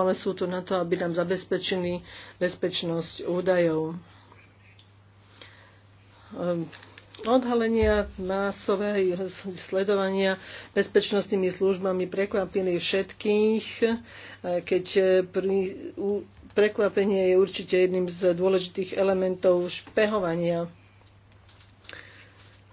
ale sú tu na to, aby nám zabezpečili bezpečnosť údajov. Ehm, odhalenia masového sledovania bezpečnostnými službami prekvapili všetkých, e, keď e, pri, prekvapenie je určite jedným z dôležitých elementov špehovania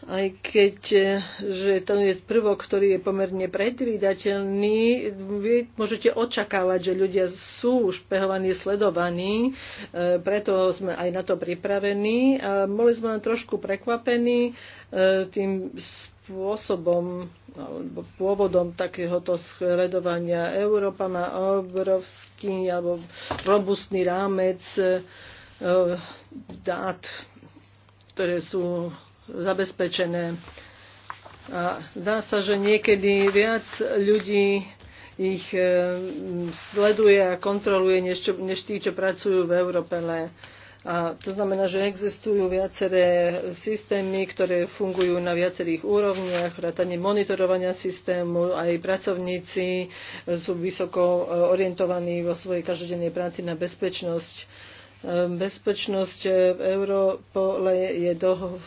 aj keď e, že to je prvok, ktorý je pomerne predvídateľný, vy môžete očakávať, že ľudia sú špehovaní, sledovaní, e, preto sme aj na to pripravení. A boli sme len trošku prekvapení e, tým spôsobom alebo pôvodom takéhoto sledovania. Európa má obrovský alebo robustný rámec dát, ktoré sú zabezpečené. A dá sa, že niekedy viac ľudí ich e, sleduje a kontroluje, než, čo, než tí, čo pracujú v Európe. A to znamená, že existujú viaceré systémy, ktoré fungujú na viacerých úrovniach, vrátanie monitorovania systému, aj pracovníci sú vysoko e, orientovaní vo svojej každodennej práci na bezpečnosť Bezpečnosť v Europole je, do,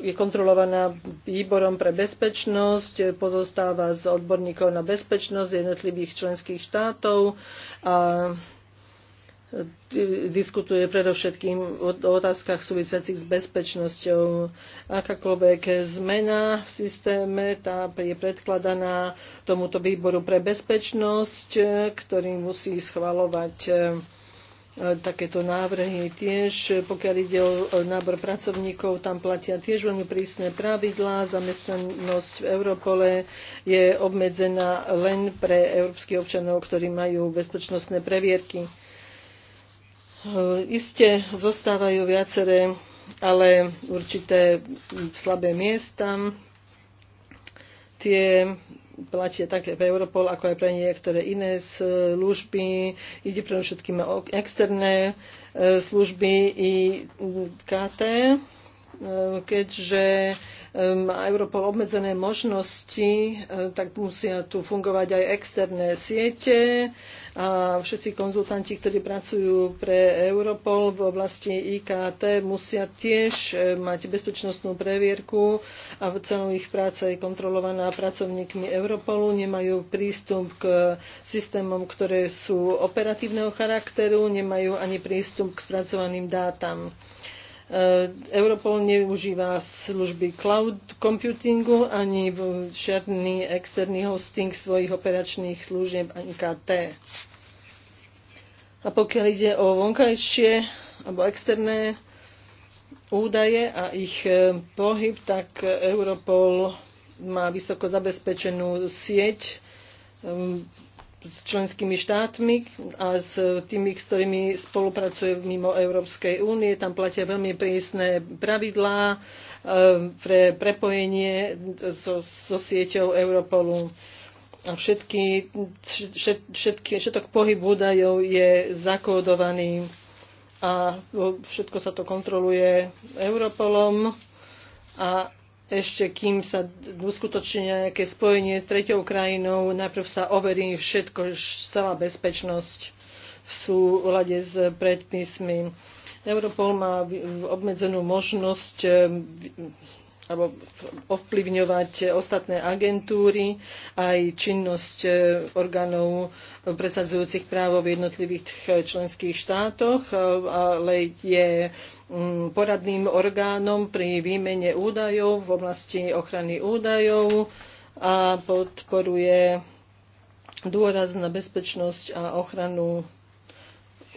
je kontrolovaná výborom pre bezpečnosť, pozostáva z odborníkov na bezpečnosť jednotlivých členských štátov a diskutuje predovšetkým o otázkach súvisiacich s bezpečnosťou. Akákoľvek zmena v systéme, tá je predkladaná tomuto výboru pre bezpečnosť, ktorý musí schvalovať eh, takéto návrhy. Tiež pokiaľ ide o nábor pracovníkov, tam platia tiež veľmi prísne pravidlá. Zamestnanosť v Europole je obmedzená len pre európskych občanov, ktorí majú bezpečnostné previerky. Eh, Isté zostávajú viaceré, ale určité slabé miesta. Tie platia také v Europol, ako aj pre niektoré iné e, služby. Ide pre všetkým o externé e, služby i KT, e, keďže Ehm, má Europol obmedzené možnosti, ehm, tak musia tu fungovať aj externé siete a všetci konzultanti, ktorí pracujú pre Europol v oblasti IKT, musia tiež ehm, mať bezpečnostnú previerku a celú ich práca je kontrolovaná pracovníkmi Europolu. Nemajú prístup k systémom, ktoré sú operatívneho charakteru, nemajú ani prístup k spracovaným dátam. E, Europol neužíva služby cloud computingu ani žiadny externý hosting svojich operačných služieb ani KT. A pokiaľ ide o vonkajšie alebo externé údaje a ich e, pohyb, tak Europol má vysoko zabezpečenú sieť s členskými štátmi a s tými, s ktorými spolupracuje mimo Európskej únie. Tam platia veľmi prísne pravidlá e, pre prepojenie so, so sieťou Europolu. A všetky, všetky, všetok pohyb údajov je zakódovaný a všetko sa to kontroluje Europolom a ešte kým sa uskutoční nejaké spojenie s treťou krajinou, najprv sa overí všetko, celá bezpečnosť v súlade s predpismi. Europol má obmedzenú možnosť ehm, alebo ovplyvňovať ostatné agentúry, aj činnosť e, orgánov e, presadzujúcich právo v jednotlivých e, členských štátoch, ale je mm, poradným orgánom pri výmene údajov v oblasti ochrany údajov a podporuje dôraz na bezpečnosť a ochranu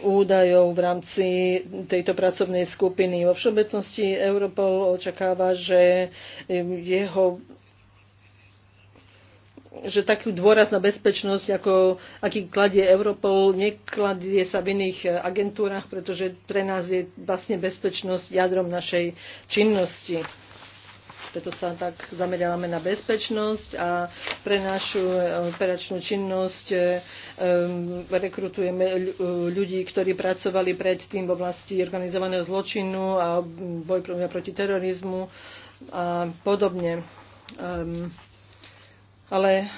údajov v rámci tejto pracovnej skupiny. Vo všeobecnosti Europol očakáva, že jeho že takú dôraz na bezpečnosť, ako, aký kladie Europol, nekladie sa v iných agentúrach, pretože pre nás je vlastne bezpečnosť jadrom našej činnosti. Preto sa tak zameriavame na bezpečnosť a pre našu eh, operačnú činnosť eh, eh, rekrutujeme ľudí, ktorí pracovali predtým v oblasti organizovaného zločinu a boj proti terorizmu a podobne. Ehm, ale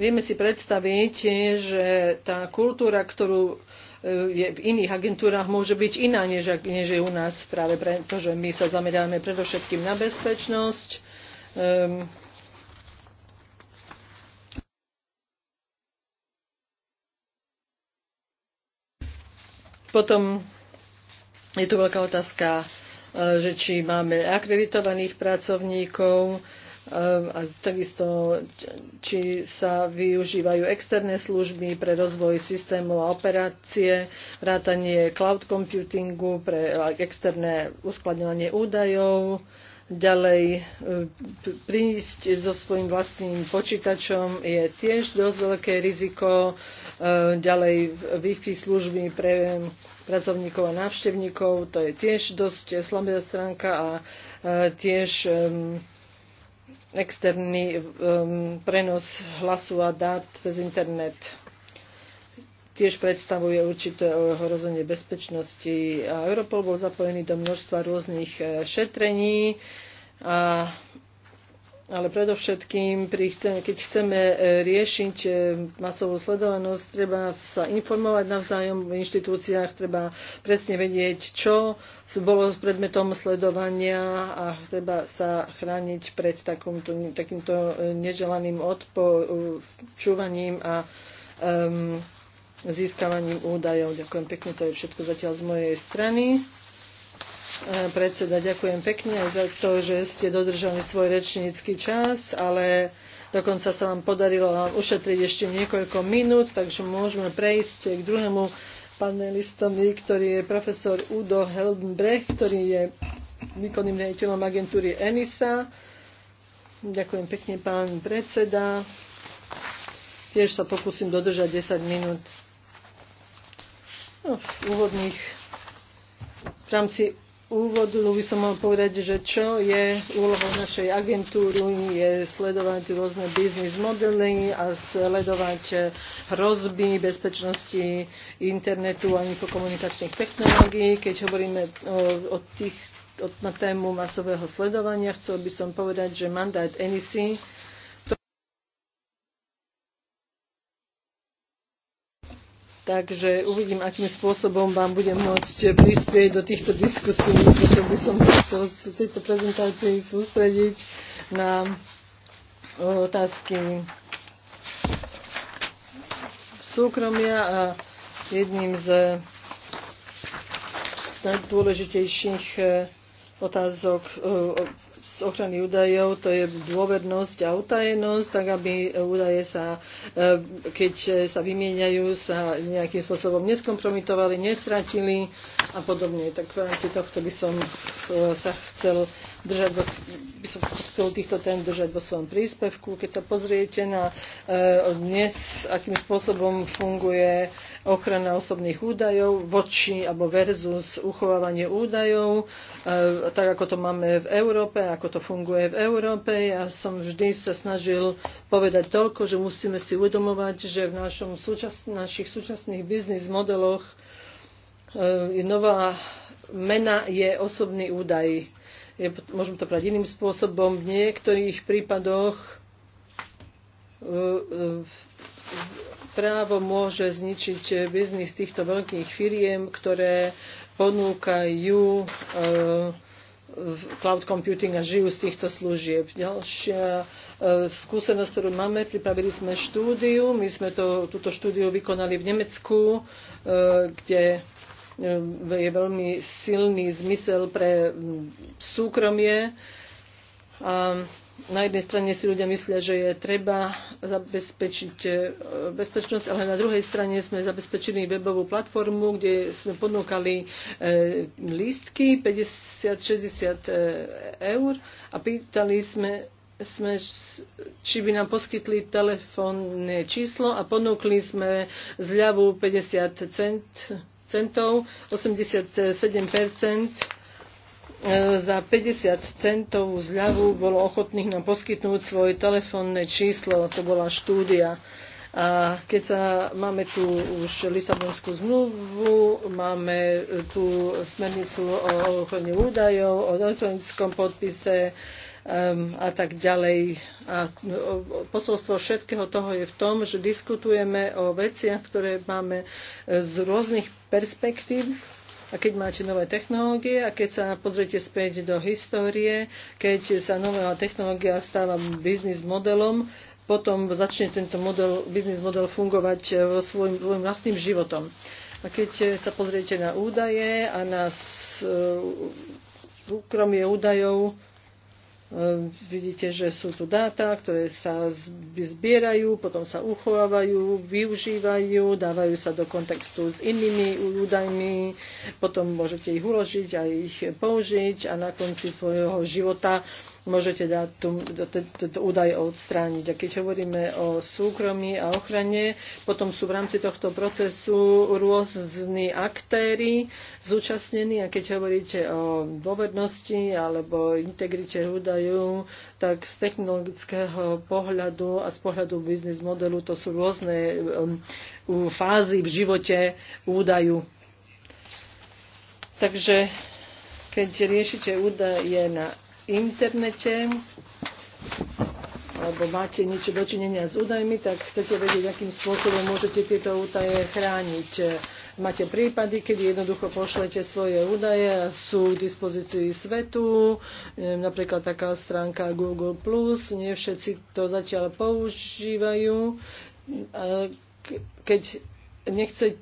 vieme si predstaviť, že tá kultúra, ktorú E, je v iných agentúrach môže byť iná, než, než je u nás práve preto, že my sa zameriavame predovšetkým na bezpečnosť. Um, potom je tu veľká otázka, e, že či máme akreditovaných pracovníkov, Ehm, a takisto, či sa využívajú externé služby pre rozvoj systémov a operácie, vrátanie cloud computingu pre externé uskladňovanie údajov, ďalej e, prísť so svojím vlastným počítačom je tiež dosť veľké riziko. E, ďalej Wi-Fi služby pre pracovníkov a návštevníkov, to je tiež dosť slabá stránka a e, tiež ehm, externý um, prenos hlasu a dát cez internet tiež predstavuje určité ohrozenie bezpečnosti. A Europol bol zapojený do množstva rôznych eh, šetrení a ale predovšetkým, pri, keď chceme e, riešiť e, masovú sledovanosť, treba sa informovať navzájom v inštitúciách, treba presne vedieť, čo bolo predmetom sledovania a treba sa chrániť pred takýmto, takýmto e, neželaným odpočúvaním a um, získavaním údajov. Ďakujem pekne, to je všetko zatiaľ z mojej strany. Predseda, ďakujem pekne aj za to, že ste dodržali svoj rečnícky čas, ale dokonca sa vám podarilo ušetriť ešte niekoľko minút, takže môžeme prejsť k druhému panelistovi, ktorý je profesor Udo Heldenbrecht, ktorý je výkonným riaditeľom agentúry ENISA. Ďakujem pekne, pán predseda. Tiež sa pokúsim dodržať 10 minút. No, v úvodných v rámci úvodu no by som mal povedať, že čo je úlohou našej agentúry, je sledovať rôzne biznis modely a sledovať hrozby bezpečnosti internetu a infokomunikačných technológií. Keď hovoríme o, o tých, o, na tému masového sledovania, chcel by som povedať, že mandát NEC Takže uvidím, akým spôsobom vám budem môcť prispieť do týchto diskusí, pretože by som sa chcel z tejto prezentácii sústrediť na otázky súkromia a jedným z najdôležitejších eh, otázok eh, z ochrany údajov, to je dôvernosť a utajenosť, tak aby údaje sa, e, keď sa vymieňajú, sa nejakým spôsobom neskompromitovali, nestratili a podobne. Tak v rámci tohto by som e, sa chcel držať vo, by som chcel týchto tém držať vo svojom príspevku. Keď sa pozriete na e, dnes, akým spôsobom funguje ochrana osobných údajov voči alebo versus uchovávanie údajov, e, tak ako to máme v Európe, ako to funguje v Európe. Ja som vždy sa snažil povedať toľko, že musíme si uvedomovať, že v našom súčas, našich súčasných biznis modeloch e, nová mena je osobný údaj. Je, môžem to povedať iným spôsobom. V niektorých prípadoch e, právo môže zničiť biznis týchto veľkých firiem, ktoré ponúkajú e, cloud computing a žijú z týchto služieb. Ďalšia e, skúsenosť, ktorú máme, pripravili sme štúdiu. My sme to, túto štúdiu vykonali v Nemecku, e, kde je veľmi silný zmysel pre súkromie. A na jednej strane si ľudia myslia, že je treba zabezpečiť e, bezpečnosť, ale na druhej strane sme zabezpečili webovú platformu, kde sme ponúkali e, lístky 50-60 e, eur a pýtali sme sme, či by nám poskytli telefónne číslo a ponúkli sme zľavu 50 cent, centov, 87 E, za 50 centov zľavu bolo ochotných nám poskytnúť svoje telefónne číslo. To bola štúdia. A keď sa, máme tu už Lisabonskú zmluvu, máme tu smernicu o ochrane údajov, o elektronickom podpise um, a tak ďalej. A posolstvo všetkého toho je v tom, že diskutujeme o veciach, ktoré máme z rôznych perspektív a keď máte nové technológie a keď sa pozriete späť do histórie, keď sa nová technológia stáva biznis modelom, potom začne tento model, biznis model fungovať eh, vo svojim, svojim vlastným životom. A keď eh, sa pozriete na údaje a na súkromie eh, údajov, Ehm, vidíte, že sú tu dáta, ktoré sa zbierajú, potom sa uchovávajú, využívajú, dávajú sa do kontextu s inými údajmi, potom môžete ich uložiť a ich použiť a na konci svojho života môžete dať tento údaj odstrániť. A keď hovoríme o súkromí a ochrane, potom sú v rámci tohto procesu rôzni aktéry zúčastnení a keď hovoríte o dôvernosti alebo integrite údajov, tak z technologického pohľadu a z pohľadu biznis modelu to sú rôzne um, fázy v živote údaju. Takže keď riešite údaje na internete alebo máte niečo dočinenia s údajmi, tak chcete vedieť, akým spôsobom môžete tieto údaje chrániť. Máte prípady, keď jednoducho pošlete svoje údaje a sú k dispozícii svetu, napríklad taká stránka Google+, nie všetci to zatiaľ používajú. Keď nechce,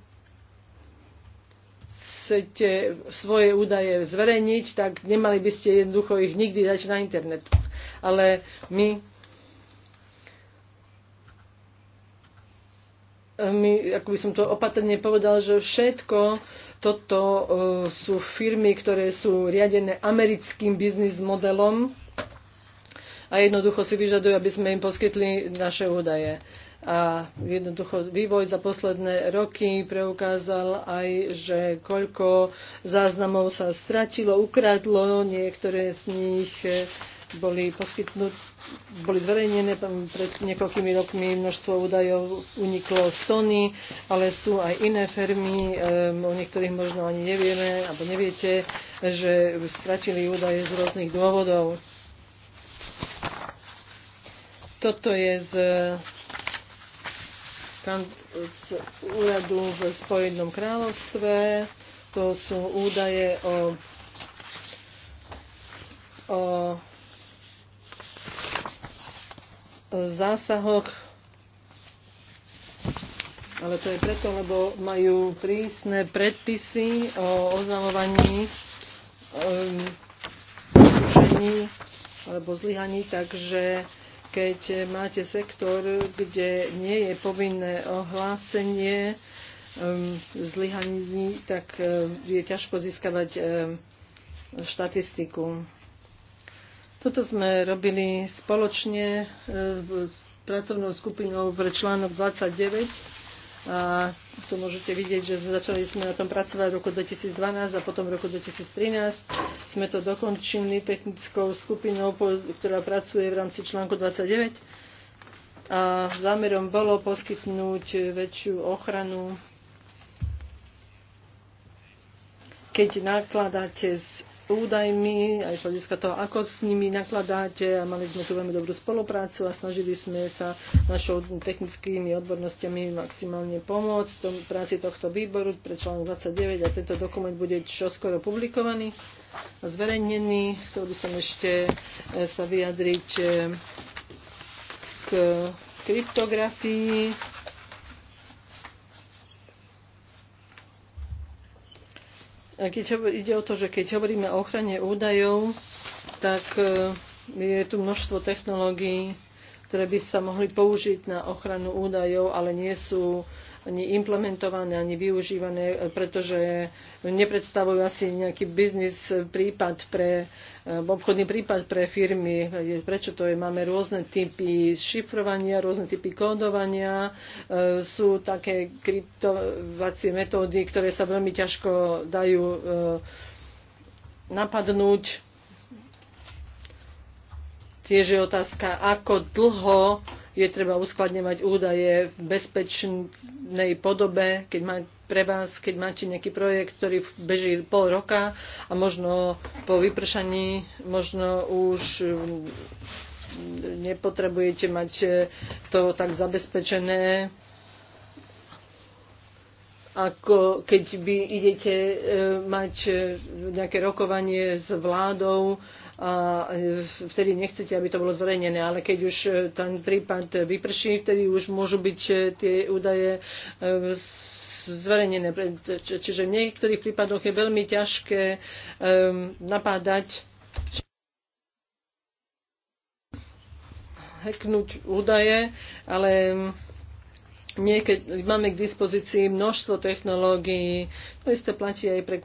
chcete svoje údaje zverejniť, tak nemali by ste jednoducho ich nikdy dať na internet. Ale my my, ako by som to opatrne povedal, že všetko toto eh, sú firmy, ktoré sú riadené americkým biznis modelom a jednoducho si vyžadujú, aby sme im poskytli naše údaje. A jednoducho vývoj za posledné roky preukázal aj, že koľko záznamov sa stratilo, ukradlo, niektoré z nich e, boli poskytnuté, boli zverejnené pred niekoľkými rokmi, množstvo údajov uniklo Sony, ale sú aj iné firmy, o niektorých možno ani nevieme, alebo neviete, že stratili údaje z rôznych dôvodov. Toto je z z úradu v Spojenom kráľovstve. To sú údaje o, o zásahoch, ale to je preto, lebo majú prísne predpisy o oznamovaní um, alebo zlyhaní, takže keď máte sektor, kde nie je povinné ohlásenie um, zlyhaní, tak uh, je ťažko získavať um, štatistiku. Toto sme robili spoločne uh, s pracovnou skupinou pre článok 29 a tu môžete vidieť, že začali sme na tom pracovať v roku 2012 a potom v roku 2013 sme to dokončili technickou skupinou, ktorá pracuje v rámci článku 29. A zámerom bolo poskytnúť väčšiu ochranu, keď nakladáte s údajmi, aj z hľadiska toho, ako s nimi nakladáte. A mali sme tu veľmi dobrú spoluprácu a snažili sme sa našou technickými odbornosťami maximálne pomôcť v tom práci tohto výboru pre článok 29 a tento dokument bude čoskoro publikovaný a zverejnený. Chcel by som ešte eh, sa vyjadriť eh, k kryptografii Keď ide o to, že keď hovoríme o ochrane údajov, tak e, je tu množstvo technológií, ktoré by sa mohli použiť na ochranu údajov, ale nie sú ani implementované, ani využívané, pretože nepredstavujú asi nejaký biznis prípad pre eh, obchodný prípad pre firmy, prečo to je, máme rôzne typy šifrovania, rôzne typy kódovania, eh, sú také kryptovacie metódy, ktoré sa veľmi ťažko dajú eh, napadnúť. Tiež je otázka, ako dlho je treba uskladňovať údaje v bezpečnej podobe, keď má, pre vás, keď máte nejaký projekt, ktorý beží pol roka a možno po vypršaní možno už mm, nepotrebujete mať e, to tak zabezpečené, ako keď vy idete e, mať e, nejaké rokovanie s vládou, a e, vtedy nechcete, aby to bolo zverejnené, ale keď už e, ten prípad vyprší, vtedy už môžu byť e, tie údaje zverejnené. Čiže v niektorých prípadoch je veľmi ťažké napádať hacknúť údaje, ale Niekedy máme k dispozícii množstvo technológií. To isté platí aj pre,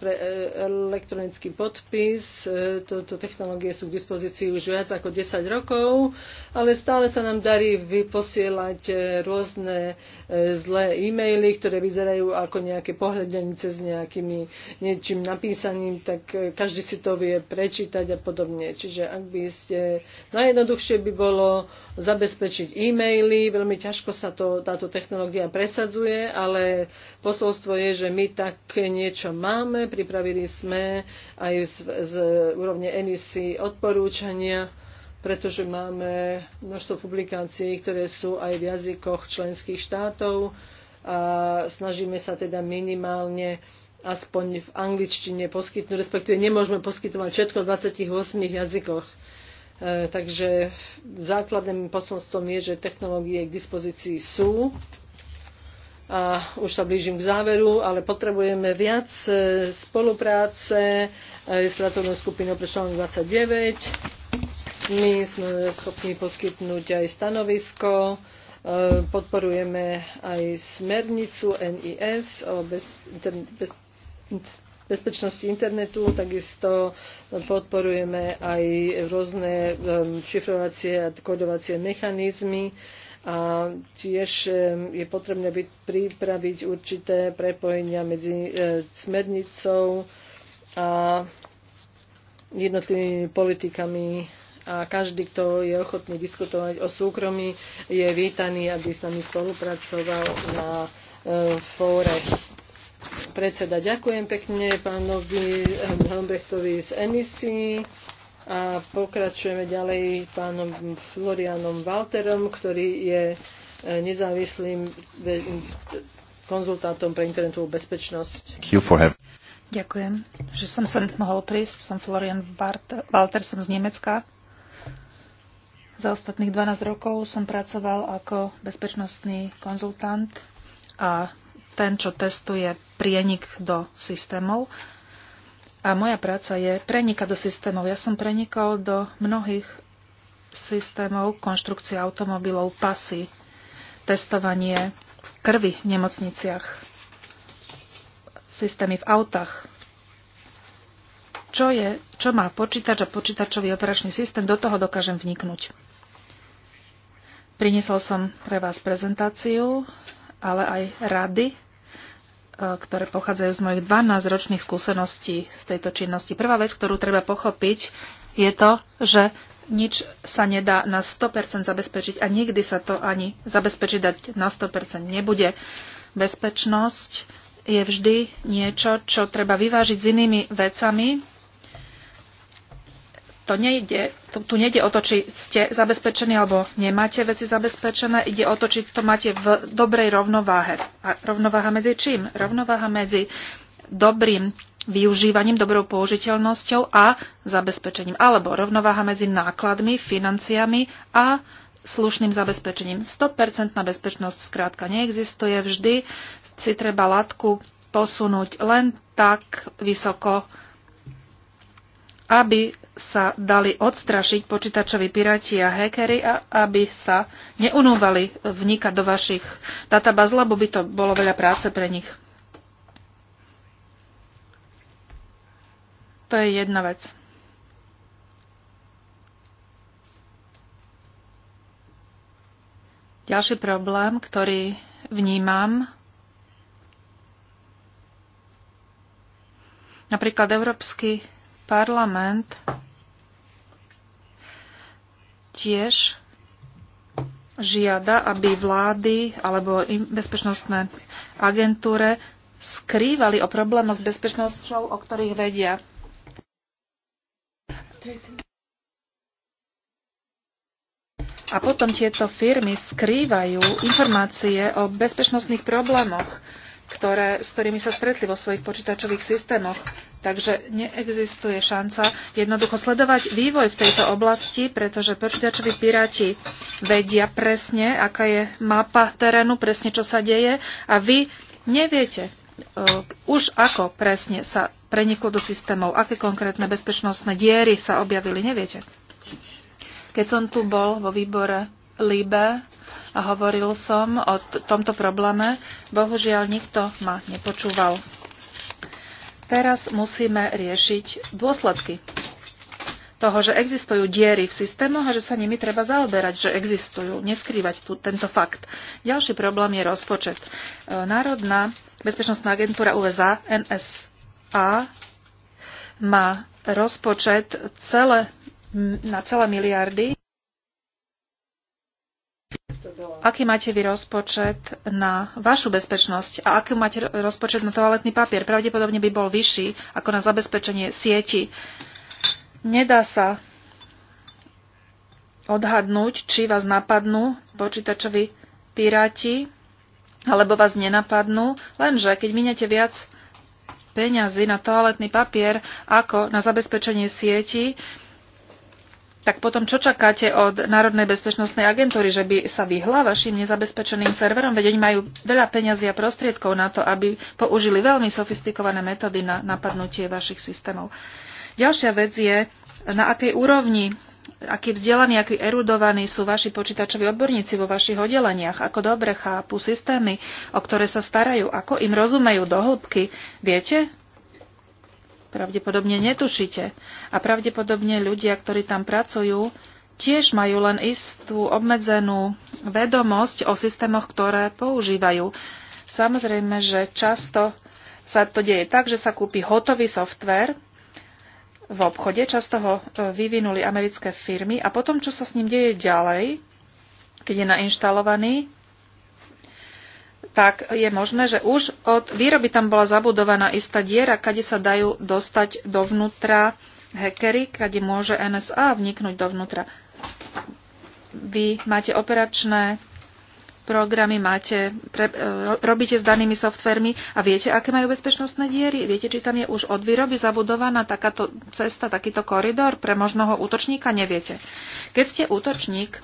pre e, elektronický podpis. Toto e, technológie sú k dispozícii už viac ako 10 rokov, ale stále sa nám darí vyposielať e, rôzne zlé e-maily, ktoré vyzerajú ako nejaké pohľadenice s nejakým niečím napísaným, tak každý si to vie prečítať a podobne. Čiže ak by ste, najjednoduchšie by bolo zabezpečiť e-maily, veľmi ťažko sa to táto technológia presadzuje, ale posolstvo je, že my tak niečo máme. Pripravili sme aj z, z úrovne NEC odporúčania, pretože máme množstvo publikácií, ktoré sú aj v jazykoch členských štátov a snažíme sa teda minimálne aspoň v angličtine poskytnúť, respektíve nemôžeme poskytovať všetko v 28 jazykoch E, takže základným posolstvom je, že technológie k dispozícii sú. A už sa blížim k záveru, ale potrebujeme viac e, spolupráce e, s pracovnou skupinou pre článok 29. My sme schopní poskytnúť aj stanovisko. Podporujeme aj smernicu NIS o bez, inter, bez, bezpečnosti internetu, takisto podporujeme aj rôzne um, šifrovacie a kodovacie mechanizmy a tiež um, je potrebné byť, pripraviť určité prepojenia medzi uh, smernicou a jednotlivými politikami a každý, kto je ochotný diskutovať o súkromí, je vítaný, aby s nami spolupracoval na uh, fóre predseda. Ďakujem pekne pánovi eh, Helmbrechtovi z emisí a pokračujeme ďalej pánom Florianom Walterom, ktorý je eh, nezávislým eh, konzultantom pre internetovú bezpečnosť. Ďakujem, že som sem mohol prísť. Som Florian Walter, som z Nemecka. Za ostatných 12 rokov som pracoval ako bezpečnostný konzultant a ten, čo testuje prienik do systémov. A moja práca je prenikať do systémov. Ja som prenikol do mnohých systémov konštrukcie automobilov, pasy, testovanie krvi v nemocniciach, systémy v autách. Čo, je, čo má počítač a počítačový operačný systém, do toho dokážem vniknúť. Priniesol som pre vás prezentáciu ale aj rady, e, ktoré pochádzajú z mojich 12-ročných skúseností z tejto činnosti. Prvá vec, ktorú treba pochopiť, je to, že nič sa nedá na 100% zabezpečiť a nikdy sa to ani zabezpečiť dať na 100% nebude. Bezpečnosť je vždy niečo, čo treba vyvážiť s inými vecami, to nejde, tu, tu nejde o to, či ste zabezpečení alebo nemáte veci zabezpečené, ide o to, či to máte v dobrej rovnováhe. A rovnováha medzi čím? Rovnováha medzi dobrým využívaním, dobrou použiteľnosťou a zabezpečením. Alebo rovnováha medzi nákladmi, financiami a slušným zabezpečením. 100% bezpečnosť skrátka neexistuje, vždy si treba látku posunúť len tak vysoko, aby sa dali odstrašiť počítačoví pirati a hackery a aby sa neunúvali vnikať do vašich databáz, lebo by to bolo veľa práce pre nich. To je jedna vec. Ďalší problém, ktorý vnímam, napríklad Európsky parlament tiež žiada, aby vlády alebo bezpečnostné agentúre skrývali o problémoch s bezpečnosťou, o ktorých vedia. A potom tieto firmy skrývajú informácie o bezpečnostných problémoch ktoré, s ktorými sa stretli vo svojich počítačových systémoch. Takže neexistuje šanca jednoducho sledovať vývoj v tejto oblasti, pretože počítačoví piráti vedia presne, aká je mapa terénu, presne čo sa deje a vy neviete uh, už ako presne sa preniklo do systémov, aké konkrétne bezpečnostné diery sa objavili, neviete. Keď som tu bol vo výbore LIBE, a hovoril som o tomto probléme. Bohužiaľ, nikto ma nepočúval. Teraz musíme riešiť dôsledky toho, že existujú diery v systémoch a že sa nimi treba zaoberať, že existujú, neskrývať tu, tento fakt. Ďalší problém je rozpočet. E, Národná bezpečnostná agentúra USA, NSA, má rozpočet celé, na celé miliardy aký máte vy rozpočet na vašu bezpečnosť a aký máte rozpočet na toaletný papier. Pravdepodobne by bol vyšší ako na zabezpečenie sieti. Nedá sa odhadnúť, či vás napadnú počítačoví piráti, alebo vás nenapadnú, lenže keď minete viac peňazí na toaletný papier ako na zabezpečenie sieti, tak potom čo čakáte od Národnej bezpečnostnej agentúry, že by sa vyhla vašim nezabezpečeným serverom? Veď oni majú veľa peňazí a prostriedkov na to, aby použili veľmi sofistikované metódy na napadnutie vašich systémov. Ďalšia vec je, na akej úrovni, aký vzdelaní, aký erudovaní sú vaši počítačoví odborníci vo vašich oddeleniach, ako dobre chápu systémy, o ktoré sa starajú, ako im rozumejú do hĺbky. Viete, pravdepodobne netušíte. A pravdepodobne ľudia, ktorí tam pracujú, tiež majú len istú obmedzenú vedomosť o systémoch, ktoré používajú. Samozrejme, že často sa to deje tak, že sa kúpi hotový software v obchode, často ho e, vyvinuli americké firmy a potom, čo sa s ním deje ďalej, keď je nainštalovaný, tak je možné, že už od výroby tam bola zabudovaná istá diera, kade sa dajú dostať dovnútra hackery, kade môže NSA vniknúť dovnútra. Vy máte operačné programy, máte, pre, e, robíte s danými softvermi a viete, aké majú bezpečnostné diery? Viete, či tam je už od výroby zabudovaná takáto cesta, takýto koridor pre možného útočníka? Neviete. Keď ste útočník,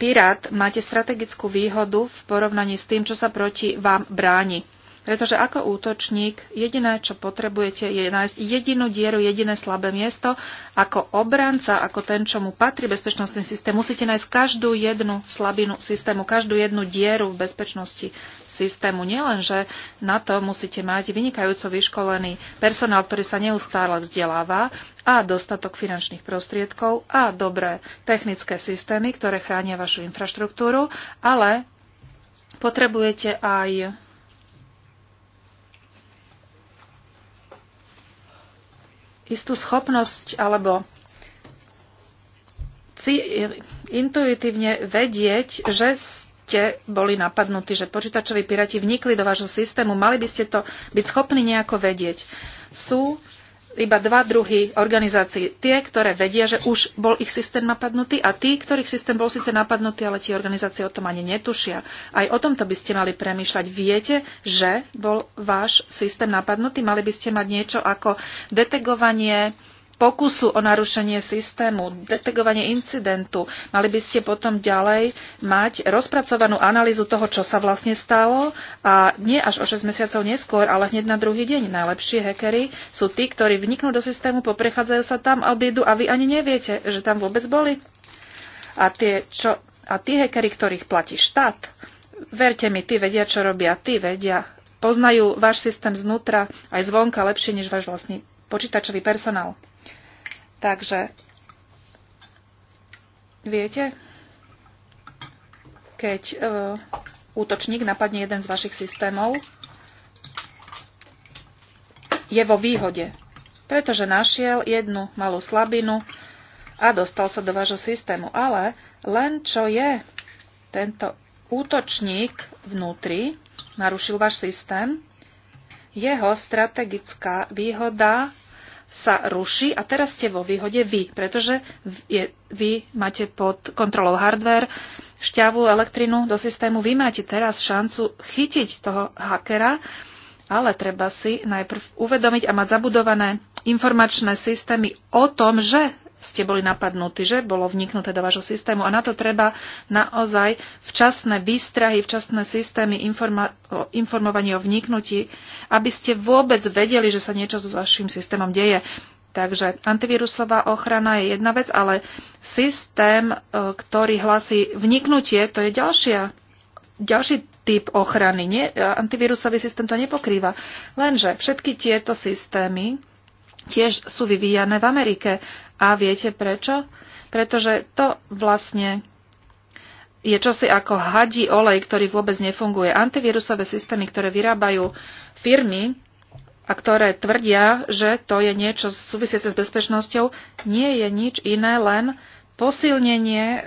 pirát máte strategickú výhodu v porovnaní s tým, čo sa proti vám bráni. Pretože ako útočník jediné, čo potrebujete, je nájsť jedinú dieru, jediné slabé miesto. Ako obranca, ako ten, čo mu patrí bezpečnostný systém, musíte nájsť každú jednu slabinu systému, každú jednu dieru v bezpečnosti systému. Nielenže na to musíte mať vynikajúco vyškolený personál, ktorý sa neustále vzdeláva a dostatok finančných prostriedkov a dobré technické systémy, ktoré chránia vašu infraštruktúru, ale potrebujete aj istú schopnosť alebo intuitívne vedieť, že ste boli napadnutí, že počítačoví pirati vnikli do vášho systému, mali by ste to byť schopní nejako vedieť. Sú iba dva druhy organizácií. Tie, ktoré vedia, že už bol ich systém napadnutý a tí, ktorých systém bol síce napadnutý, ale tie organizácie o tom ani netušia. Aj o tomto by ste mali premýšľať. Viete, že bol váš systém napadnutý? Mali by ste mať niečo ako detegovanie pokusu o narušenie systému, detegovanie incidentu. Mali by ste potom ďalej mať rozpracovanú analýzu toho, čo sa vlastne stalo a nie až o 6 mesiacov neskôr, ale hneď na druhý deň. Najlepší hekery sú tí, ktorí vniknú do systému, poprechádzajú sa tam, odídu a vy ani neviete, že tam vôbec boli. A tie, čo, a tí hekery, ktorých platí štát, verte mi, tí vedia, čo robia, tí vedia, poznajú váš systém znútra aj zvonka lepšie než váš vlastný počítačový personál. Takže viete, keď e, útočník napadne jeden z vašich systémov, je vo výhode, pretože našiel jednu malú slabinu a dostal sa do vášho systému. Ale len čo je tento útočník vnútri, narušil váš systém, jeho strategická výhoda sa ruší a teraz ste vo výhode vy, pretože je, vy máte pod kontrolou hardware, šťavu, elektrinu do systému. Vy máte teraz šancu chytiť toho hakera, ale treba si najprv uvedomiť a mať zabudované informačné systémy o tom, že ste boli napadnutí, že bolo vniknuté do vášho systému. A na to treba naozaj včasné výstrahy, včasné systémy informa- o informovanie o vniknutí, aby ste vôbec vedeli, že sa niečo s vašim systémom deje. Takže antivírusová ochrana je jedna vec, ale systém, e, ktorý hlási vniknutie, to je ďalšia, ďalší typ ochrany. Nie, e, antivírusový systém to nepokrýva. Lenže všetky tieto systémy tiež sú vyvíjane v Amerike a viete prečo? Pretože to vlastne je čosi ako hadí olej, ktorý vôbec nefunguje. Antivírusové systémy, ktoré vyrábajú firmy a ktoré tvrdia, že to je niečo súvisiace s bezpečnosťou, nie je nič iné, len posilnenie e,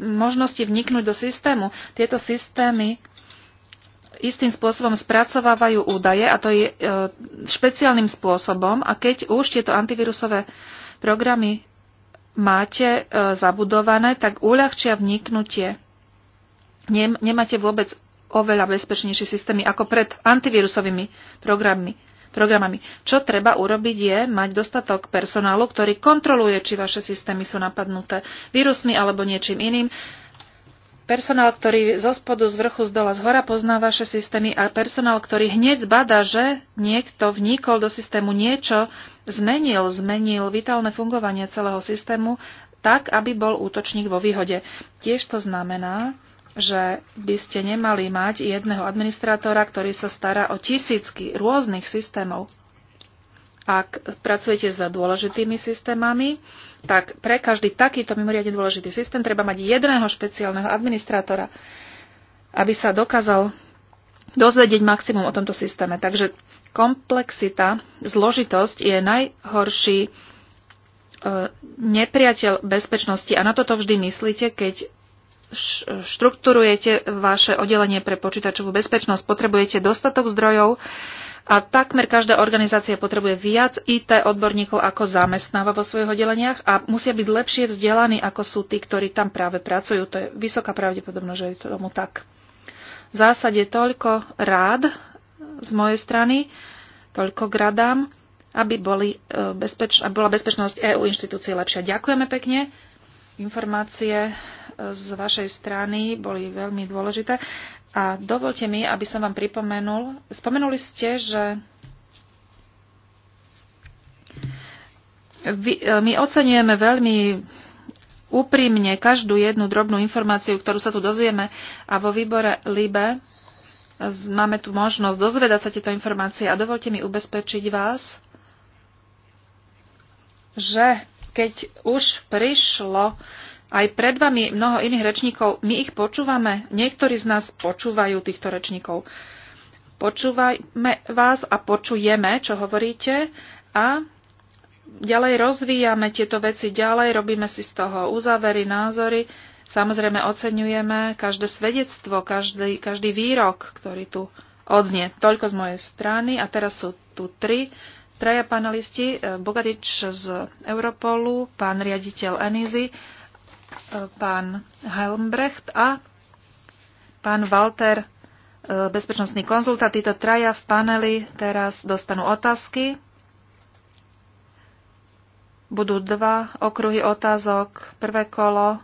možnosti vniknúť do systému. Tieto systémy istým spôsobom spracovávajú údaje a to je e, špeciálnym spôsobom a keď už tieto antivírusové programy máte e, zabudované, tak uľahčia vniknutie. Nemáte vôbec oveľa bezpečnejšie systémy ako pred antivírusovými programmi. programami. Čo treba urobiť je mať dostatok personálu, ktorý kontroluje, či vaše systémy sú napadnuté vírusmi alebo niečím iným. Personál, ktorý zo spodu, z vrchu, z dola, z hora pozná vaše systémy a personál, ktorý hneď zbada, že niekto vnikol do systému niečo, zmenil, zmenil vitálne fungovanie celého systému tak, aby bol útočník vo výhode. Tiež to znamená, že by ste nemali mať jedného administrátora, ktorý sa stará o tisícky rôznych systémov. Ak pracujete s dôležitými systémami, tak pre každý takýto mimoriadne dôležitý systém treba mať jedného špeciálneho administrátora, aby sa dokázal dozvedieť maximum o tomto systéme. Takže Komplexita, zložitosť je najhorší e, nepriateľ bezpečnosti a na toto vždy myslíte, keď štruktúrujete vaše oddelenie pre počítačovú bezpečnosť. Potrebujete dostatok zdrojov a takmer každá organizácia potrebuje viac IT odborníkov, ako zamestnáva vo svojich oddeleniach a musia byť lepšie vzdelaní, ako sú tí, ktorí tam práve pracujú. To je vysoká pravdepodobnosť, že je tomu tak. V zásade toľko rád z mojej strany. Toľko gradám, aby boli e, bezpeč- aby bola bezpečnosť EÚ inštitúcií lepšia. Ďakujeme pekne. Informácie e, z vašej strany boli veľmi dôležité. A dovolte mi, aby som vám pripomenul, spomenuli ste, že e, my oceňujeme veľmi úprimne každú jednu drobnú informáciu, ktorú sa tu dozvieme a vo výbore LIBE máme tu možnosť dozvedať sa tieto informácie a dovolte mi ubezpečiť vás, že keď už prišlo aj pred vami mnoho iných rečníkov, my ich počúvame. Niektorí z nás počúvajú týchto rečníkov. Počúvajme vás a počujeme, čo hovoríte a ďalej rozvíjame tieto veci, ďalej robíme si z toho uzávery, názory Samozrejme oceňujeme každé svedectvo, každý, každý výrok, ktorý tu odznie. Toľko z mojej strany a teraz sú tu tri. Traja panelisti, e, Bogadič z Europolu, pán riaditeľ Enizy, e, pán Helmbrecht a pán Walter, e, bezpečnostný konzultant. Títo traja v paneli teraz dostanú otázky. Budú dva okruhy otázok. Prvé kolo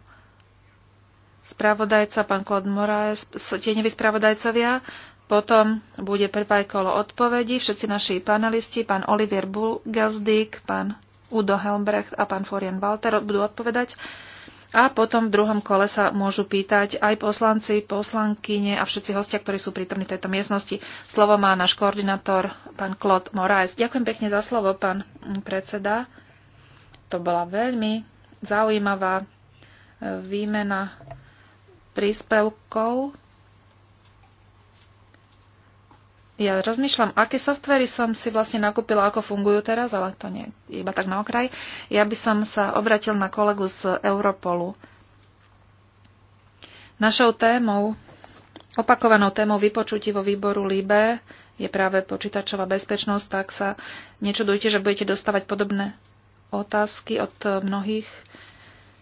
spravodajca, pán Claude Moraes, tieňoví spravodajcovia. Potom bude prvé kolo odpovedí. Všetci naši panelisti, pán Olivier Bulgelsdík, pán Udo Helmbrecht a pán Florian Walter budú odpovedať. A potom v druhom kole sa môžu pýtať aj poslanci, poslankyne a všetci hostia, ktorí sú prítomní v tejto miestnosti. Slovo má náš koordinátor, pán Claude Moraes. Ďakujem pekne za slovo, pán predseda. To bola veľmi zaujímavá eh, výmena príspevkov. Ja rozmýšľam, aké softvery som si vlastne nakúpila, ako fungujú teraz, ale to nie, iba tak na okraj. Ja by som sa obratil na kolegu z Europolu. Našou témou, opakovanou témou vypočutí vo výboru LIBE je práve počítačová bezpečnosť, tak sa nečudujte, že budete dostávať podobné otázky od mnohých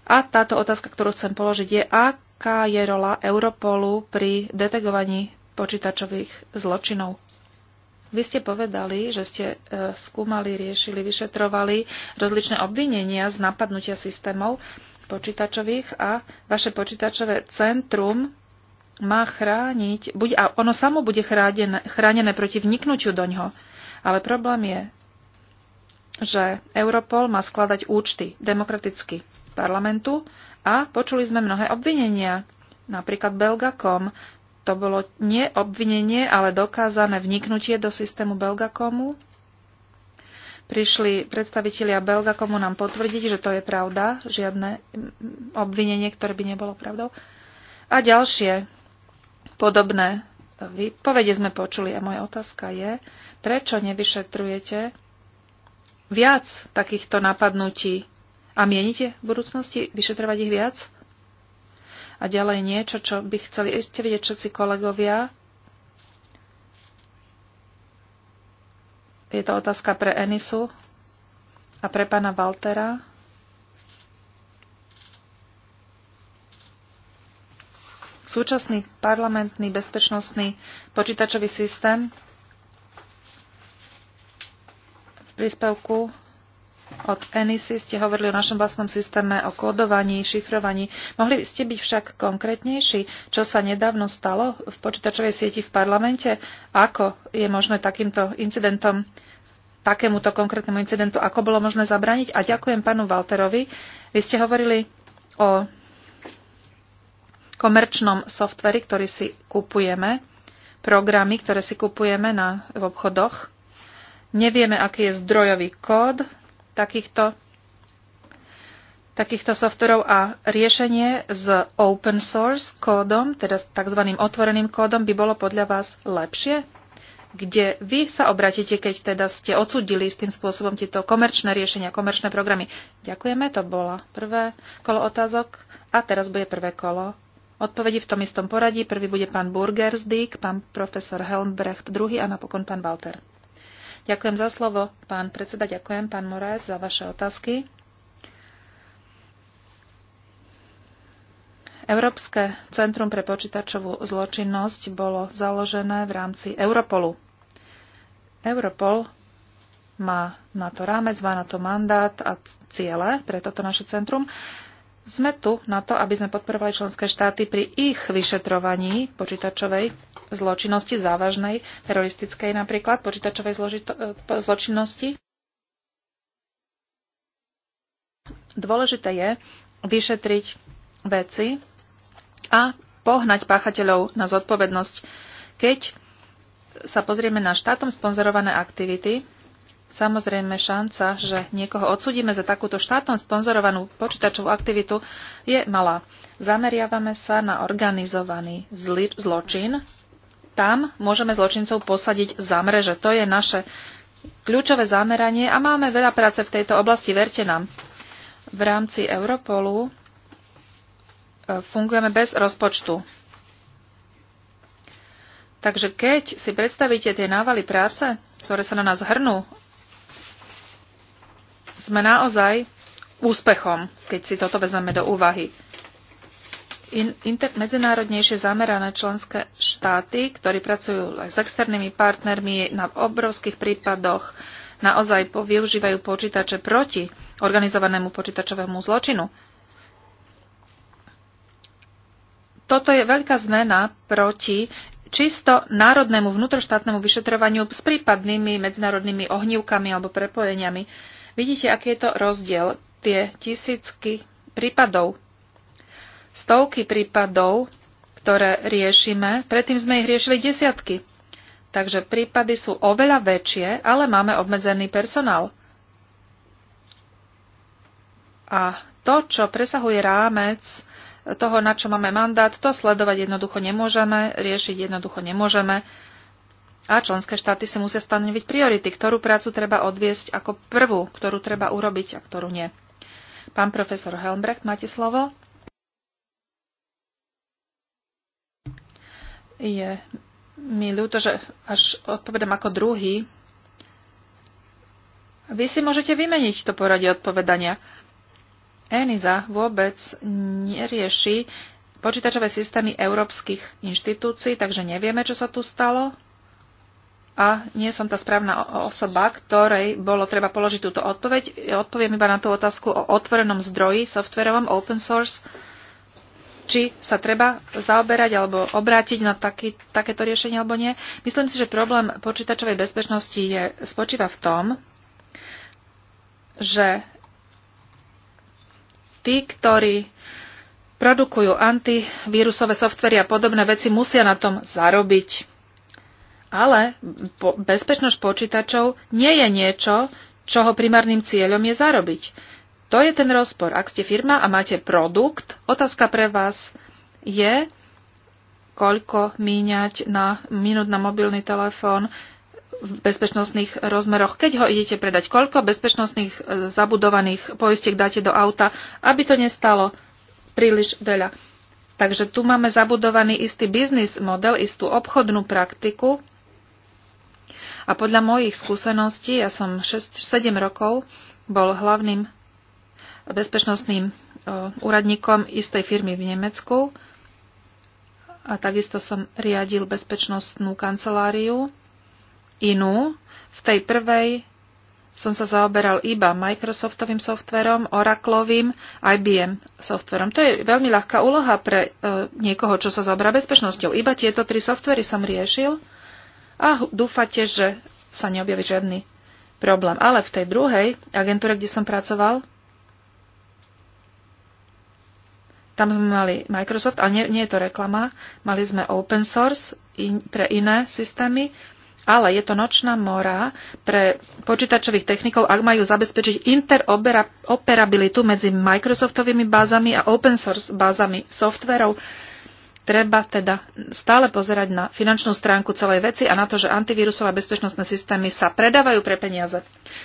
a táto otázka, ktorú chcem položiť, je, aká je rola Europolu pri detegovaní počítačových zločinov. Vy ste povedali, že ste e, skúmali, riešili, vyšetrovali rozličné obvinenia z napadnutia systémov počítačových a vaše počítačové centrum má chrániť, buď, a ono samo bude chránené, chránené proti vniknutiu do ňoho. Ale problém je, že Europol má skladať účty demokraticky parlamentu a počuli sme mnohé obvinenia. Napríklad Belgacom. To bolo nie obvinenie, ale dokázané vniknutie do systému Belgacomu. Prišli predstavitelia Belgacomu nám potvrdiť, že to je pravda, žiadne mm, obvinenie, ktoré by nebolo pravdou. A ďalšie podobné výpovede sme počuli a moja otázka je, prečo nevyšetrujete viac takýchto napadnutí a mienite v budúcnosti vyšetrovať ich viac? A ďalej niečo, čo by chceli ešte vidieť všetci kolegovia. Je to otázka pre Enisu a pre pána Waltera. Súčasný parlamentný bezpečnostný počítačový systém v príspevku od Enisy ste hovorili o našom vlastnom systéme, o kódovaní, šifrovaní. Mohli ste byť však konkrétnejší, čo sa nedávno stalo v počítačovej sieti v parlamente? Ako je možné takýmto incidentom, takémuto konkrétnemu incidentu, ako bolo možné zabraniť? A ďakujem pánu Walterovi. Vy ste hovorili o komerčnom softveri, ktorý si kupujeme, programy, ktoré si kupujeme na, v obchodoch. Nevieme, aký je zdrojový kód, takýchto, takýchto softverov a riešenie s open source kódom, teda s tzv. otvoreným kódom, by bolo podľa vás lepšie? Kde vy sa obratíte, keď teda ste odsudili s tým spôsobom tieto komerčné riešenia, komerčné programy? Ďakujeme, to bolo prvé kolo otázok a teraz bude prvé kolo Odpovedi v tom istom poradí. Prvý bude pán Burgersdyk, pán profesor Helmbrecht, druhý a napokon pán Walter. Ďakujem za slovo, pán predseda. Ďakujem, pán Moraes, za vaše otázky. Európske centrum pre počítačovú zločinnosť bolo založené v rámci Europolu. Europol má na to rámec, má na to mandát a ciele pre toto naše centrum. Sme tu na to, aby sme podporovali členské štáty pri ich vyšetrovaní počítačovej zločinnosti závažnej, teroristickej napríklad, počítačovej zložito- e, zločinnosti. Dôležité je vyšetriť veci a pohnať páchateľov na zodpovednosť. Keď sa pozrieme na štátom sponzorované aktivity, Samozrejme, šanca, že niekoho odsudíme za takúto štátom sponzorovanú počítačovú aktivitu je malá. Zameriavame sa na organizovaný zločin, tam môžeme zločincov posadiť za mreže. To je naše kľúčové zameranie a máme veľa práce v tejto oblasti, verte nám. V rámci Europolu e, fungujeme bez rozpočtu. Takže keď si predstavíte tie návaly práce, ktoré sa na nás hrnú, sme naozaj úspechom, keď si toto vezmeme do úvahy in, inter, medzinárodnejšie zamerané členské štáty, ktorí pracujú aj s externými partnermi na obrovských prípadoch, naozaj po, využívajú počítače proti organizovanému počítačovému zločinu. Toto je veľká zmena proti čisto národnému vnútroštátnemu vyšetrovaniu s prípadnými medzinárodnými ohnívkami alebo prepojeniami. Vidíte, aký je to rozdiel. Tie tisícky prípadov stovky prípadov, ktoré riešime. Predtým sme ich riešili desiatky. Takže prípady sú oveľa väčšie, ale máme obmedzený personál. A to, čo presahuje rámec toho, na čo máme mandát, to sledovať jednoducho nemôžeme, riešiť jednoducho nemôžeme. A členské štáty si musia stanoviť priority, ktorú prácu treba odviesť ako prvú, ktorú treba urobiť a ktorú nie. Pán profesor Helmbrecht, máte slovo. Je mi ľúto, že až odpovedám ako druhý. Vy si môžete vymeniť to poradie odpovedania. ENISA vôbec nerieši počítačové systémy európskych inštitúcií, takže nevieme, čo sa tu stalo. A nie som tá správna osoba, ktorej bolo treba položiť túto odpoveď. Odpoviem iba na tú otázku o otvorenom zdroji, softverovom, open source, či sa treba zaoberať alebo obrátiť na taký, takéto riešenie alebo nie. Myslím si, že problém počítačovej bezpečnosti je, spočíva v tom, že tí, ktorí produkujú antivírusové softvery a podobné veci, musia na tom zarobiť. Ale bezpečnosť počítačov nie je niečo, čoho primárnym cieľom je zarobiť to je ten rozpor. Ak ste firma a máte produkt, otázka pre vás je, koľko míňať na minút na mobilný telefón v bezpečnostných rozmeroch, keď ho idete predať, koľko bezpečnostných e, zabudovaných poistiek dáte do auta, aby to nestalo príliš veľa. Takže tu máme zabudovaný istý biznis model, istú obchodnú praktiku. A podľa mojich skúseností, ja som 6-7 rokov bol hlavným bezpečnostným e, úradníkom istej firmy v Nemecku a takisto som riadil bezpečnostnú kanceláriu inú. V tej prvej som sa zaoberal iba Microsoftovým softverom, Oracleovým, IBM softverom. To je veľmi ľahká úloha pre e, niekoho, čo sa zaoberá bezpečnosťou. Iba tieto tri softvery som riešil a dúfate, že sa neobjaví žiadny problém. Ale v tej druhej agentúre, kde som pracoval, Tam sme mali Microsoft, ale nie, nie je to reklama, mali sme open source in, pre iné systémy, ale je to nočná mora pre počítačových technikov, ak majú zabezpečiť interoperabilitu medzi Microsoftovými bázami a open source bázami softverov. Treba teda stále pozerať na finančnú stránku celej veci a na to, že antivírusové bezpečnostné systémy sa predávajú pre peniaze.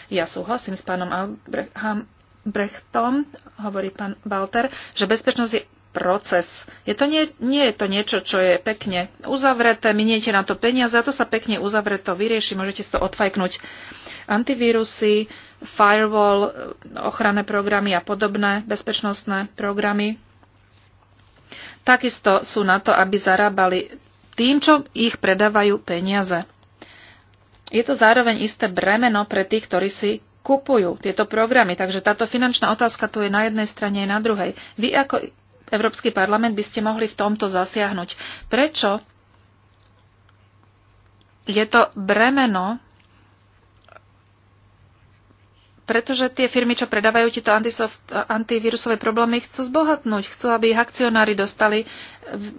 Ja súhlasím s pánom Abraham, Brechtom, hovorí pán Walter, že bezpečnosť je proces. Je to nie, nie je to niečo, čo je pekne uzavreté, miniete na to peniaze a to sa pekne uzavre, to vyrieši, môžete si to odfajknúť. Antivírusy, firewall, ochranné programy a podobné bezpečnostné programy takisto sú na to, aby zarábali tým, čo ich predávajú peniaze. Je to zároveň isté bremeno pre tých, ktorí si kupujú tieto programy. Takže táto finančná otázka tu je na jednej strane aj na druhej. Vy ako Európsky parlament by ste mohli v tomto zasiahnuť. Prečo je to bremeno pretože tie firmy, čo predávajú tieto antivírusové problémy, chcú zbohatnúť. Chcú, aby ich akcionári dostali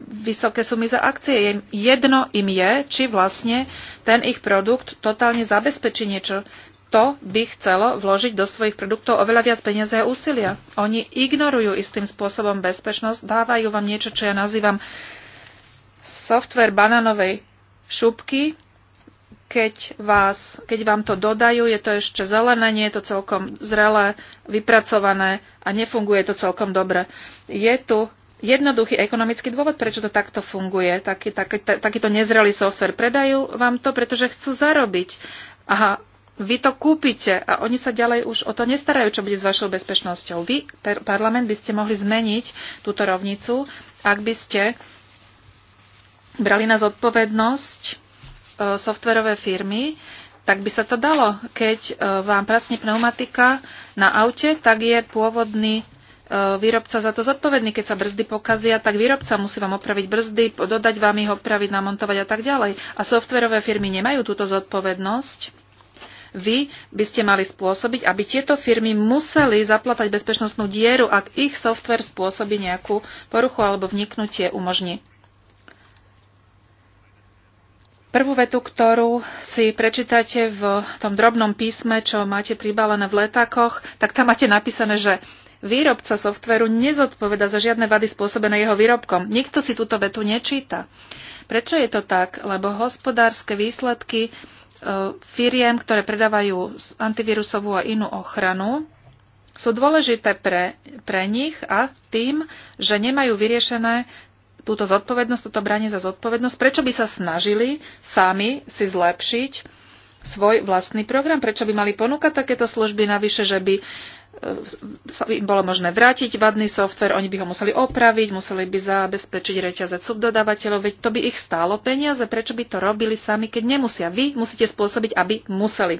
vysoké sumy za akcie. Jedno im je, či vlastne ten ich produkt totálne zabezpečí niečo to by chcelo vložiť do svojich produktov oveľa viac peniaze a úsilia. Oni ignorujú istým spôsobom bezpečnosť, dávajú vám niečo, čo ja nazývam software bananovej šupky. Keď, vás, keď vám to dodajú, je to ešte zelené, nie je to celkom zrelé, vypracované a nefunguje to celkom dobre. Je tu jednoduchý ekonomický dôvod, prečo to takto funguje. Taký, taký, takýto nezrelý software predajú vám to, pretože chcú zarobiť. Aha, vy to kúpite a oni sa ďalej už o to nestarajú, čo bude s vašou bezpečnosťou. Vy, parlament, by ste mohli zmeniť túto rovnicu, ak by ste brali na zodpovednosť e, softverové firmy, tak by sa to dalo. Keď e, vám prasne pneumatika na aute, tak je pôvodný e, výrobca za to zodpovedný. Keď sa brzdy pokazia, tak výrobca musí vám opraviť brzdy, dodať vám ich, opraviť, namontovať a tak ďalej. A softverové firmy nemajú túto zodpovednosť vy by ste mali spôsobiť, aby tieto firmy museli zaplatať bezpečnostnú dieru, ak ich software spôsobí nejakú poruchu alebo vniknutie umožní. Prvú vetu, ktorú si prečítate v tom drobnom písme, čo máte pribalené v letákoch, tak tam máte napísané, že výrobca softveru nezodpoveda za žiadne vady spôsobené jeho výrobkom. Nikto si túto vetu nečíta. Prečo je to tak? Lebo hospodárske výsledky firiem, ktoré predávajú antivírusovú a inú ochranu, sú dôležité pre, pre nich a tým, že nemajú vyriešené túto zodpovednosť, toto branie za zodpovednosť, prečo by sa snažili sami si zlepšiť svoj vlastný program, prečo by mali ponúkať takéto služby navyše, že by im e, bolo možné vrátiť vadný software, oni by ho museli opraviť, museli by zabezpečiť reťazec subdodávateľov, veď to by ich stálo peniaze, prečo by to robili sami, keď nemusia. Vy musíte spôsobiť, aby museli.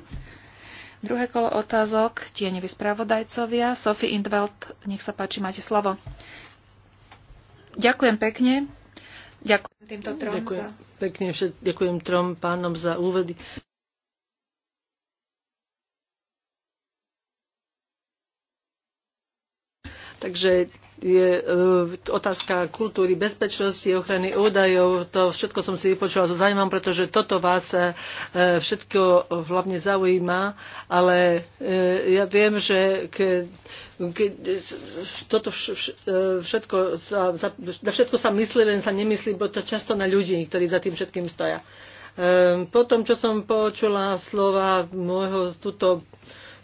Druhé kolo otázok, tieňoví spravodajcovia. Sophie Indveld, nech sa páči, máte slovo. Ďakujem pekne. Ďakujem týmto trom ďakujem za... Pekne ďakujem trom pánom za úvody. Takže je e, otázka kultúry, bezpečnosti, ochrany údajov. To všetko som si vypočula so zaujímavým, pretože toto vás e, e, všetko hlavne zaujíma, ale e, ja viem, že ke, ke, toto vš, e, všetko sa, za, na všetko sa myslí, len sa nemyslí, bo to často na ľudí, ktorí za tým všetkým stoja. E, po tom, čo som počula slova môjho tuto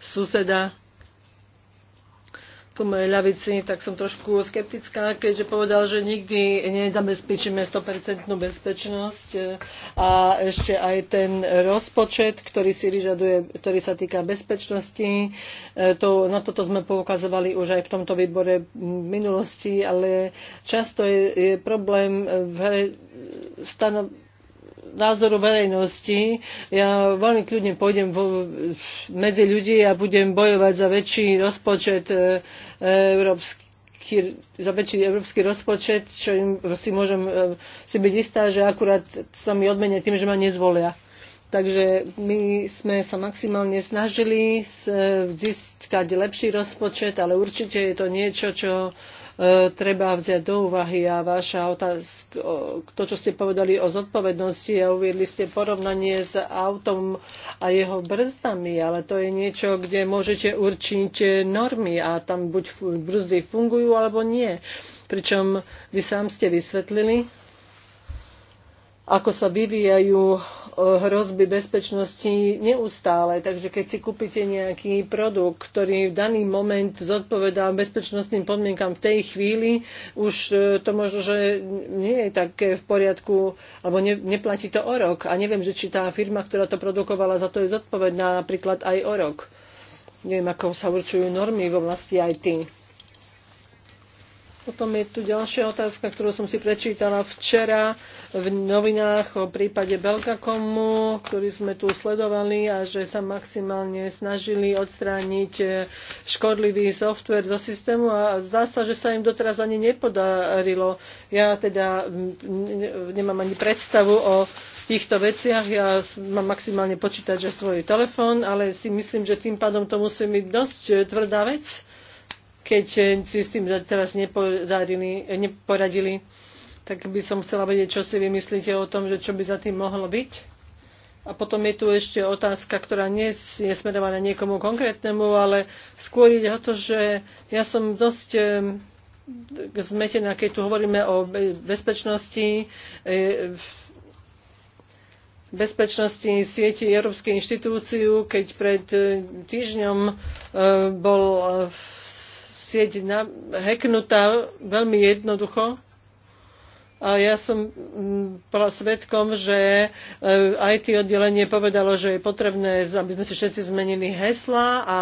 suseda, po mojej ľavici, tak som trošku skeptická, keďže povedal, že nikdy nezabezpečíme 100% bezpečnosť e, a ešte aj ten rozpočet, ktorý si vyžaduje, ktorý sa týka bezpečnosti, e, to, na toto sme poukazovali už aj v tomto výbore v minulosti, ale často je, je problém v stanov- názoru verejnosti. Ja veľmi kľudne pôjdem vo, medzi ľudí a budem bojovať za väčší rozpočet e, e, európsky za väčší európsky rozpočet, čo im si môžem e, si byť istá, že akurát sa mi odmenia tým, že ma nezvolia. Takže my sme sa maximálne snažili získať lepší rozpočet, ale určite je to niečo, čo E, treba vziať do úvahy a vaša otázka, to, čo ste povedali o zodpovednosti a uviedli ste porovnanie s autom a jeho brzdami, ale to je niečo, kde môžete určiť normy a tam buď brzdy fungujú alebo nie. Pričom vy sám ste vysvetlili, ako sa vyvíjajú eh, hrozby bezpečnosti neustále. Takže keď si kúpite nejaký produkt, ktorý v daný moment zodpovedá bezpečnostným podmienkam v tej chvíli, už eh, to možno, že nie je také v poriadku, alebo ne, neplatí to o rok. A neviem, že či tá firma, ktorá to produkovala, za to je zodpovedná napríklad aj o rok. Neviem, ako sa určujú normy v oblasti IT. Potom je tu ďalšia otázka, ktorú som si prečítala včera v novinách o prípade Belkakomu, ktorý sme tu sledovali a že sa maximálne snažili odstrániť škodlivý software zo systému a zdá sa, že sa im doteraz ani nepodarilo. Ja teda nemám ani predstavu o týchto veciach. Ja mám maximálne počítať, že svoj telefón, ale si myslím, že tým pádom to musí byť dosť tvrdá vec keď eh, si s tým teraz eh, neporadili, tak by som chcela vedieť, čo si vymyslíte o tom, že čo by za tým mohlo byť. A potom je tu ešte otázka, ktorá nie je smerovaná niekomu konkrétnemu, ale skôr ide o to, že ja som dosť eh, zmetená, keď tu hovoríme o bezpečnosti bezpečnosti sieti Európskej inštitúciu, keď pred týždňom bol v sieť heknutá veľmi jednoducho. A ja som mm, bola svetkom, že eh, IT oddelenie povedalo, že je potrebné, aby sme si všetci zmenili hesla a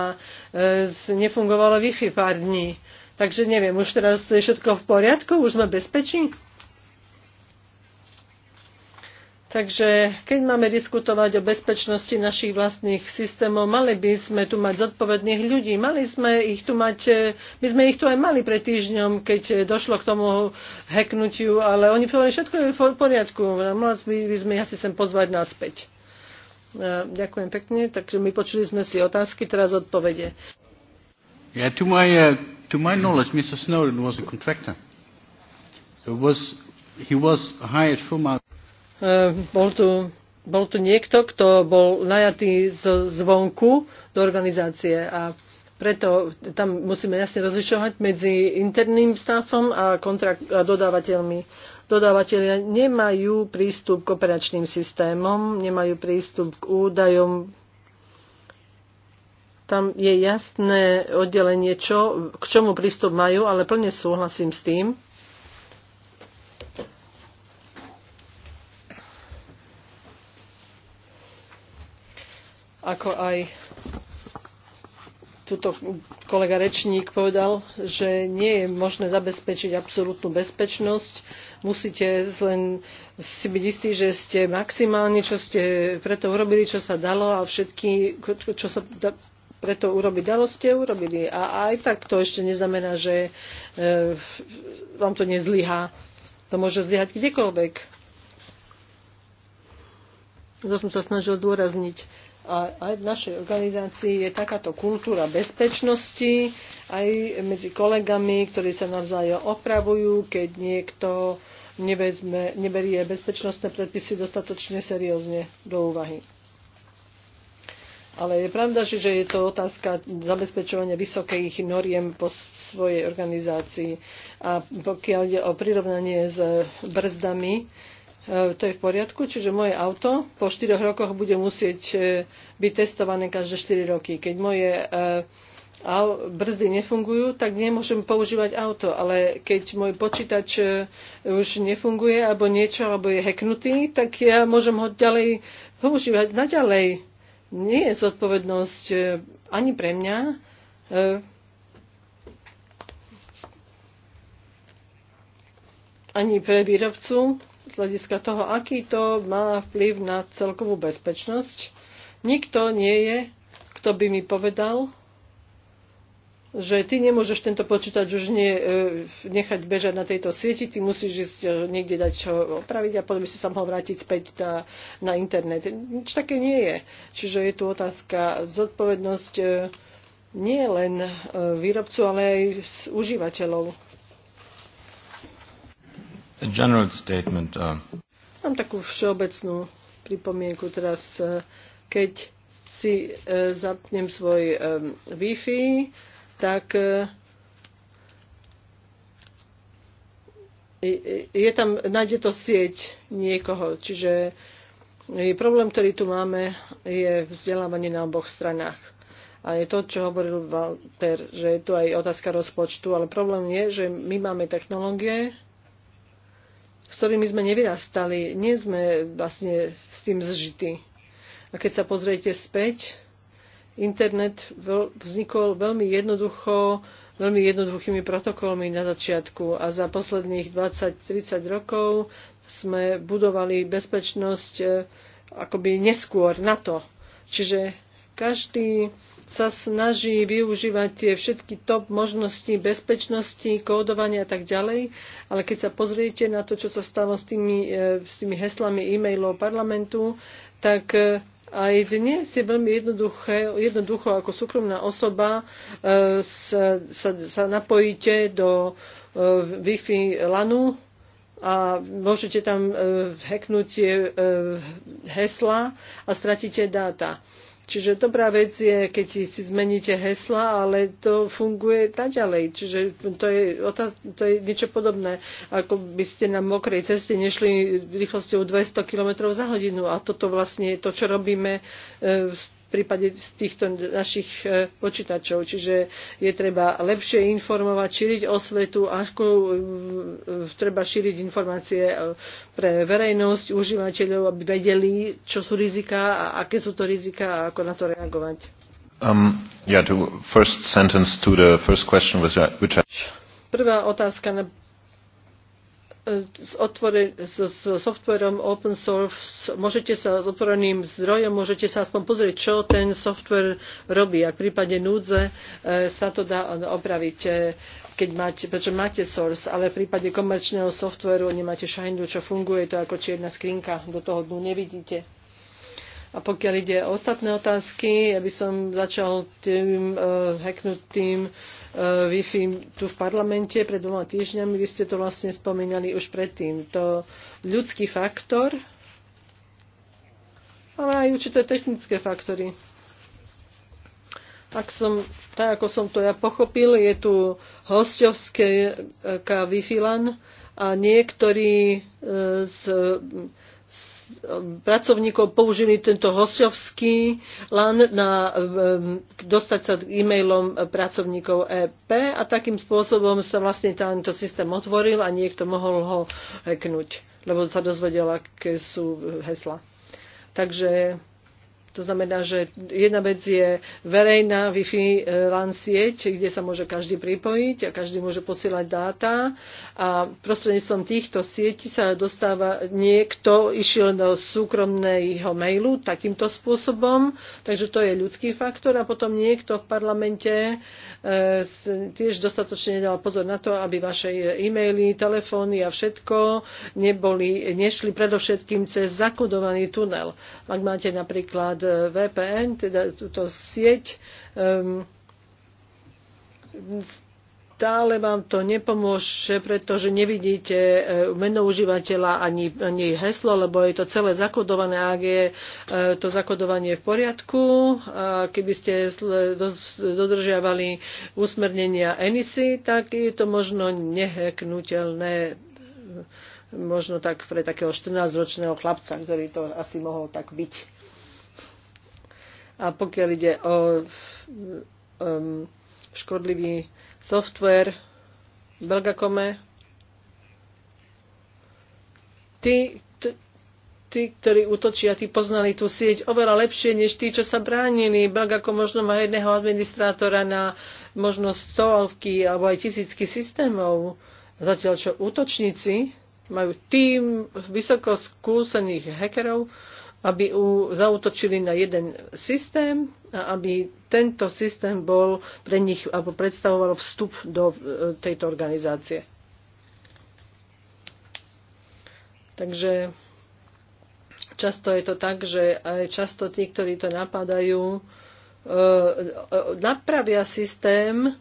eh, nefungovalo Wi-Fi pár dní. Takže neviem, už teraz je všetko v poriadku, už sme bezpečí? Takže keď máme diskutovať o bezpečnosti našich vlastných systémov, mali by sme tu mať zodpovedných ľudí. Mali sme ich tu mať, e, my sme ich tu aj mali pred týždňom, keď e, došlo k tomu heknutiu, ale oni povedali, všetko je v poriadku. Mali by sme ich asi sem pozvať naspäť. E, ďakujem pekne. Takže my počuli sme si otázky, teraz odpovede. Yeah, to my, uh, to my knowledge, Mr. Snowden was a contractor. So was, he was hired from our Eh, bol tu, bol tu niekto, kto bol najatý z, zvonku do organizácie a preto tam musíme jasne rozlišovať medzi interným stáfom a, kontrakt, a dodávateľmi. Dodávateľia nemajú prístup k operačným systémom, nemajú prístup k údajom. Tam je jasné oddelenie, čo, k čomu prístup majú, ale plne súhlasím s tým, ako aj tuto kolega rečník povedal, že nie je možné zabezpečiť absolútnu bezpečnosť. Musíte len si byť istí, že ste maximálne, čo ste preto urobili, čo sa dalo a všetky, čo sa da, preto urobiť dalo, ste urobili. A aj tak to ešte neznamená, že e, vám to nezlyhá. To môže zlyhať kdekoľvek. To som sa snažil zdôrazniť a aj v našej organizácii je takáto kultúra bezpečnosti, aj medzi kolegami, ktorí sa navzájom opravujú, keď niekto nevezme, neberie bezpečnostné predpisy dostatočne seriózne do úvahy. Ale je pravda, že je to otázka zabezpečovania vysokých noriem po svojej organizácii. A pokiaľ ide o prirovnanie s brzdami, E, to je v poriadku, čiže moje auto po 4 rokoch bude musieť e, byť testované každé 4 roky. Keď moje e, brzdy nefungujú, tak nemôžem používať auto, ale keď môj počítač už nefunguje alebo niečo, alebo je hacknutý, tak ja môžem ho ďalej používať naďalej. Nie je zodpovednosť ani pre mňa, ani pre výrobcu z hľadiska toho, aký to má vplyv na celkovú bezpečnosť. Nikto nie je, kto by mi povedal, že ty nemôžeš tento počítač už ne, e, nechať bežať na tejto sieti, ty musíš ísť e, niekde dať čo opraviť a potom by si sa mohol vrátiť späť na, na internet. Nič také nie je. Čiže je tu otázka zodpovednosť e, nie len výrobcu, ale aj užívateľov general statement. Uh, Mám takú všeobecnú pripomienku teraz. Uh, keď si uh, zapnem svoj um, Wi-Fi, tak je tam, nájde to sieť niekoho. Čiže e, problém, ktorý tu máme, je vzdelávanie na oboch stranách. A je to, čo hovoril Walter, že je tu aj otázka rozpočtu, ale problém je, že my máme technológie, s ktorými sme nevyrastali. Nie sme vlastne s tým zžití. A keď sa pozriete späť, internet vznikol veľmi jednoducho, veľmi jednoduchými protokolmi na začiatku a za posledných 20-30 rokov sme budovali bezpečnosť eh, akoby neskôr na to. Čiže každý sa snaží využívať tie všetky top možnosti bezpečnosti, kódovania a tak ďalej, ale keď sa pozriete na to, čo sa stalo s tými, e, s tými heslami e-mailov parlamentu, tak e, aj dnes je veľmi jednoduché, jednoducho ako súkromná osoba e, sa, sa, sa napojíte do Wi-Fi LANu a môžete tam hacknúť tie hesla a stratíte dáta. Čiže dobrá vec je, keď si zmeníte hesla, ale to funguje naďalej. Čiže to je, to je niečo podobné, ako by ste na mokrej ceste nešli rýchlosťou 200 km za hodinu. A toto vlastne je to, čo robíme e, s prípade z týchto našich e, počítačov. Čiže je treba lepšie informovať, šíriť osvetu, ako e, treba šíriť informácie e, pre verejnosť, užívateľov, aby vedeli, čo sú rizika a aké sú to rizika a ako na to reagovať. Um, yeah, to first sentence to the first question which uh, I, which I... Prvá otázka na s, s, s softverom open source, môžete sa s otvoreným zdrojom, môžete sa aspoň pozrieť, čo ten software robí. Ak v prípade núdze e, sa to dá opraviť, e, keď máte, prečo máte source, ale v prípade komerčného softveru nemáte šajnu, čo funguje, to ako čierna skrinka, do toho dnu nevidíte. A pokiaľ ide o ostatné otázky, ja by som začal tým e, hacknutým tým, Eh, Wi-Fi tu v parlamente pred dvoma týždňami. Vy ste to vlastne spomínali už predtým. To ľudský faktor, ale aj určité technické faktory. Ak som, tak ako som to ja pochopil, je tu hostovské eh, Wi-Fi LAN a niektorí eh, z pracovníkov použili tento hosťovský lan na dostať sa k e-mailom pracovníkov EP a takým spôsobom sa vlastne tento systém otvoril a niekto mohol ho heknúť, lebo sa dozvedela, aké sú hesla. Takže to znamená, že jedna vec je verejná Wi-Fi e, LAN sieť, kde sa môže každý pripojiť a každý môže posielať dáta a prostredníctvom týchto sietí sa dostáva niekto, išiel do súkromného mailu takýmto spôsobom, takže to je ľudský faktor a potom niekto v parlamente e, tiež dostatočne dal pozor na to, aby vaše e-maily, telefóny a všetko neboli, nešli predovšetkým cez zakodovaný tunel. Ak máte napríklad Eh, VPN, teda túto sieť, um, stále vám to nepomôže, pretože nevidíte eh, meno užívateľa ani, ani heslo, lebo je to celé zakodované, ak je eh, to zakodovanie v poriadku. A keby ste dodržiavali usmernenia ENISY, tak je to možno neheknutelné možno tak pre takého 14-ročného chlapca, ktorý to asi mohol tak byť. A pokiaľ ide o um, škodlivý software Belgakome, tí, tí, ktorí útočia, tí poznali tú sieť oveľa lepšie, než tí, čo sa bránili. Belg možno má jedného administrátora na možno stovky alebo aj tisícky systémov. Zatiaľ čo útočníci majú tým vysoko skúsených hekerov, aby u, zautočili na jeden systém a aby tento systém bol pre nich alebo predstavoval vstup do e, tejto organizácie. Takže často je to tak, že aj často tí, ktorí to napadajú, e, e, napravia systém,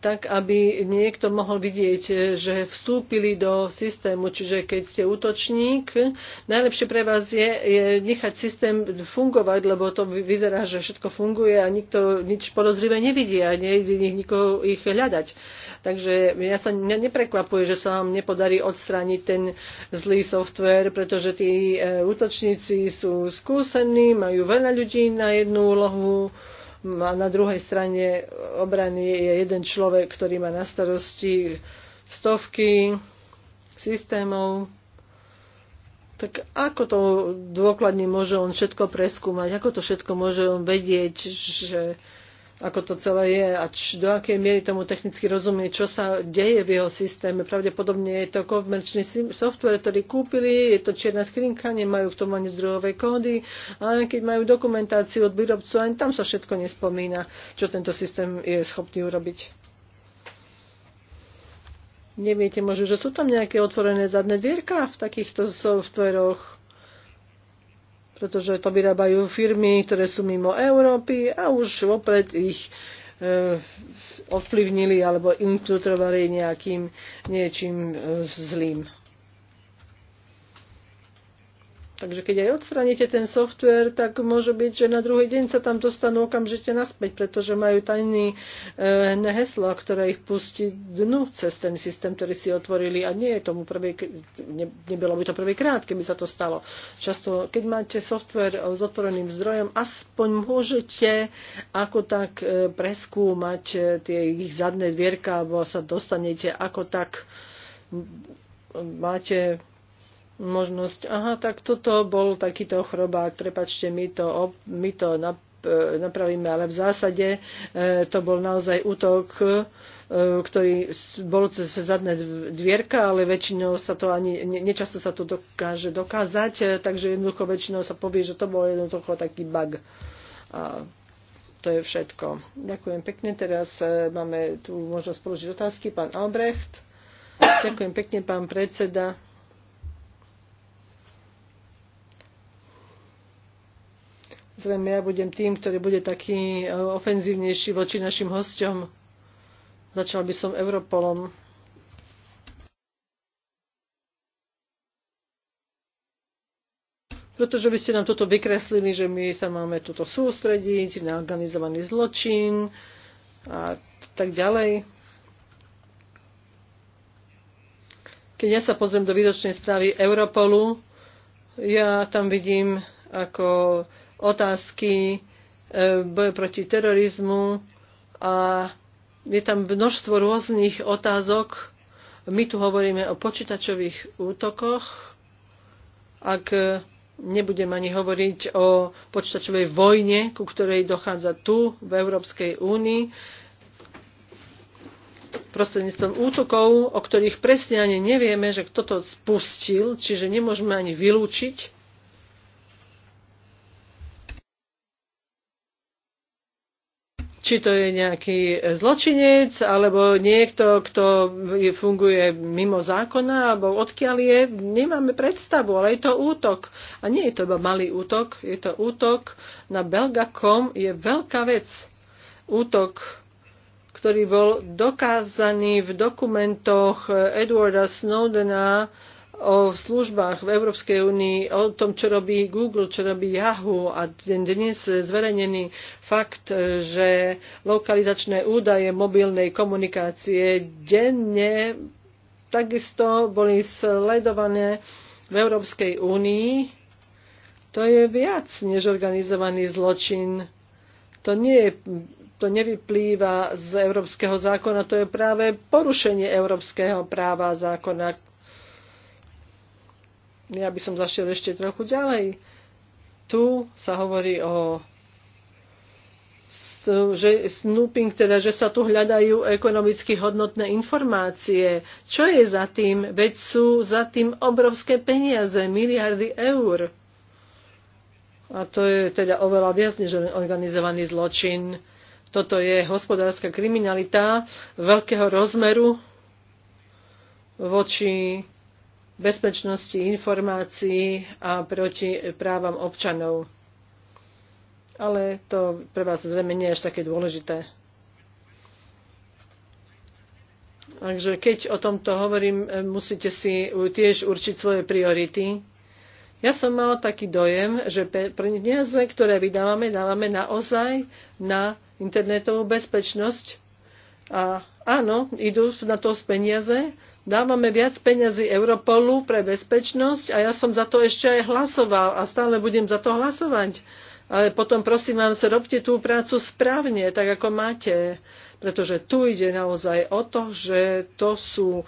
tak, aby niekto mohol vidieť, že vstúpili do systému. Čiže keď ste útočník, najlepšie pre vás je, je nechať systém fungovať, lebo to vyzerá, že všetko funguje a nikto nič podozrivé nevidí a nejde nikoho ich hľadať. Takže ja sa neprekvapuje, že sa vám nepodarí odstrániť ten zlý software, pretože tí e, útočníci sú skúsení, majú veľa ľudí na jednu úlohu, a na druhej strane obrany je jeden človek, ktorý má na starosti stovky systémov. Tak ako to dôkladne môže on všetko preskúmať, ako to všetko môže on vedieť, že ako to celé je a č, do akej miery tomu technicky rozumie, čo sa deje v jeho systéme. Pravdepodobne je to komerčný software, ktorý kúpili, je to čierna skrinka, nemajú k tomu ani zdrojové kódy, ale keď majú dokumentáciu od výrobcu, ani tam sa všetko nespomína, čo tento systém je schopný urobiť. Neviete možno, že sú tam nejaké otvorené zadné dvierka v takýchto softveroch? pretože to vyrábajú firmy, ktoré sú mimo Európy a už opred ich e, ovplyvnili alebo infiltrovali nejakým niečím e, zlým. Takže keď aj odstraníte ten software, tak môže byť, že na druhý deň sa tam dostanú okamžite naspäť, pretože majú tajný e, heslo, ktoré ich pustí dnu cez ten systém, ktorý si otvorili a nie je tomu prvý, ne, nebolo by to prvýkrát, keby sa to stalo. Často, keď máte software s otvoreným zdrojom, aspoň môžete ako tak eh, preskúmať eh, tie ich zadné dvierka, alebo sa dostanete ako tak máte možnosť, aha, tak toto bol takýto chrobák, prepačte, my to, my to e, napravíme, ale v zásade e, to bol naozaj útok, e, ktorý bol cez zadné dvierka, ale väčšinou sa to ani, nečasto sa to dokáže dokázať, takže jednoducho väčšinou sa povie, že to bol jednoducho taký bug. A to je všetko. Ďakujem pekne. Teraz máme tu možnosť položiť otázky. Pán Albrecht. Ďakujem pekne, pán predseda. Zrejme ja budem tým, ktorý bude taký e, ofenzívnejší voči našim hostiom. Začal by som Europolom. pretože by ste nám toto vykreslili, že my sa máme tuto sústrediť na organizovaný zločin a tak ďalej. Keď ja sa pozriem do výročnej správy Europolu, ja tam vidím ako otázky e, boje proti terorizmu a je tam množstvo rôznych otázok. My tu hovoríme o počítačových útokoch. Ak nebudem ani hovoriť o počítačovej vojne, ku ktorej dochádza tu v Európskej únii, prostredníctvom útokov, o ktorých presne ani nevieme, že kto to spustil, čiže nemôžeme ani vylúčiť či to je nejaký zločinec, alebo niekto, kto funguje mimo zákona, alebo odkiaľ je, nemáme predstavu, ale je to útok. A nie je to iba malý útok, je to útok na Belgakom, je veľká vec. Útok ktorý bol dokázaný v dokumentoch Edwarda Snowdena, o službách v Európskej únii, o tom, čo robí Google, čo robí Yahoo a dnes zverejnený fakt, že lokalizačné údaje mobilnej komunikácie denne takisto boli sledované v Európskej únii. To je viac než organizovaný zločin. To, nie je, to nevyplýva z európskeho zákona, to je práve porušenie európskeho práva zákona ja by som zašiel ešte trochu ďalej. Tu sa hovorí o že snooping, teda, že sa tu hľadajú ekonomicky hodnotné informácie. Čo je za tým? Veď sú za tým obrovské peniaze, miliardy eur. A to je teda oveľa viac než organizovaný zločin. Toto je hospodárska kriminalita veľkého rozmeru voči bezpečnosti informácií a proti právam občanov. Ale to pre vás zrejme nie je až také dôležité. Takže keď o tomto hovorím, eh, musíte si tiež určiť svoje priority. Ja som mala taký dojem, že peniaze, ktoré vydávame, dávame naozaj na internetovú bezpečnosť. A áno, idú na to z peniaze, Dávame viac peňazí Europolu pre bezpečnosť a ja som za to ešte aj hlasoval a stále budem za to hlasovať. Ale potom prosím vám, robte tú prácu správne, tak ako máte. Pretože tu ide naozaj o to, že to sú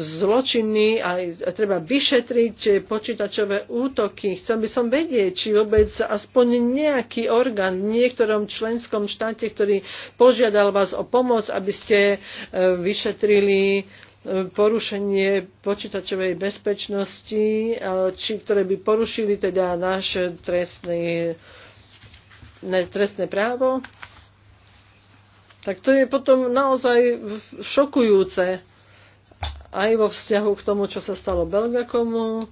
zločiny a treba vyšetriť počítačové útoky. Chcem, by som vedieť, či vôbec aspoň nejaký orgán v niektorom členskom štáte, ktorý požiadal vás o pomoc, aby ste e, vyšetrili porušenie počítačovej bezpečnosti, či ktoré by porušili teda naše trestné, ne, trestné právo. Tak to je potom naozaj šokujúce aj vo vzťahu k tomu, čo sa stalo Belgakomu,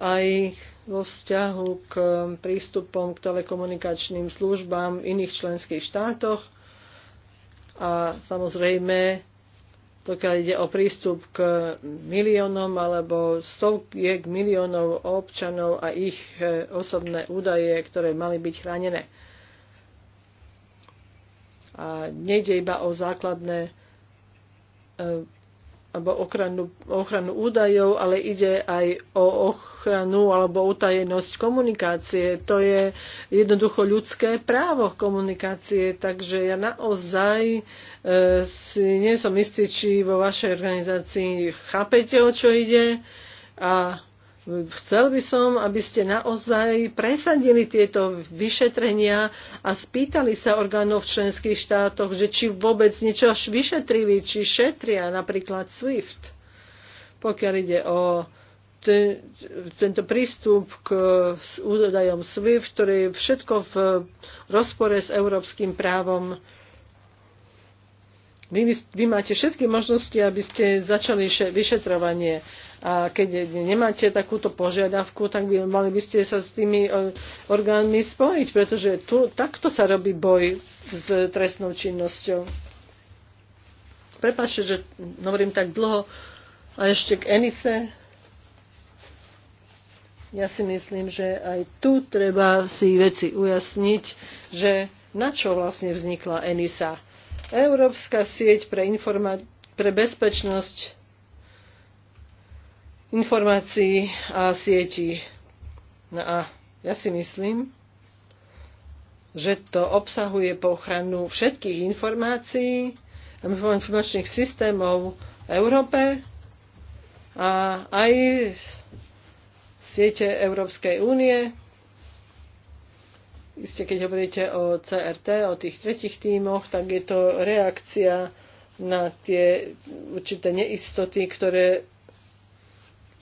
aj vo vzťahu k prístupom k telekomunikačným službám v iných členských štátoch. A samozrejme, pokiaľ ide o prístup k miliónom alebo stovkiek miliónov občanov a ich e, osobné údaje, ktoré mali byť chránené. A nejde iba o základné e, alebo ochranu, ochranu údajov, ale ide aj o ochranu alebo utajenosť komunikácie. To je jednoducho ľudské právo komunikácie, takže ja naozaj e, si, nie som istý, či vo vašej organizácii chápete, o čo ide a Chcel by som, aby ste naozaj presadili tieto vyšetrenia a spýtali sa orgánov v členských štátoch, že či vôbec niečo vyšetrili, či šetria napríklad SWIFT. Pokiaľ ide o ten, tento prístup k údajom SWIFT, ktorý je všetko v rozpore s európskym právom. Vy, vy máte všetky možnosti, aby ste začali vyšetrovanie. A keď nemáte takúto požiadavku, tak by, mali by ste sa s tými e, orgánmi spojiť, pretože tu, takto sa robí boj s trestnou činnosťou. Prepačte, že hovorím tak dlho. A ešte k Enise. Ja si myslím, že aj tu treba si veci ujasniť, že na čo vlastne vznikla Enisa. Európska sieť pre, informa- pre bezpečnosť informácií a sietí. No a ja si myslím, že to obsahuje po ochranu všetkých informácií a informačných systémov v Európe a aj siete Európskej únie. Isté, keď hovoríte o CRT, o tých tretich tímoch, tak je to reakcia na tie určité neistoty, ktoré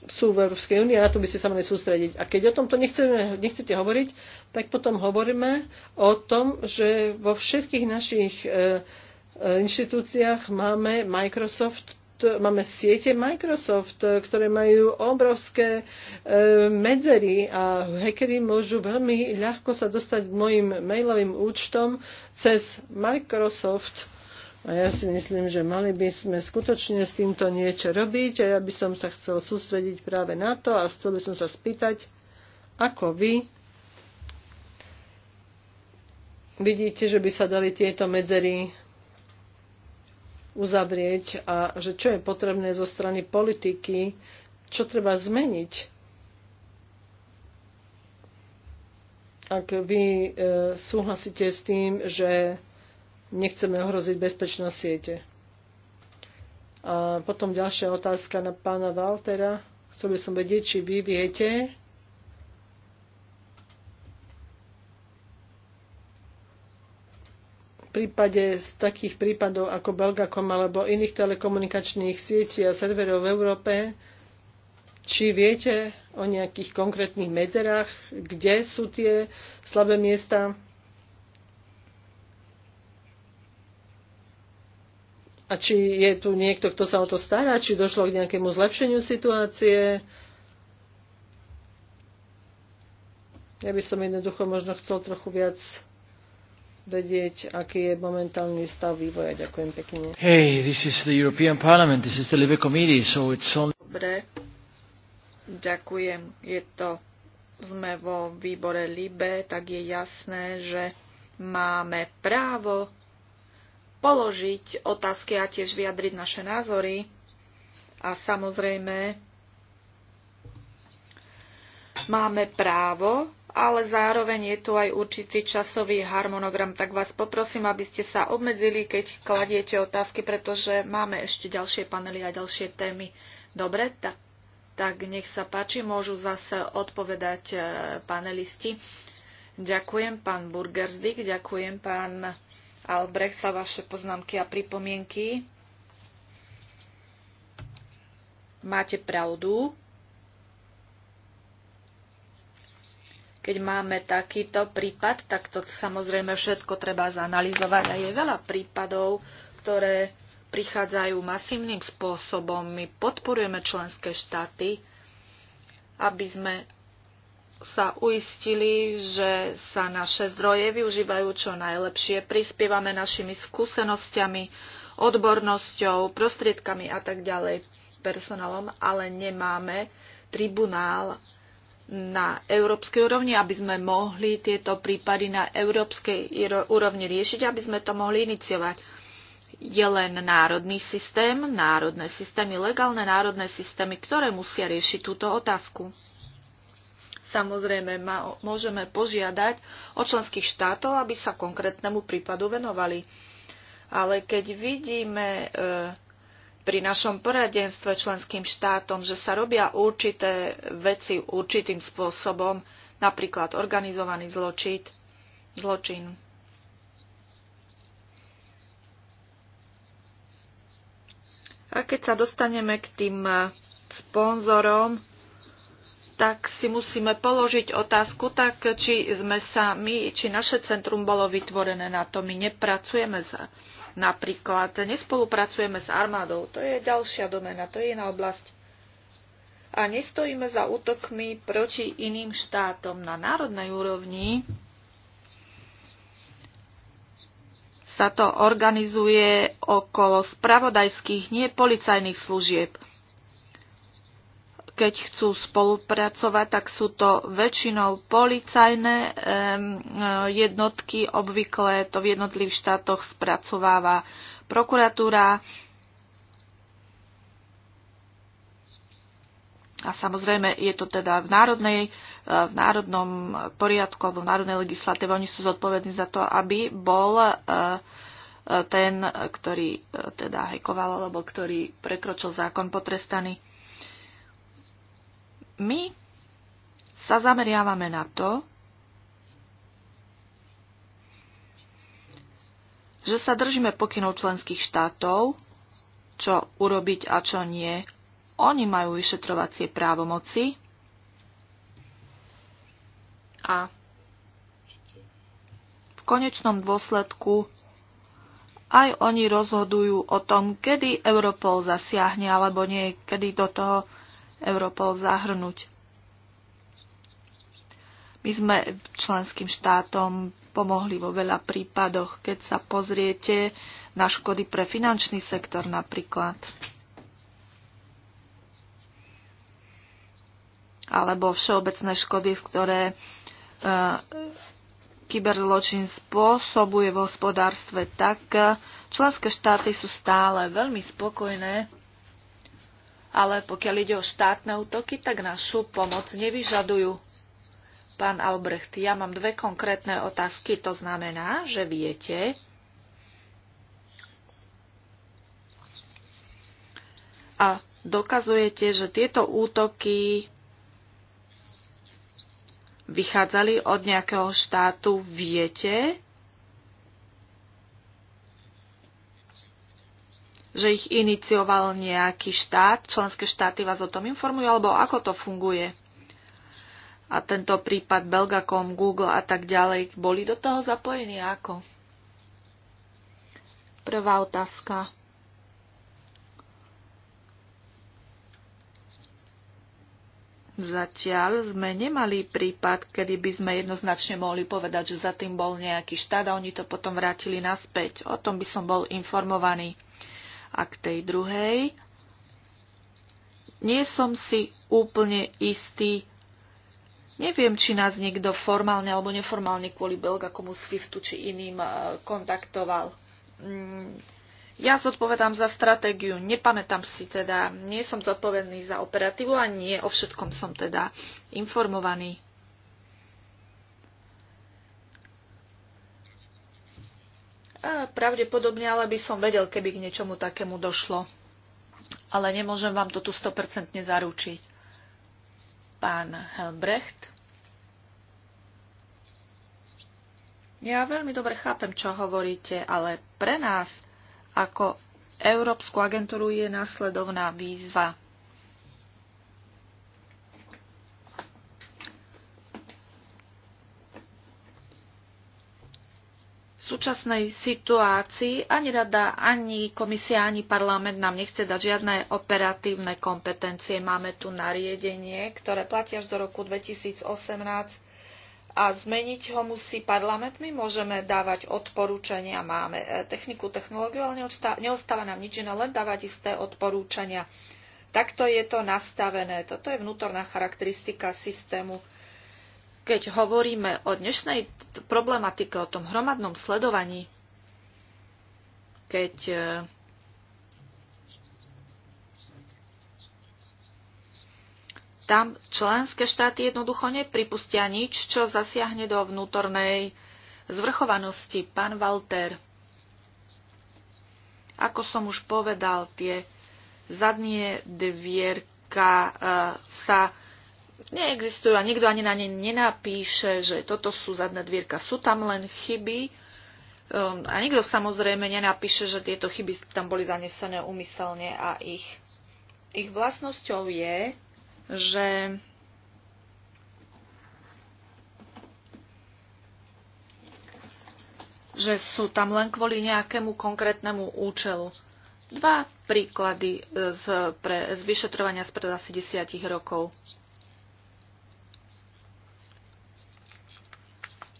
sú v Európskej únii a na to by ste sa mali sústrediť. A keď o tomto nechceme, nechcete hovoriť, tak potom hovoríme o tom, že vo všetkých našich e, e inštitúciách máme Microsoft, máme siete Microsoft, e, ktoré majú obrovské e, medzery a hackeri môžu veľmi ľahko sa dostať k mojim mailovým účtom cez Microsoft a ja si myslím, že mali by sme skutočne s týmto niečo robiť a ja by som sa chcel sústrediť práve na to a chcel by som sa spýtať, ako vy vidíte, že by sa dali tieto medzery uzavrieť a že čo je potrebné zo strany politiky, čo treba zmeniť. Ak vy e, súhlasíte s tým, že nechceme ohroziť bezpečnosť siete. A potom ďalšia otázka na pána Waltera. Chcel by som vedieť, či vy viete, prípade z takých prípadov ako Belgakom alebo iných telekomunikačných sietí a serverov v Európe, či viete o nejakých konkrétnych medzerách, kde sú tie slabé miesta, A či je tu niekto, kto sa o to stará, či došlo k nejakému zlepšeniu situácie. Ja by som jednoducho možno chcel trochu viac vedieť, aký je momentálny stav vývoja. Ďakujem pekne. Hey, this is the European Parliament, this is the Libre Committee, so it's only... Dobre, ďakujem. Je to, sme vo výbore Libe, tak je jasné, že máme právo položiť otázky a tiež vyjadriť naše názory. A samozrejme, máme právo, ale zároveň je tu aj určitý časový harmonogram, tak vás poprosím, aby ste sa obmedzili, keď kladiete otázky, pretože máme ešte ďalšie panely a ďalšie témy. Dobre, tak, tak nech sa páči, môžu zase odpovedať eh, panelisti. Ďakujem pán Burgersdik, ďakujem pán Albrecht za vaše poznámky a pripomienky. Máte pravdu. Keď máme takýto prípad, tak to samozrejme všetko treba zanalizovať a je veľa prípadov, ktoré prichádzajú masívnym spôsobom. My podporujeme členské štáty, aby sme sa uistili, že sa naše zdroje využívajú čo najlepšie. Prispievame našimi skúsenostiami, odbornosťou, prostriedkami a tak ďalej, personálom, ale nemáme tribunál na európskej úrovni, aby sme mohli tieto prípady na európskej úrovni riešiť, aby sme to mohli iniciovať. Je len národný systém, národné systémy, legálne národné systémy, ktoré musia riešiť túto otázku. Samozrejme, môžeme požiadať od členských štátov, aby sa konkrétnemu prípadu venovali. Ale keď vidíme e, pri našom poradenstve členským štátom, že sa robia určité veci určitým spôsobom, napríklad organizovaný zločit, zločin. A keď sa dostaneme k tým sponzorom, tak si musíme položiť otázku, tak či sme sa my, či naše centrum bolo vytvorené na to. My nepracujeme za, napríklad, nespolupracujeme s armádou. To je ďalšia domena, to je iná oblasť. A nestojíme za útokmi proti iným štátom na národnej úrovni. Sa to organizuje okolo spravodajských, nie policajných služieb keď chcú spolupracovať, tak sú to väčšinou policajné jednotky, obvykle to v jednotlivých štátoch spracováva prokuratúra a samozrejme je to teda v, národnej, v národnom poriadku alebo v národnej legislatíve. Oni sú zodpovední za to, aby bol e, e, ten, ktorý e, teda hekoval alebo ktorý prekročil zákon potrestaný. My sa zameriavame na to, že sa držíme pokynov členských štátov, čo urobiť a čo nie. Oni majú vyšetrovacie právomoci a v konečnom dôsledku aj oni rozhodujú o tom, kedy Europol zasiahne alebo nie, kedy do toho Europol zahrnúť. My sme členským štátom pomohli vo veľa prípadoch, keď sa pozriete na škody pre finančný sektor napríklad. Alebo všeobecné škody, ktoré e, kyberzločin spôsobuje v hospodárstve, tak e, členské štáty sú stále veľmi spokojné ale pokiaľ ide o štátne útoky, tak našu pomoc nevyžadujú. Pán Albrecht, ja mám dve konkrétne otázky. To znamená, že viete, a dokazujete, že tieto útoky vychádzali od nejakého štátu, viete, že ich inicioval nejaký štát, členské štáty vás o tom informujú, alebo ako to funguje? A tento prípad Belgacom, Google a tak ďalej, boli do toho zapojení ako? Prvá otázka. Zatiaľ sme nemali prípad, kedy by sme jednoznačne mohli povedať, že za tým bol nejaký štát a oni to potom vrátili naspäť. O tom by som bol informovaný. A k tej druhej, nie som si úplne istý, Neviem, či nás niekto formálne alebo neformálne kvôli Belgakomu Swiftu či iným e, kontaktoval. Mm, ja zodpovedám za stratégiu, nepamätám si teda, nie som zodpovedný za operatívu a nie o všetkom som teda informovaný. pravdepodobne, ale by som vedel, keby k niečomu takému došlo. Ale nemôžem vám to tu 100% zaručiť. Pán Helbrecht. Ja veľmi dobre chápem, čo hovoríte, ale pre nás ako Európsku agentúru je následovná výzva. súčasnej situácii ani rada, ani komisia, ani parlament nám nechce dať žiadne operatívne kompetencie. Máme tu nariadenie, ktoré platí až do roku 2018 a zmeniť ho musí parlament. My môžeme dávať odporúčania, máme e, techniku, technológiu, ale neostáva, neostáva nám nič iné, len dávať isté odporúčania. Takto je to nastavené. Toto je vnútorná charakteristika systému keď hovoríme o dnešnej problematike, o tom hromadnom sledovaní, keď e, tam členské štáty jednoducho nepripustia nič, čo zasiahne do vnútornej zvrchovanosti. Pán Walter, ako som už povedal, tie zadnie dvierka e, sa neexistujú a nikto ani na ne nenapíše, že toto sú zadné dvierka. Sú tam len chyby um, a nikto samozrejme nenapíše, že tieto chyby tam boli zanesené umyselne a ich, ich vlastnosťou je, že že sú tam len kvôli nejakému konkrétnemu účelu. Dva príklady z, pre, z vyšetrovania spred asi desiatich rokov.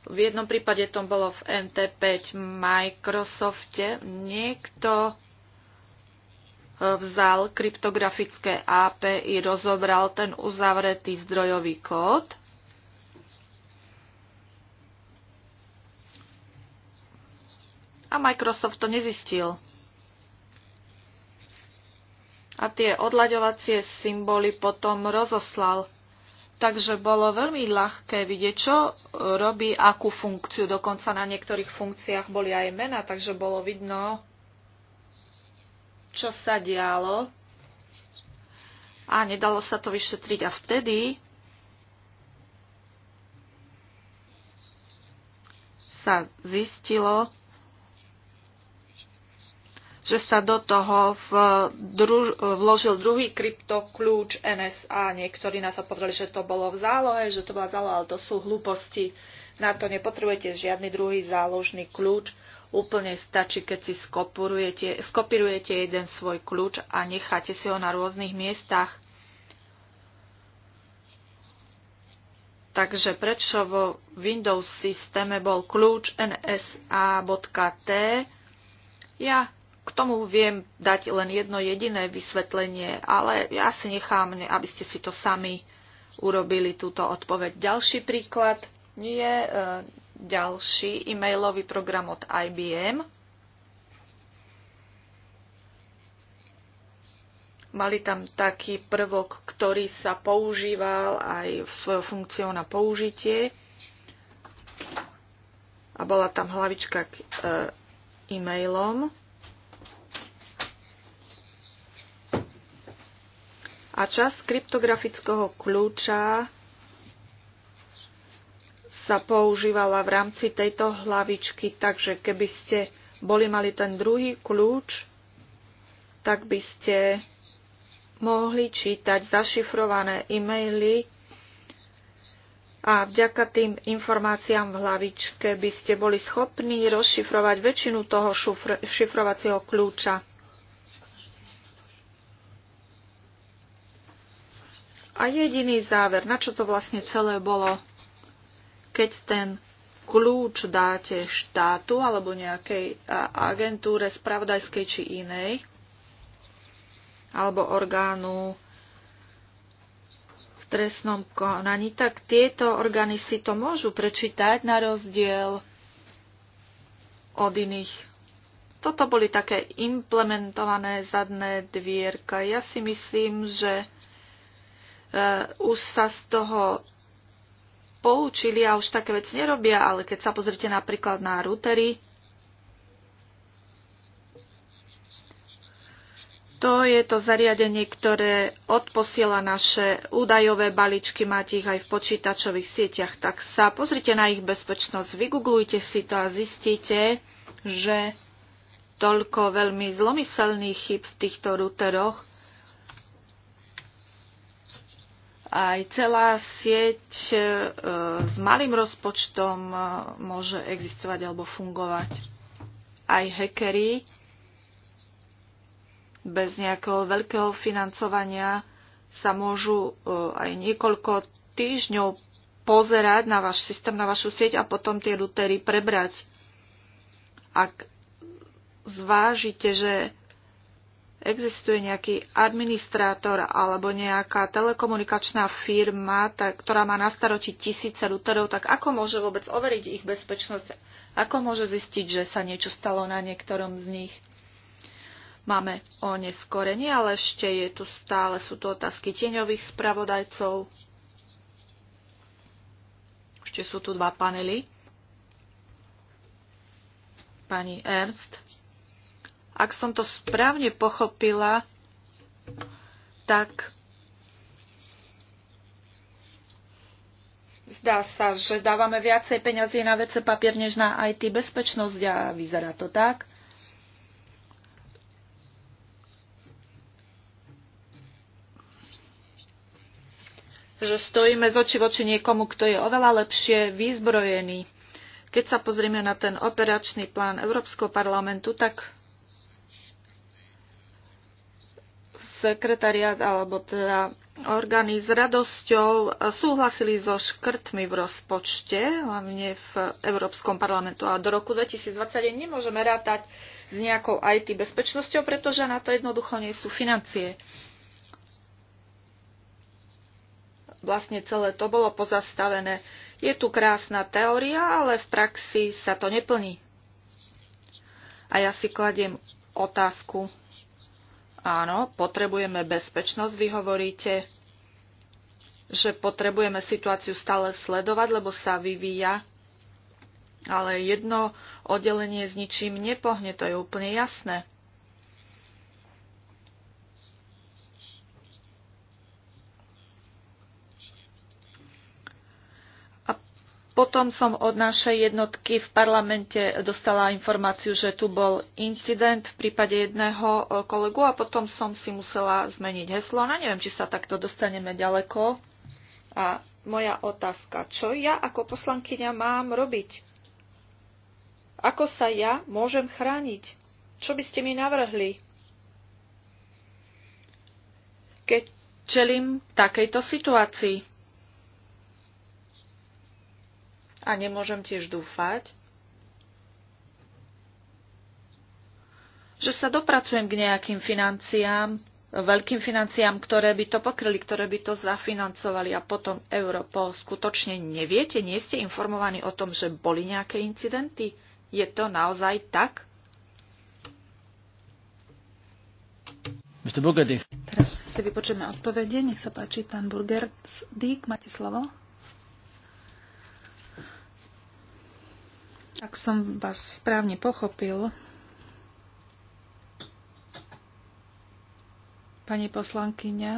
V jednom prípade to bolo v NT5 Microsofte. Niekto e, vzal kryptografické API, rozobral ten uzavretý zdrojový kód a Microsoft to nezistil. A tie odlaďovacie symboly potom rozoslal Takže bolo veľmi ľahké vidieť, čo e, robí akú funkciu. Dokonca na niektorých funkciách boli aj mena, takže bolo vidno, čo sa dialo. A nedalo sa to vyšetriť. A vtedy sa zistilo, že sa do toho druž, vložil druhý kryptokľúč NSA. Niektorí nás sa že to bolo v zálohe, že to bola záloha, ale to sú hlúposti. Na to nepotrebujete žiadny druhý záložný kľúč. Úplne stačí, keď si skopirujete, skopirujete jeden svoj kľúč a necháte si ho na rôznych miestach. Takže prečo vo Windows systéme bol kľúč nsa.t? Ja k tomu viem dať len jedno jediné vysvetlenie, ale ja si nechám, aby ste si to sami urobili túto odpoveď. Ďalší príklad nie je e, ďalší e-mailový program od IBM. Mali tam taký prvok, ktorý sa používal aj svojou funkciou na použitie. A bola tam hlavička k e, e-mailom. a čas kryptografického kľúča sa používala v rámci tejto hlavičky, takže keby ste boli mali ten druhý kľúč, tak by ste mohli čítať zašifrované e-maily a vďaka tým informáciám v hlavičke by ste boli schopní rozšifrovať väčšinu toho šifrovacieho kľúča. A jediný záver, na čo to vlastne celé bolo, keď ten kľúč dáte štátu alebo nejakej agentúre spravodajskej či inej, alebo orgánu v trestnom konaní, tak tieto orgány si to môžu prečítať na rozdiel od iných. Toto boli také implementované zadné dvierka. Ja si myslím, že Eh, už sa z toho poučili a už také vec nerobia, ale keď sa pozrite napríklad na routery, To je to zariadenie, ktoré odposiela naše údajové balíčky, máte ich aj v počítačových sieťach. Tak sa pozrite na ich bezpečnosť, vygooglujte si to a zistíte, že toľko veľmi zlomyselných chyb v týchto routeroch aj celá sieť e, s malým rozpočtom e, môže existovať alebo fungovať. Aj hackery bez nejakého veľkého financovania sa môžu e, aj niekoľko týždňov pozerať na váš systém, na vašu sieť a potom tie routery prebrať. Ak zvážite, že existuje nejaký administrátor alebo nejaká telekomunikačná firma, tak, ktorá má na starosti tisíce routerov, tak ako môže vôbec overiť ich bezpečnosť? Ako môže zistiť, že sa niečo stalo na niektorom z nich? Máme o neskorenie, ale ešte je tu stále, sú tu otázky tieňových spravodajcov. Ešte sú tu dva panely. Pani Ernst ak som to správne pochopila, tak zdá sa, že dávame viacej peňazí na vece papier než na IT bezpečnosť a vyzerá to tak. že stojíme z oči oči niekomu, kto je oveľa lepšie vyzbrojený. Keď sa pozrieme na ten operačný plán Európskeho parlamentu, tak sekretariat alebo teda orgány s radosťou súhlasili so škrtmi v rozpočte, hlavne v Európskom parlamentu. A do roku 2020 nemôžeme rátať s nejakou IT bezpečnosťou, pretože na to jednoducho nie sú financie. Vlastne celé to bolo pozastavené. Je tu krásna teória, ale v praxi sa to neplní. A ja si kladiem otázku, Áno, potrebujeme bezpečnosť, vy hovoríte, že potrebujeme situáciu stále sledovať, lebo sa vyvíja, ale jedno oddelenie s ničím nepohne, to je úplne jasné. Potom som od našej jednotky v parlamente dostala informáciu, že tu bol incident v prípade jedného e, kolegu a potom som si musela zmeniť heslo. No neviem, či sa takto dostaneme ďaleko. A moja otázka, čo ja ako poslankyňa mám robiť? Ako sa ja môžem chrániť? Čo by ste mi navrhli? Keď čelím takejto situácii. A nemôžem tiež dúfať, že sa dopracujem k nejakým financiám, veľkým financiám, ktoré by to pokryli, ktoré by to zafinancovali a potom Európo Skutočne neviete, nie ste informovaní o tom, že boli nejaké incidenty? Je to naozaj tak? Teraz si vypočujeme odpovede. Nech sa páči, pán Burger. Dík, máte slovo. Ak som vás správne pochopil, pani poslankyňa,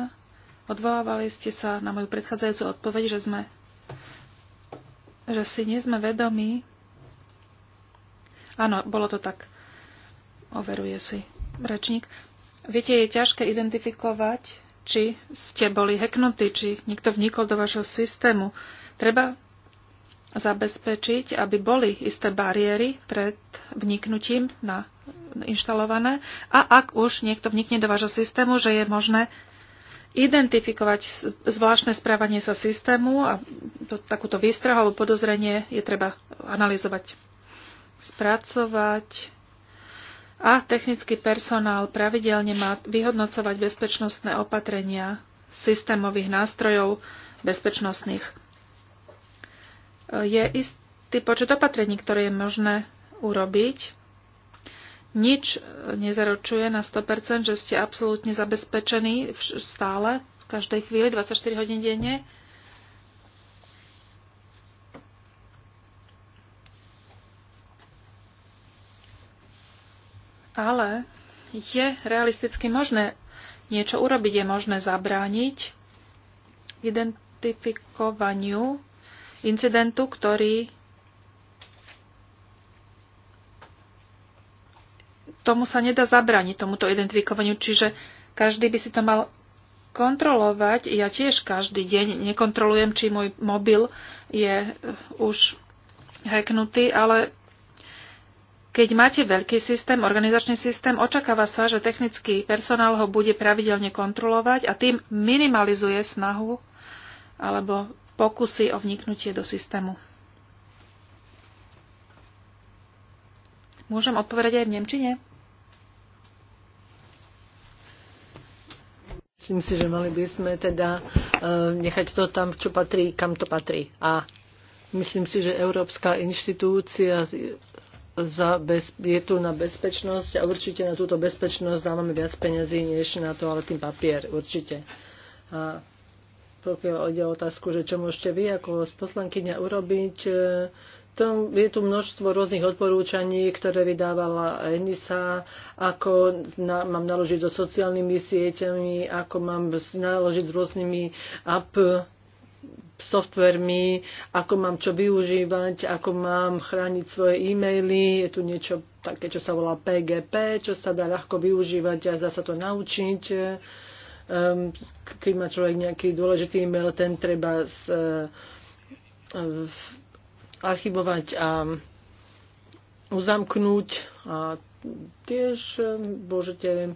odvolávali ste sa na moju predchádzajúcu odpoveď, že sme že si nie sme vedomí. Áno, bolo to tak. Overuje si rečník. Viete, je ťažké identifikovať, či ste boli heknutí, či niekto vnikol do vašho systému. Treba zabezpečiť, aby boli isté bariéry pred vniknutím na inštalované a ak už niekto vnikne do vášho systému, že je možné identifikovať zvláštne správanie sa systému a to, takúto výstrahu alebo podozrenie je treba analyzovať, spracovať a technický personál pravidelne má vyhodnocovať bezpečnostné opatrenia systémových nástrojov bezpečnostných je istý počet opatrení, ktoré je možné urobiť. Nič nezaručuje na 100%, že ste absolútne zabezpečení stále, v každej chvíli, 24 hodín denne. Ale je realisticky možné niečo urobiť, je možné zabrániť identifikovaniu incidentu, ktorý tomu sa nedá zabraniť, tomuto identifikovaniu, čiže každý by si to mal kontrolovať. Ja tiež každý deň nekontrolujem, či môj mobil je eh, už hacknutý, ale keď máte veľký systém, organizačný systém, očakáva sa, že technický personál ho bude pravidelne kontrolovať a tým minimalizuje snahu alebo pokusy o vniknutie do systému. Môžem odpovedať aj v Nemčine? Myslím si, že mali by sme teda eh, nechať to tam, čo patrí, kam to patrí. A myslím si, že Európska inštitúcia za bez, je tu na bezpečnosť a určite na túto bezpečnosť dávame viac peniazy, než na toaletný papier, určite. A pokiaľ ide o otázku, že čo môžete vy ako poslankyňa urobiť, e, tom je tu množstvo rôznych odporúčaní, ktoré vydávala Enisa, ako na, mám naložiť so sociálnymi sieťami, ako mám naložiť s rôznymi app softvermi, ako mám čo využívať, ako mám chrániť svoje e-maily. Je tu niečo také, čo sa volá PGP, čo sa dá ľahko využívať a dá sa to naučiť Ehm, keď má človek nejaký dôležitý e-mail, ten treba uh, archivovať a uzamknúť a tiež e, môžete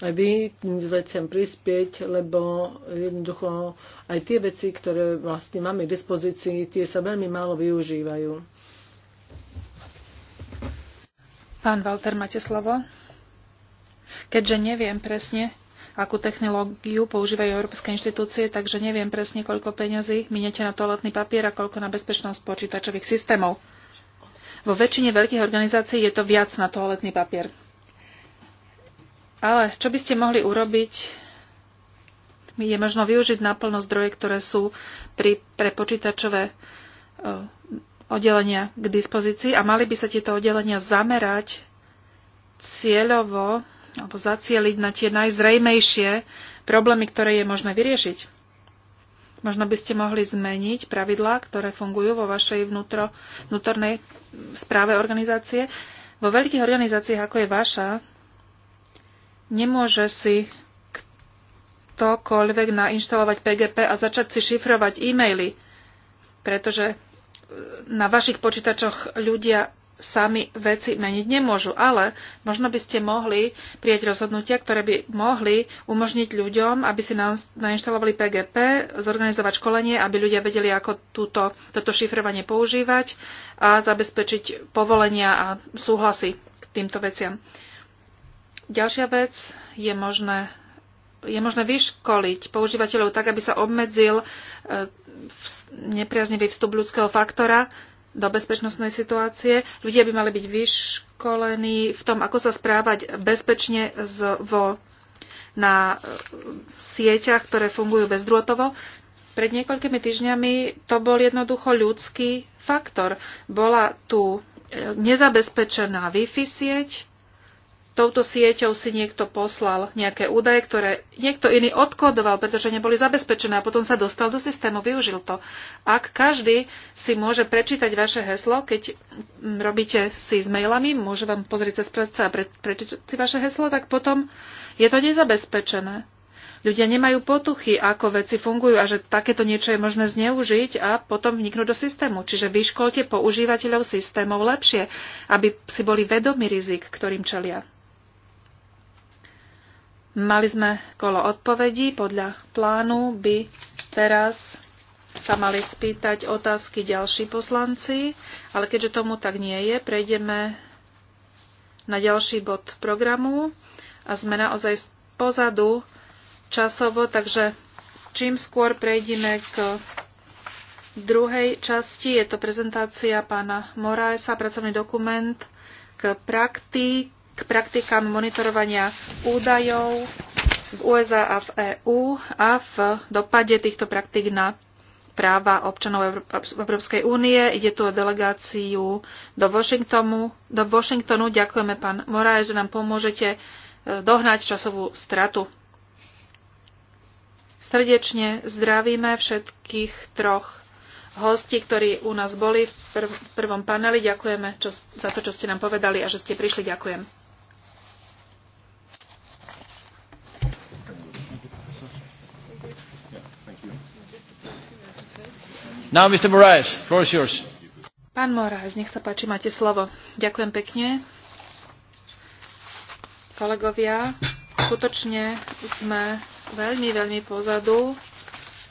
aj vy veciam prispieť, lebo jednoducho aj tie veci, ktoré vlastne máme k dispozícii, tie sa veľmi málo využívajú. Pán Walter, máte slovo? Keďže neviem presne, akú technológiu používajú európske inštitúcie, takže neviem presne, koľko peňazí minete na toaletný papier a koľko na bezpečnosť počítačových systémov. Vo väčšine veľkých organizácií je to viac na toaletný papier. Ale čo by ste mohli urobiť, je možno využiť naplno zdroje, ktoré sú pri, pre počítačové e, oddelenia k dispozícii a mali by sa tieto oddelenia zamerať cieľovo alebo zacieliť na tie najzrejmejšie problémy, ktoré je možné vyriešiť. Možno by ste mohli zmeniť pravidlá, ktoré fungujú vo vašej vnútro, vnútornej správe organizácie. Vo veľkých organizáciách, ako je vaša, nemôže si ktokoľvek nainštalovať PGP a začať si šifrovať e-maily, pretože na vašich počítačoch ľudia sami veci meniť nemôžu, ale možno by ste mohli prijať rozhodnutia, ktoré by mohli umožniť ľuďom, aby si nainštalovali PGP, zorganizovať školenie, aby ľudia vedeli, ako túto, toto šifrovanie používať a zabezpečiť povolenia a súhlasy k týmto veciam. Ďalšia vec je možné je možné vyškoliť používateľov tak, aby sa obmedzil e, nepriaznivý vstup ľudského faktora do bezpečnostnej situácie. Ľudia by mali byť vyškolení v tom, ako sa správať bezpečne z, vo, na e, sieťach, ktoré fungujú bezdrôtovo. Pred niekoľkými týždňami to bol jednoducho ľudský faktor. Bola tu e, nezabezpečená Wi-Fi sieť, touto sieťou si niekto poslal nejaké údaje, ktoré niekto iný odkodoval, pretože neboli zabezpečené a potom sa dostal do systému, využil to. Ak každý si môže prečítať vaše heslo, keď robíte si s mailami, môže vám pozrieť cez predsa a pre, prečítať si vaše heslo, tak potom je to nezabezpečené. Ľudia nemajú potuchy, ako veci fungujú a že takéto niečo je možné zneužiť a potom vniknú do systému. Čiže vyškolte používateľov systémov lepšie, aby si boli vedomi rizik, ktorým čelia. Mali sme kolo odpovedí. Podľa plánu by teraz sa mali spýtať otázky ďalší poslanci, ale keďže tomu tak nie je, prejdeme na ďalší bod programu a sme naozaj pozadu časovo, takže čím skôr prejdeme k druhej časti, je to prezentácia pána Moraesa, pracovný dokument k praktík k praktikám monitorovania údajov v USA a v EÚ a v dopade týchto praktik na práva občanov Európskej únie. Ide tu o delegáciu do Washingtonu. Do Washingtonu ďakujeme, pán Moraes, že nám pomôžete e, dohnať časovú stratu. Srdečne zdravíme všetkých troch hostí, ktorí u nás boli v prvom paneli. Ďakujeme za to, čo ste nám povedali a že ste prišli. Ďakujem. Now, Mr. Moraes, floor is yours. Pán Moraes, nech sa páči, máte slovo. Ďakujem pekne. Kolegovia, skutočne sme veľmi, veľmi pozadu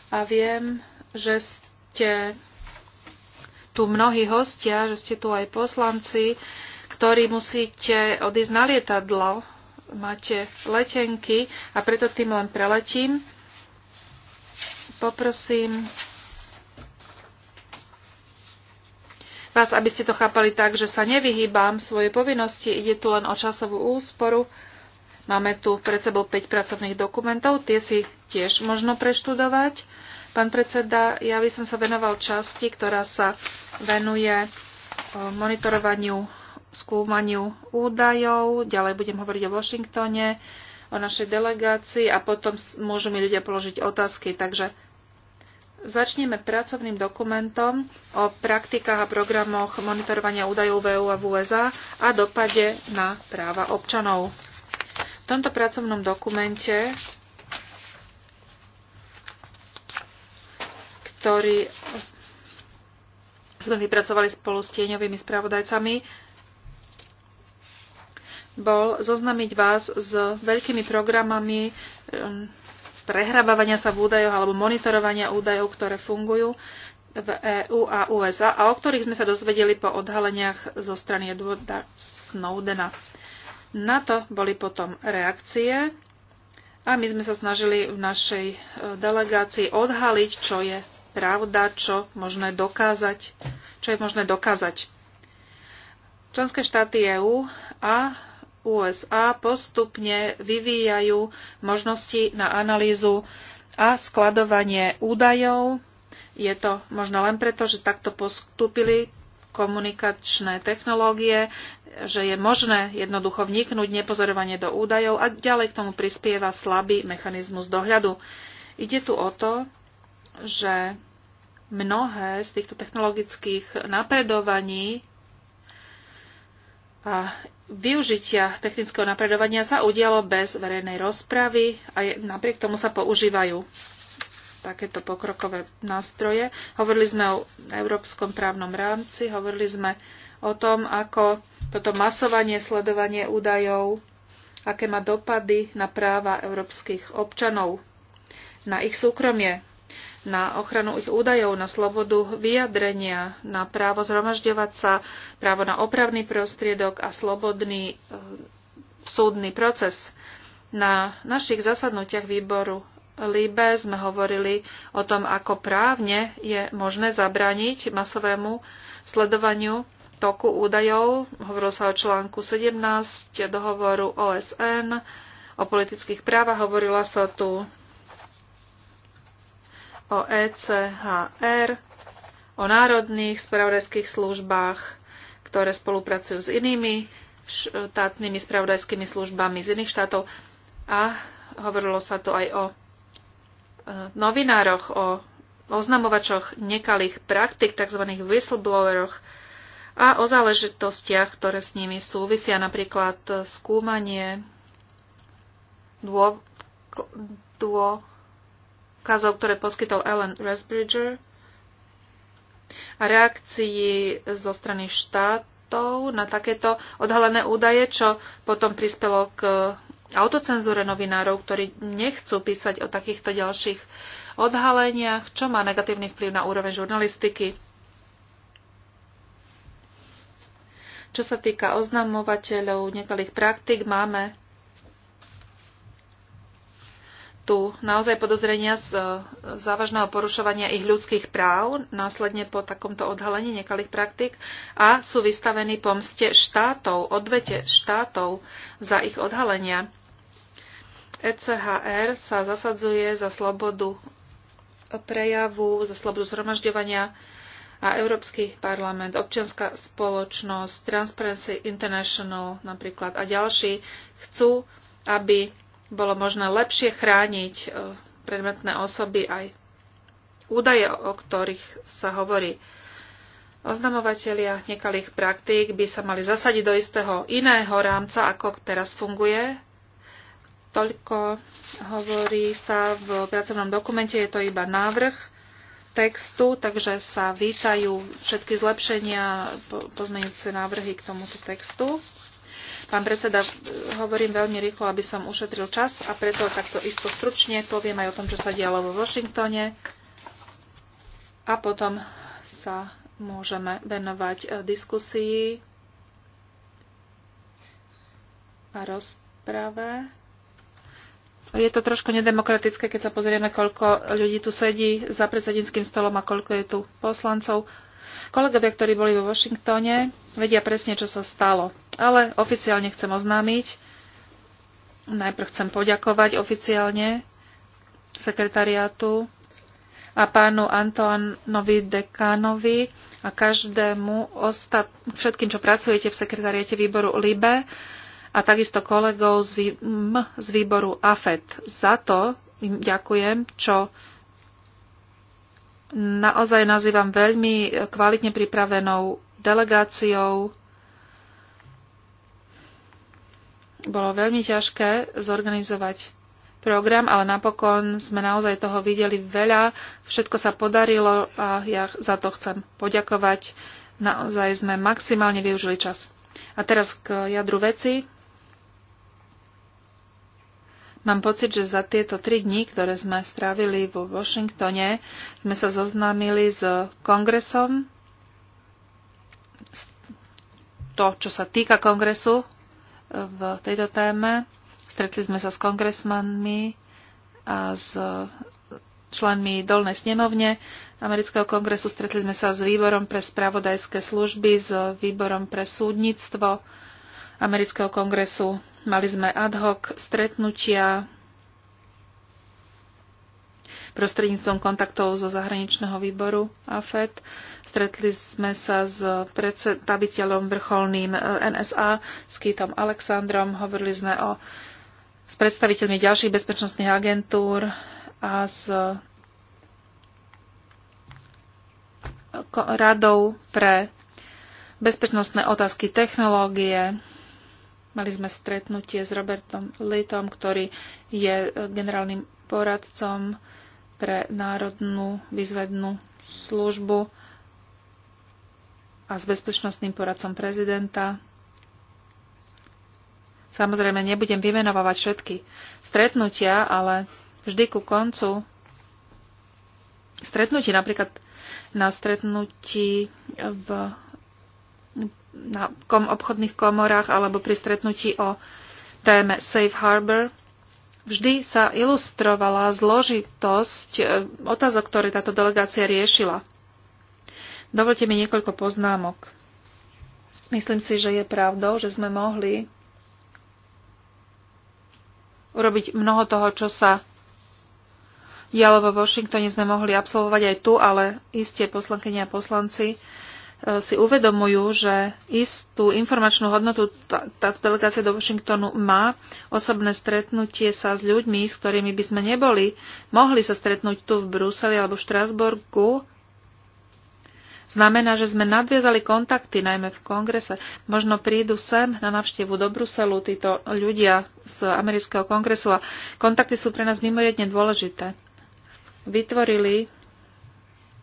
a viem, že ste tu mnohí hostia, že ste tu aj poslanci, ktorí musíte odísť na lietadlo, máte letenky a preto tým len preletím. Poprosím vás, aby ste to chápali tak, že sa nevyhýbam svoje povinnosti, ide tu len o časovú úsporu. Máme tu pred sebou 5 pracovných dokumentov, tie si tiež možno preštudovať. Pán predseda, ja by som sa venoval časti, ktorá sa venuje eh, monitorovaniu, skúmaniu údajov. Ďalej budem hovoriť o Washingtone, o našej delegácii a potom môžu mi ľudia položiť otázky. Takže Začneme pracovným dokumentom o praktikách a programoch monitorovania údajov v EU a v USA a dopade na práva občanov. V tomto pracovnom dokumente, ktorý sme vypracovali spolu s tieňovými spravodajcami, bol zoznamiť vás s veľkými programami prehrabávania sa v údajoch alebo monitorovania údajov, ktoré fungujú v EU a USA a o ktorých sme sa dozvedeli po odhaleniach zo strany Edwarda Snowdena. Na to boli potom reakcie a my sme sa snažili v našej e, delegácii odhaliť, čo je pravda, čo možné dokázať, čo je možné dokázať. Členské štáty EÚ a USA postupne vyvíjajú možnosti na analýzu a skladovanie údajov. Je to možno len preto, že takto postúpili komunikačné technológie, že je možné jednoducho vniknúť nepozorovanie do údajov a ďalej k tomu prispieva slabý mechanizmus dohľadu. Ide tu o to, že mnohé z týchto technologických napredovaní a využitia technického napredovania sa udialo bez verejnej rozpravy a napriek tomu sa používajú takéto pokrokové nástroje. Hovorili sme o európskom právnom rámci, hovorili sme o tom, ako toto masovanie, sledovanie údajov, aké má dopady na práva európskych občanov, na ich súkromie na ochranu ich údajov, na slobodu vyjadrenia, na právo zhromažďovať sa, právo na opravný prostriedok a slobodný eh, súdny proces. Na našich zasadnutiach výboru Líbe sme hovorili o tom, ako právne je možné zabrániť masovému sledovaniu toku údajov. Hovorilo sa o článku 17 dohovoru OSN o politických právach. Hovorila sa tu o ECHR, o národných spravodajských službách, ktoré spolupracujú s inými štátnymi spravodajskými službami z iných štátov. A hovorilo sa tu aj o e, novinároch, o oznamovačoch nekalých praktik, tzv. whistlebloweroch a o záležitostiach, ktoré s nimi súvisia, napríklad skúmanie dô, dô, odkazov, ktoré poskytol Alan Resbridger a reakcii zo strany štátov na takéto odhalené údaje, čo potom prispelo k autocenzúre novinárov, ktorí nechcú písať o takýchto ďalších odhaleniach, čo má negatívny vplyv na úroveň žurnalistiky. Čo sa týka oznamovateľov nekalých praktik, máme tu naozaj podozrenia z e, závažného porušovania ich ľudských práv, následne po takomto odhalení nekalých praktik a sú vystavení pomste štátov, odvete štátov za ich odhalenia. ECHR sa zasadzuje za slobodu prejavu, za slobodu zhromažďovania a Európsky parlament, občianská spoločnosť, Transparency International napríklad a ďalší chcú, aby bolo možné lepšie chrániť e, predmetné osoby aj údaje, o ktorých sa hovorí. Oznamovatelia nekalých praktík by sa mali zasadiť do istého iného rámca, ako teraz funguje. Toľko hovorí sa v pracovnom dokumente, je to iba návrh textu, takže sa vítajú všetky zlepšenia, pozmeňujúce návrhy k tomuto textu. Pán predseda, hovorím veľmi rýchlo, aby som ušetril čas a preto takto isto stručne poviem aj o tom, čo sa dialo vo Washingtone a potom sa môžeme venovať e, diskusii a rozprave. Je to trošku nedemokratické, keď sa pozrieme, koľko ľudí tu sedí za predsedníckým stolom a koľko je tu poslancov. Kolegovia, ktorí boli vo Washingtone, vedia presne, čo sa stalo. Ale oficiálne chcem oznámiť, najprv chcem poďakovať oficiálne sekretariátu a pánu Antonovi Dekánovi a každému ostat... všetkým, čo pracujete v sekretariate výboru LIBE a takisto kolegov z, vý... M, z výboru AFET. Za to im ďakujem, čo naozaj nazývam veľmi kvalitne pripravenou delegáciou Bolo veľmi ťažké zorganizovať program, ale napokon sme naozaj toho videli veľa. Všetko sa podarilo a ja za to chcem poďakovať. Naozaj sme maximálne využili čas. A teraz k jadru veci. Mám pocit, že za tieto tri dní, ktoré sme strávili vo Washingtone, sme sa zoznámili s kongresom, to, čo sa týka kongresu, v tejto téme. Stretli sme sa s kongresmanmi a s členmi Dolnej snemovne amerického kongresu. Stretli sme sa s výborom pre spravodajské služby, s výborom pre súdnictvo amerického kongresu. Mali sme ad hoc stretnutia prostredníctvom kontaktov zo zahraničného výboru AFED. Stretli sme sa s predstaviteľom vrcholným eh, NSA, s Kýtom Alexandrom. Hovorili sme o, s predstaviteľmi ďalších bezpečnostných agentúr a s radou pre bezpečnostné otázky technológie. Mali sme stretnutie s Robertom Litom, ktorý je eh, generálnym poradcom pre Národnú výzvednú službu a s bezpečnostným poradcom prezidenta. Samozrejme, nebudem vymenovať všetky stretnutia, ale vždy ku koncu stretnutí, napríklad na stretnutí v na kom, obchodných komorách alebo pri stretnutí o téme Safe Harbor, vždy sa ilustrovala zložitosť e, otázok, ktoré táto delegácia riešila. Dovolte mi niekoľko poznámok. Myslím si, že je pravdou, že sme mohli urobiť mnoho toho, čo sa dialo vo Washingtone, sme mohli absolvovať aj tu, ale isté poslankyne a poslanci e, si uvedomujú, že istú informačnú hodnotu táto delegácia do Washingtonu má. Osobné stretnutie sa s ľuďmi, s ktorými by sme neboli, mohli sa stretnúť tu v Bruseli alebo v Štrásburgu, Znamená, že sme nadviazali kontakty, najmä v kongrese. Možno prídu sem na navštevu do Bruselu títo ľudia z amerického kongresu a kontakty sú pre nás mimoriadne dôležité. Vytvorili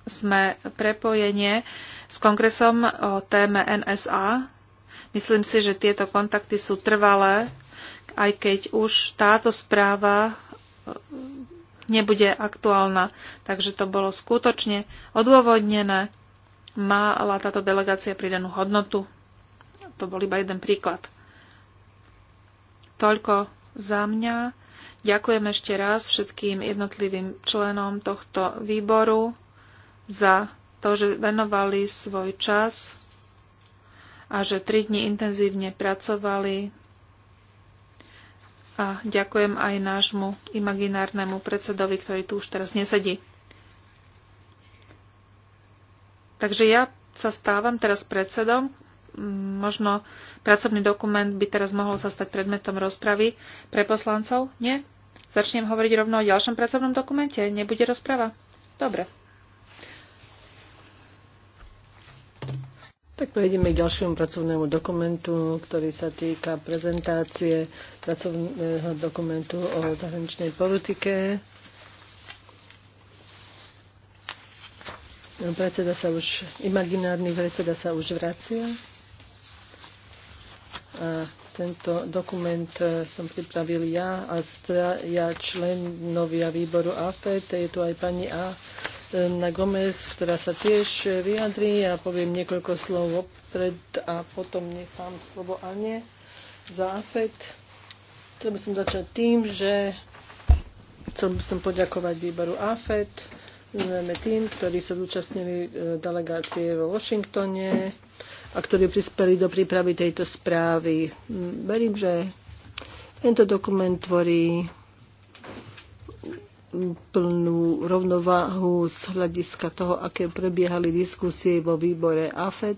sme prepojenie s kongresom o téme NSA. Myslím si, že tieto kontakty sú trvalé, aj keď už táto správa e, nebude aktuálna. Takže to bolo skutočne odôvodnené mala táto delegácia pridanú hodnotu. To bol iba jeden príklad. Toľko za mňa. Ďakujem ešte raz všetkým jednotlivým členom tohto výboru za to, že venovali svoj čas a že tri dni intenzívne pracovali. A ďakujem aj nášmu imaginárnemu predsedovi, ktorý tu už teraz nesedí. Takže ja sa stávam teraz predsedom. Možno pracovný dokument by teraz mohol sa stať predmetom rozpravy pre poslancov. Nie? Začnem hovoriť rovno o ďalšom pracovnom dokumente. Nebude rozprava? Dobre. Tak prejdeme k ďalšiemu pracovnému dokumentu, ktorý sa týka prezentácie pracovného dokumentu o zahraničnej politike. Predseda sa už, imaginárny predseda sa už vracia. A tento dokument e, som pripravil ja a ja členovia výboru AFET, je tu aj pani A. E, na Gomez, ktorá sa tiež vyjadrí. Ja poviem niekoľko slov opred a potom nechám slovo Ane za AFET. Chcel by som začať tým, že chcel by som poďakovať výboru AFET, najmä tým, ktorí sa zúčastnili e, delegácie vo Washingtone a ktorí prispeli do prípravy tejto správy. Mm, verím, že tento dokument tvorí plnú rovnováhu z hľadiska toho, aké prebiehali diskusie vo výbore AFED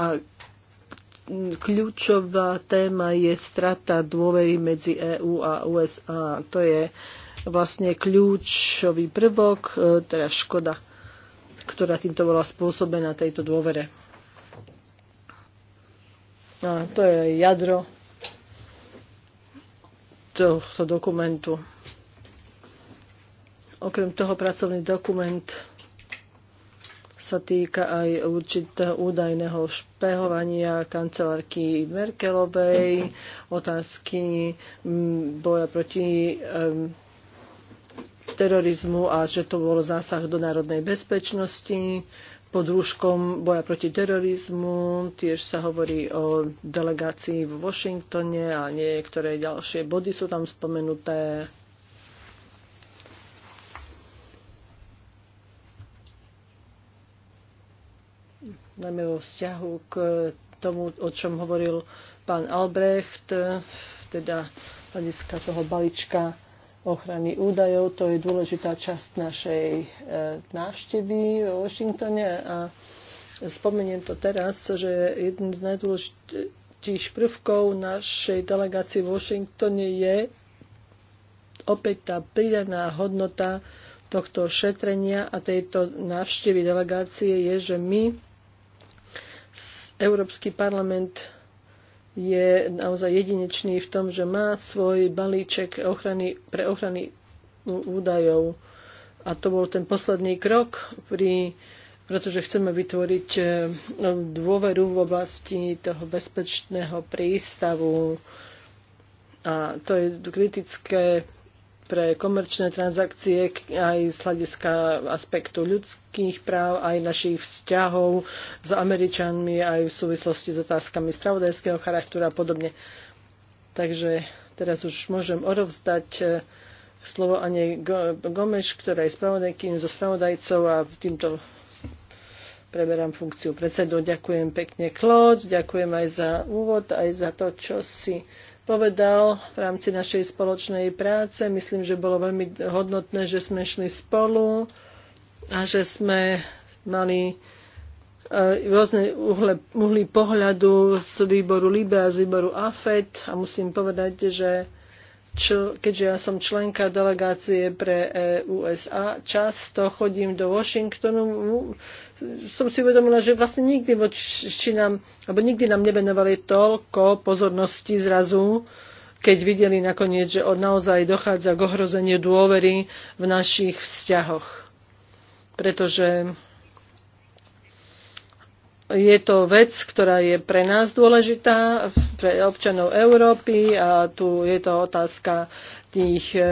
a kľúčová téma je strata dôvery medzi EÚ a USA. To je vlastne kľúčový prvok, e, teda škoda, ktorá týmto bola spôsobená tejto dôvere. A to je jadro tohto dokumentu. Okrem toho pracovný dokument sa týka aj určitého údajného špehovania kancelárky Merkelovej, otázky boja proti terorizmu a že to bolo zásah do národnej bezpečnosti. Pod rúškom boja proti terorizmu tiež sa hovorí o delegácii v Washingtone a niektoré ďalšie body sú tam spomenuté. najmä vo vzťahu k tomu, o čom hovoril pán Albrecht, teda hľadiska toho balíčka ochrany údajov. To je dôležitá časť našej e, návštevy v Washingtone a spomeniem to teraz, že jeden z najdôležitejších prvkov našej delegácie v Washingtone je opäť tá pridaná hodnota tohto šetrenia a tejto návštevy delegácie je, že my Európsky parlament je naozaj jedinečný v tom, že má svoj balíček ochrany, pre ochrany údajov. A to bol ten posledný krok, pri, pretože chceme vytvoriť e, no, dôveru v oblasti toho bezpečného prístavu. A to je kritické pre komerčné transakcie aj z hľadiska aspektu ľudských práv, aj našich vzťahov s Američanmi, aj v súvislosti s otázkami spravodajského charakteru a podobne. Takže teraz už môžem orovzdať e, slovo Ane Gomeš, ktorá je spravodajkým so spravodajcov a týmto preberám funkciu predsedu. Ďakujem pekne, Klod, ďakujem aj za úvod, aj za to, čo si povedal v rámci našej spoločnej práce. Myslím, že bolo veľmi hodnotné, že sme šli spolu a že sme mali e, rôzne uhle, uhly pohľadu z výboru Libe a z výboru AFET a musím povedať, že čo, keďže ja som členka delegácie pre e USA, často chodím do Washingtonu, som si uvedomila, že vlastne nikdy voči nám, alebo nikdy nám nevenovali toľko pozornosti zrazu, keď videli nakoniec, že naozaj dochádza k ohrozeniu dôvery v našich vzťahoch. Pretože je to vec, ktorá je pre nás dôležitá, pre občanov Európy a tu je to otázka tých e,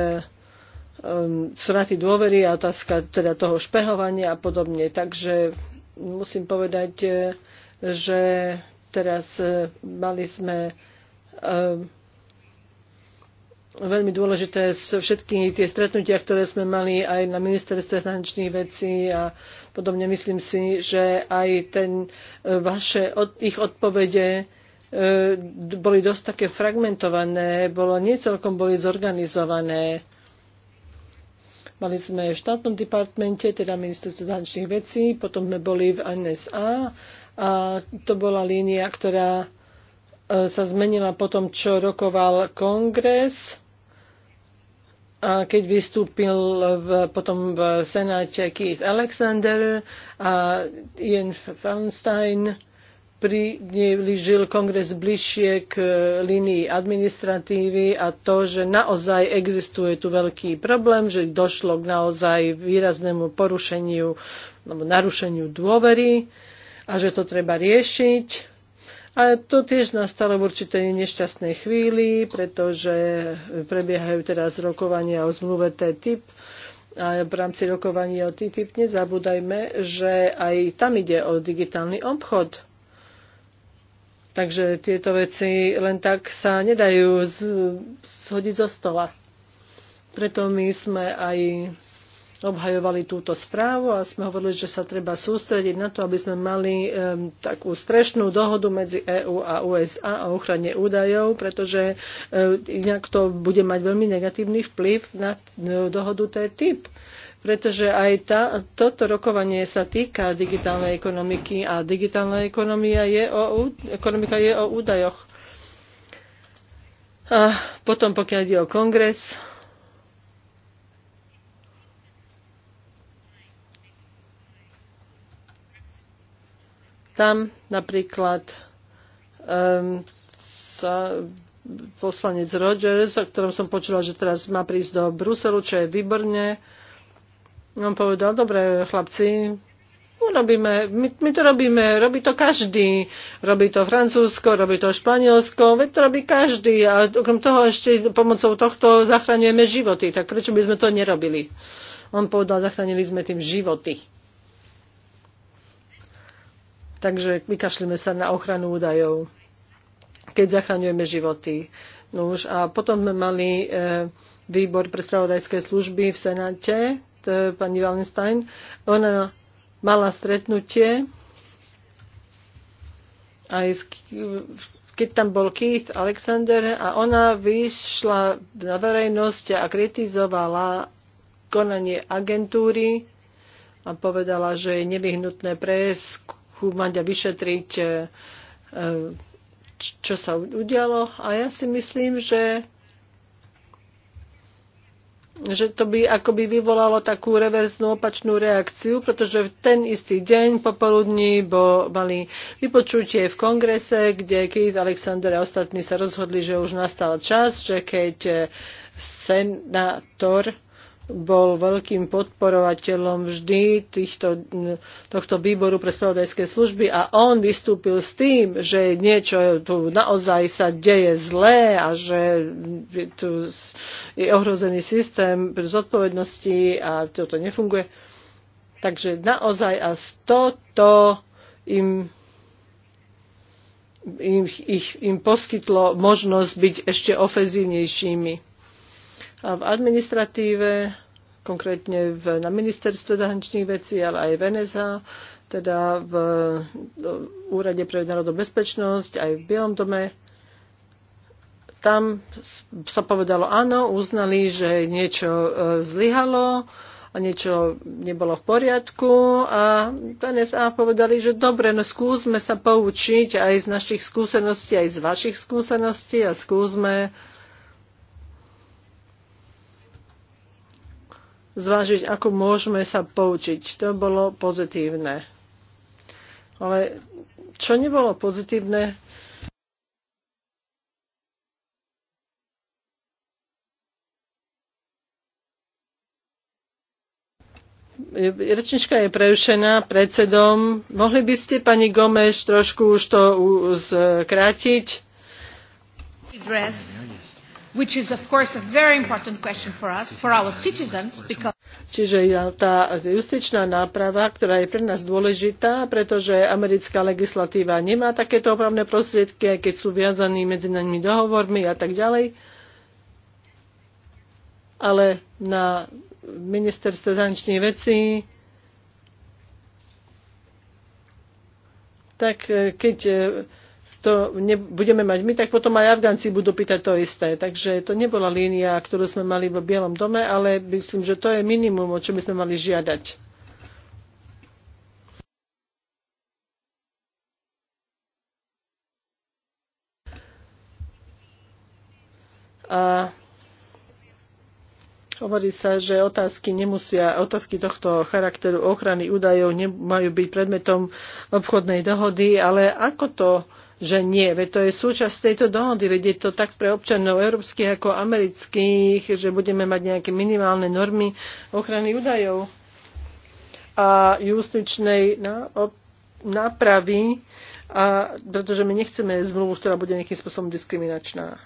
straty dôvery a otázka teda toho špehovania a podobne. Takže musím povedať, e, že teraz e, mali sme veľmi dôležité všetky tie stretnutia, ktoré sme mali aj na ministerstve finančných vecí a podobne. Myslím si, že aj ten, e, vaše, od, ich odpovede e, boli dosť také fragmentované, bolo, niecelkom boli zorganizované. Mali sme v štátnom departmente, teda ministerstve zahraničných vecí, potom sme boli v NSA a to bola línia, ktorá e, sa zmenila potom, čo rokoval kongres keď vystúpil v, potom v Senáte Keith Alexander a Ian Feinstein priblížil kongres bližšie k línii administratívy a to, že naozaj existuje tu veľký problém, že došlo k naozaj výraznému porušeniu alebo narušeniu dôvery a že to treba riešiť a to tiež nastalo v určitej nešťastnej chvíli, pretože prebiehajú teraz rokovania o zmluve TTIP. A v rámci rokovania o TTIP nezabúdajme, že aj tam ide o digitálny obchod. Takže tieto veci len tak sa nedajú zhodiť zo stola. Preto my sme aj obhajovali túto správu a sme hovorili, že sa treba sústrediť na to, aby sme mali um, takú strešnú dohodu medzi EÚ a USA o ochrane údajov, pretože um, inak to bude mať veľmi negatívny vplyv na um, dohodu TTIP pretože aj tá, toto rokovanie sa týka digitálnej ekonomiky a digitálna ekonomia je o, ekonomika je o údajoch. A potom pokiaľ ide o kongres, Tam napríklad um, sa poslanec Rogers, o ktorom som počula, že teraz má prísť do Bruselu, čo je výborne. On povedal, dobre, chlapci, Robíme, my, my to robíme, robí to každý. Robí to Francúzsko, robí to Španielsko, veď to robí každý. A okrem toho ešte pomocou tohto zachraňujeme životy. Tak prečo by sme to nerobili? On povedal, zachránili sme tým životy. Takže vykašlíme sa na ochranu údajov, keď zachraňujeme životy. No už, a potom sme mali e, výbor pre spravodajské služby v Senáte, je pani Wallenstein. Ona mala stretnutie aj s, keď tam bol Keith Alexander a ona vyšla na verejnosť a kritizovala konanie agentúry a povedala, že je nevyhnutné preskúmať mať a vyšetriť, e, e, čo sa udialo. A ja si myslím, že že to by akoby vyvolalo takú reverznú opačnú reakciu, pretože v ten istý deň popoludní bo mali vypočutie v kongrese, kde Keith Alexander a ostatní sa rozhodli, že už nastal čas, že keď e, senátor bol veľkým podporovateľom vždy týchto, tohto výboru pre spravodajské služby a on vystúpil s tým, že niečo tu naozaj sa deje zlé a že tu je ohrozený systém zodpovednosti a toto nefunguje. Takže naozaj a toto im im, ich, im poskytlo možnosť byť ešte ofenzívnejšími v administratíve, konkrétne v, na ministerstve zahraničných vecí, ale aj v NSA, teda v, Úrade pre národnú bezpečnosť, aj v Bielom dome. Tam sa povedalo áno, uznali, že niečo e, zlyhalo, a niečo nebolo v poriadku a v NSA povedali, že dobre, no skúsme sa poučiť aj z našich skúseností, aj z vašich skúseností a skúsme zvážiť, ako môžeme sa poučiť. To bolo pozitívne. Ale čo nebolo pozitívne, Rečnička je prerušená predsedom. Mohli by ste, pani Gomeš, trošku už to skrátiť? Dress which is of course a very important question for us, for our citizens, because Čiže tá justičná náprava, ktorá je pre nás dôležitá, pretože americká legislatíva nemá takéto opravné prostriedky, aj keď sú viazaní medzi nami dohovormi a tak ďalej. Ale na ministerstve zahraničných vecí tak eh, keď eh, to budeme mať my, tak potom aj Afgánci budú pýtať to isté. Takže to nebola línia, ktorú sme mali vo Bielom dome, ale myslím, že to je minimum, o čo by sme mali žiadať. A Hovorí sa, že otázky nemusia, otázky tohto charakteru ochrany údajov nemajú byť predmetom obchodnej dohody, ale ako to že nie. Veď to je súčasť tejto dohody, veď je to tak pre občanov európskych ako amerických, že budeme mať nejaké minimálne normy ochrany údajov a justičnej nápravy, a, pretože my nechceme zmluvu, ktorá bude nejakým spôsobom diskriminačná.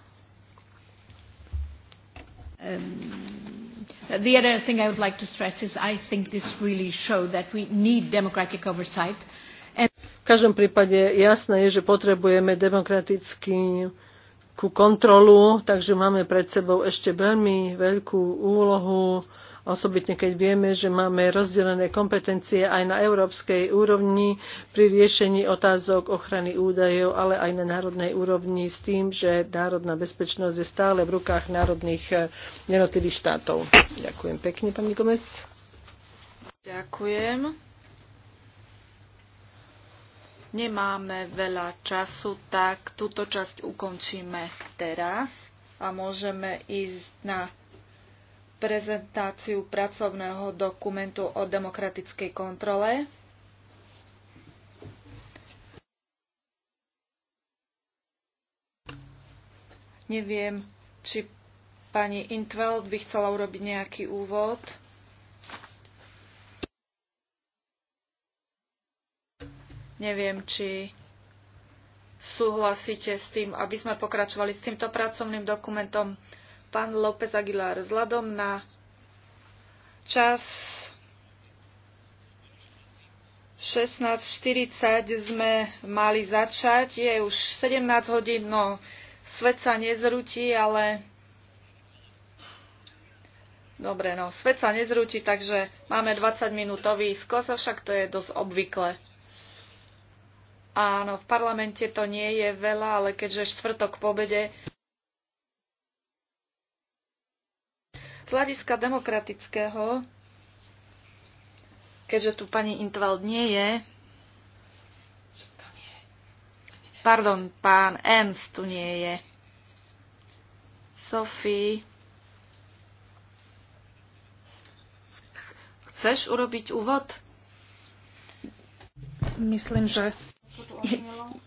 Um... The other thing I would like to stress is I think this really showed that we need democratic oversight každom prípade jasné je, že potrebujeme demokratický ku kontrolu, takže máme pred sebou ešte veľmi veľkú úlohu, osobitne keď vieme, že máme rozdelené kompetencie aj na európskej úrovni pri riešení otázok ochrany údajov, ale aj na národnej úrovni s tým, že národná bezpečnosť je stále v rukách národných eh, jednotlivých štátov. Ďakujem pekne, pani Gomez. Ďakujem nemáme veľa času, tak túto časť ukončíme teraz a môžeme ísť na prezentáciu pracovného dokumentu o demokratickej kontrole. Neviem, či pani Intveld by chcela urobiť nejaký úvod. Neviem, či súhlasíte s tým, aby sme pokračovali s týmto pracovným dokumentom. Pán López Aguilar, vzhľadom na čas 16.40 sme mali začať. Je už 17 hodín, no svet sa nezrutí, ale... Dobre, no svet sa nezrúti, takže máme 20 minútový skos, avšak to je dosť obvykle. Áno, v parlamente to nie je veľa, ale keďže štvrtok po obede. Z hľadiska demokratického, keďže tu pani Intvald nie je, pardon, pán Ens tu nie je. Sophie. Chceš urobiť úvod? Myslím, že Vlastne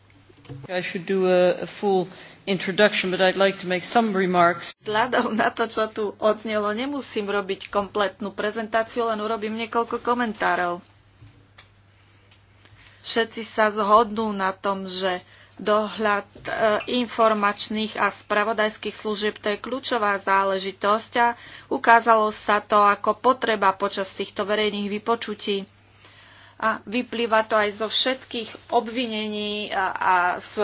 I should do a, a full introduction, but I'd like to make some remarks. Vzhľadom na to, čo tu odnelo, nemusím robiť kompletnú prezentáciu, len urobím niekoľko komentárov. Všetci sa zhodnú na tom, že dohľad e, informačných a spravodajských služieb to je kľúčová záležitosť a ukázalo sa to ako potreba počas týchto verejných vypočutí a vyplýva to aj zo všetkých obvinení a, a z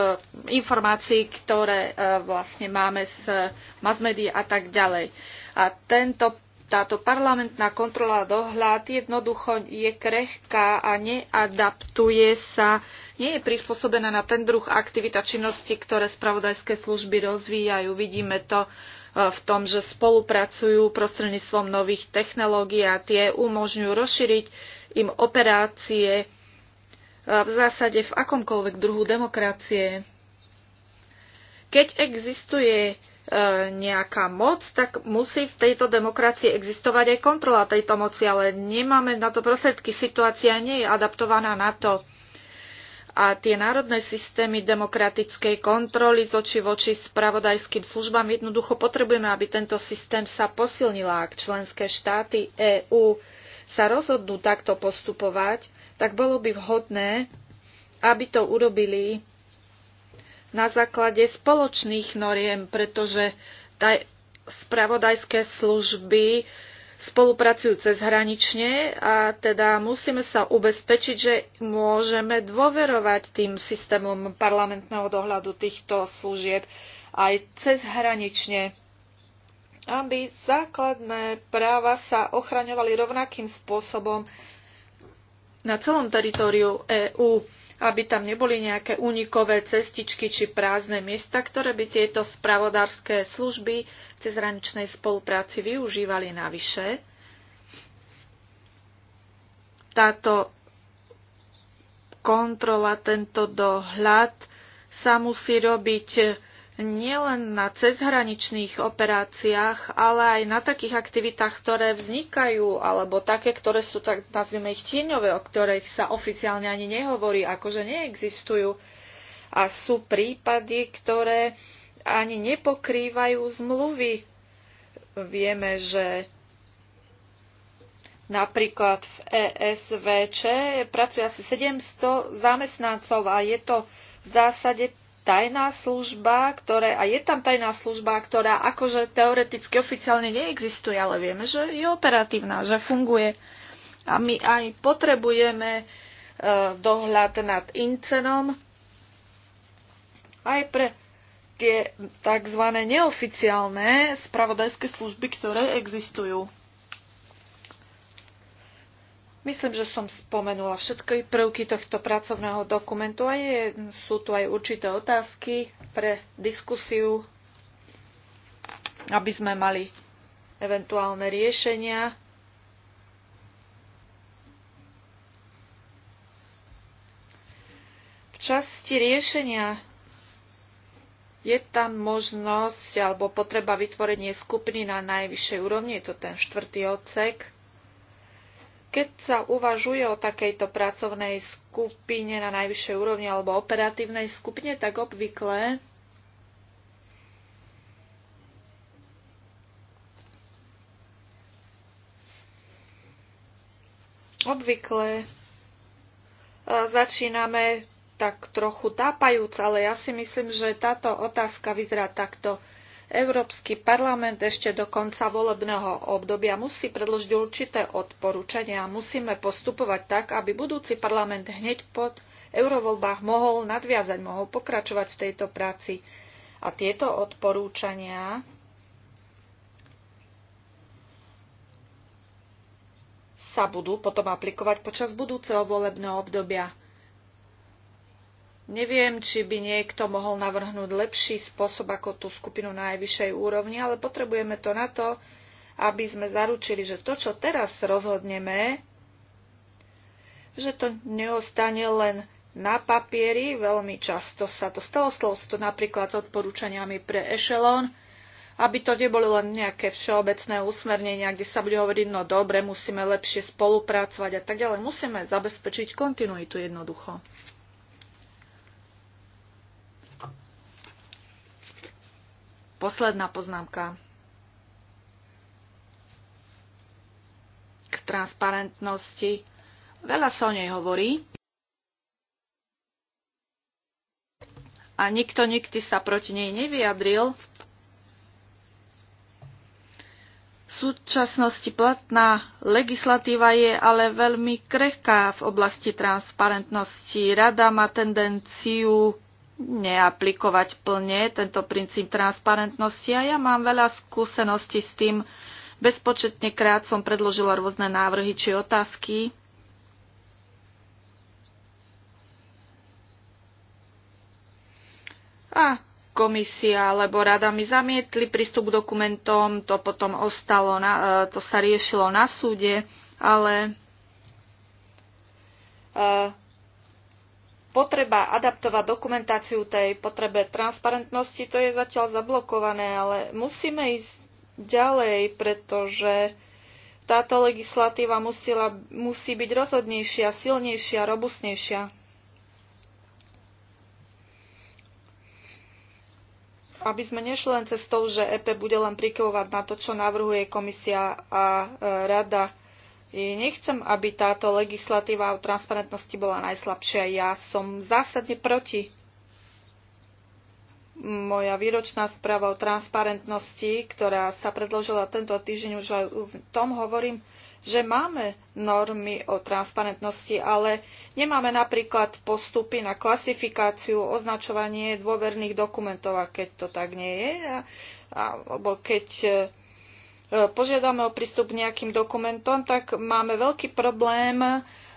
informácií, ktoré e, vlastne máme z mass a tak ďalej. A tento, táto parlamentná kontrola dohľad jednoducho je krehká a neadaptuje sa, nie je prispôsobená na ten druh aktivita činnosti, ktoré spravodajské služby rozvíjajú. Vidíme to v tom, že spolupracujú prostredníctvom nových technológií a tie umožňujú rozšíriť im operácie e, v zásade v akomkoľvek druhu demokracie. Keď existuje e, nejaká moc, tak musí v tejto demokracii existovať aj kontrola tejto moci, ale nemáme na to prostriedky. Situácia nie je adaptovaná na to a tie národné systémy demokratickej kontroly z oči voči spravodajským službám jednoducho potrebujeme, aby tento systém sa posilnil. Ak členské štáty EÚ sa rozhodnú takto postupovať, tak bolo by vhodné, aby to urobili na základe spoločných noriem, pretože spravodajské služby spolupracujú cezhranične a teda musíme sa ubezpečiť, že môžeme dôverovať tým systémom parlamentného dohľadu týchto služieb aj cezhranične, aby základné práva sa ochraňovali rovnakým spôsobom na celom teritóriu EÚ aby tam neboli nejaké únikové cestičky či prázdne miesta, ktoré by tieto spravodárske služby v cezhraničnej spolupráci využívali navyše. Táto kontrola, tento dohľad sa musí robiť nielen na cezhraničných operáciách, ale aj na takých aktivitách, ktoré vznikajú, alebo také, ktoré sú, tak nazvime ich tieňové, o ktorých sa oficiálne ani nehovorí, akože neexistujú. A sú prípady, ktoré ani nepokrývajú zmluvy. Vieme, že napríklad v ESVČ pracuje asi 700 zamestnancov a je to v zásade tajná služba, ktoré, a je tam tajná služba, ktorá akože teoreticky oficiálne neexistuje, ale vieme, že je operatívna, že funguje. A my aj potrebujeme e, dohľad nad incenom aj pre tie tzv. neoficiálne spravodajské služby, ktoré existujú. Myslím, že som spomenula všetky prvky tohto pracovného dokumentu a je, sú tu aj určité otázky pre diskusiu, aby sme mali eventuálne riešenia. V časti riešenia je tam možnosť alebo potreba vytvorenie skupiny na najvyššej úrovni, je to ten štvrtý odsek, keď sa uvažuje o takejto pracovnej skupine na najvyššej úrovni alebo operatívnej skupine, tak obvykle obvykle e, začíname tak trochu tápajúc, ale ja si myslím, že táto otázka vyzerá takto. Európsky parlament ešte do konca volebného obdobia musí predložiť určité odporúčania a musíme postupovať tak, aby budúci parlament hneď po eurovoľbách mohol nadviazať, mohol pokračovať v tejto práci. A tieto odporúčania sa budú potom aplikovať počas budúceho volebného obdobia. Neviem, či by niekto mohol navrhnúť lepší spôsob ako tú skupinu na najvyššej úrovni, ale potrebujeme to na to, aby sme zaručili, že to, čo teraz rozhodneme, že to neostane len na papieri. Veľmi často sa to stalo, stalo sa to napríklad s odporúčaniami pre Echelon, aby to neboli len nejaké všeobecné usmernenia, kde sa bude hovoriť, no dobre, musíme lepšie spolupracovať a tak ďalej. Musíme zabezpečiť kontinuitu jednoducho. posledná poznámka k transparentnosti. Veľa sa o nej hovorí. A nikto nikdy sa proti nej nevyjadril. V súčasnosti platná legislatíva je ale veľmi krehká v oblasti transparentnosti. Rada má tendenciu neaplikovať plne tento princíp transparentnosti a ja mám veľa skúseností s tým. Bezpočetne krát som predložila rôzne návrhy či otázky. A komisia alebo rada mi zamietli prístup k dokumentom, to potom ostalo, na, e, to sa riešilo na súde, ale e, potreba adaptovať dokumentáciu tej potrebe transparentnosti, to je zatiaľ zablokované, ale musíme ísť ďalej, pretože táto legislatíva musela, musí byť rozhodnejšia, silnejšia, robustnejšia. Aby sme nešli len cestou, že EP bude len prikyvovať na to, čo navrhuje komisia a e, rada nechcem, aby táto legislatíva o transparentnosti bola najslabšia. Ja som zásadne proti. Moja výročná správa o transparentnosti, ktorá sa predložila tento týždeň, už aj v tom hovorím, že máme normy o transparentnosti, ale nemáme napríklad postupy na klasifikáciu, označovanie dôverných dokumentov. A keď to tak nie je, alebo keď e, E, požiadame o prístup k nejakým dokumentom, tak máme veľký problém e,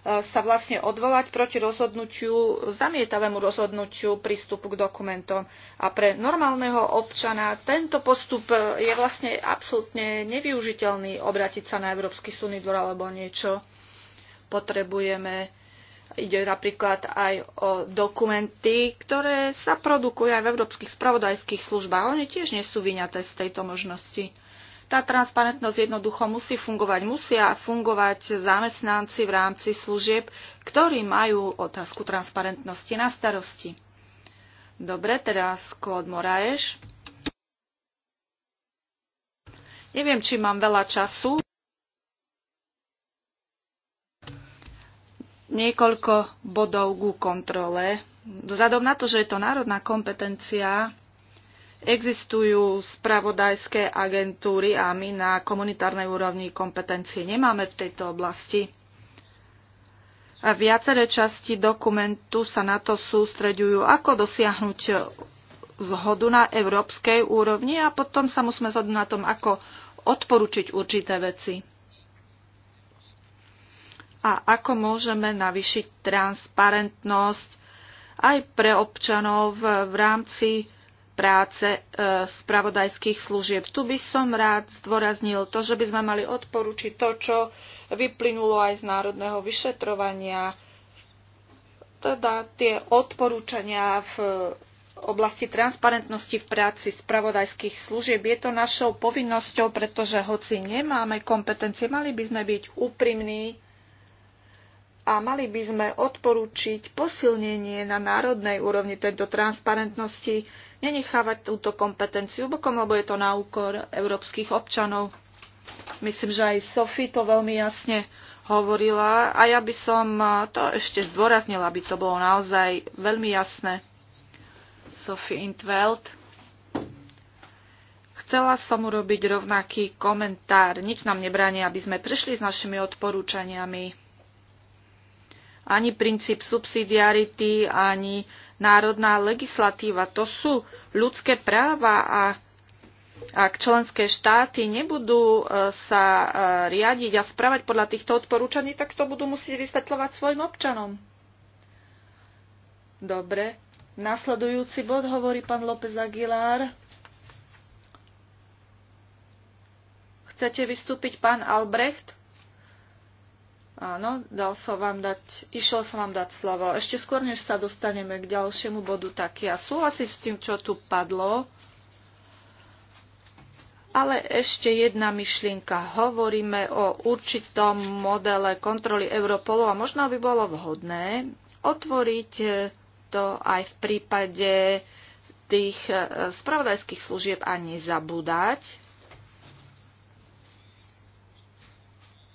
sa vlastne odvolať proti rozhodnutiu, zamietavému rozhodnutiu prístupu k dokumentom. A pre normálneho občana tento postup e, je vlastne absolútne nevyužiteľný obrátiť sa na Európsky súdny dvor alebo niečo. Potrebujeme Ide napríklad aj o dokumenty, ktoré sa produkujú aj v európskych spravodajských službách. Oni tiež nie sú vyňaté z tejto možnosti. Tá transparentnosť jednoducho musí fungovať. Musia fungovať zamestnanci v rámci služieb, ktorí majú otázku transparentnosti na starosti. Dobre, teraz Claude Moraeš. Neviem, či mám veľa času. Niekoľko bodov ku kontrole. Vzhľadom na to, že je to národná kompetencia, Existujú spravodajské agentúry a my na komunitárnej úrovni kompetencie nemáme v tejto oblasti. A viaceré časti dokumentu sa na to sústreďujú, ako dosiahnuť zhodu na európskej úrovni a potom sa musíme zhodnúť na tom, ako odporučiť určité veci. A ako môžeme navyšiť transparentnosť aj pre občanov v rámci práce e, spravodajských služieb. Tu by som rád zdôraznil to, že by sme mali odporučiť to, čo vyplynulo aj z národného vyšetrovania, teda tie odporúčania v oblasti transparentnosti v práci spravodajských služieb. Je to našou povinnosťou, pretože hoci nemáme kompetencie, mali by sme byť úprimní a mali by sme odporúčiť posilnenie na národnej úrovni tejto transparentnosti, nenechávať túto kompetenciu bokom, lebo je to na úkor európskych občanov. Myslím, že aj Sofie to veľmi jasne hovorila a ja by som to ešte zdôraznila, aby to bolo naozaj veľmi jasné. Sophie Intveld. Chcela som urobiť rovnaký komentár. Nič nám nebráni, aby sme prišli s našimi odporúčaniami ani princíp subsidiarity, ani národná legislatíva. To sú ľudské práva a ak členské štáty nebudú e, sa e, riadiť a správať podľa týchto odporúčaní, tak to budú musieť vysvetľovať svojim občanom. Dobre. Nasledujúci bod hovorí pán López Aguilar. Chcete vystúpiť pán Albrecht? Áno, dal som vám dať, išiel som vám dať slovo. Ešte skôr, než sa dostaneme k ďalšiemu bodu, tak ja súhlasím s tým, čo tu padlo. Ale ešte jedna myšlienka. Hovoríme o určitom modele kontroly Europolu a možno by bolo vhodné otvoriť to aj v prípade tých eh, spravodajských služieb a nezabúdať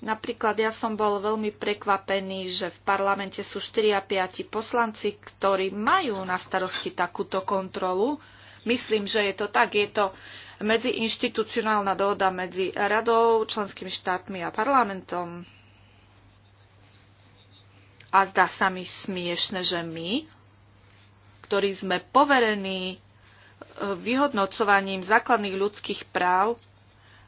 Napríklad ja som bol veľmi prekvapený, že v parlamente sú 4 a 5 poslanci, ktorí majú na starosti takúto kontrolu. Myslím, že je to tak. Je to medziinštitucionálna dohoda medzi radou, členskými štátmi a parlamentom. A zdá sa mi smiešne, že my, ktorí sme poverení e, vyhodnocovaním základných ľudských práv,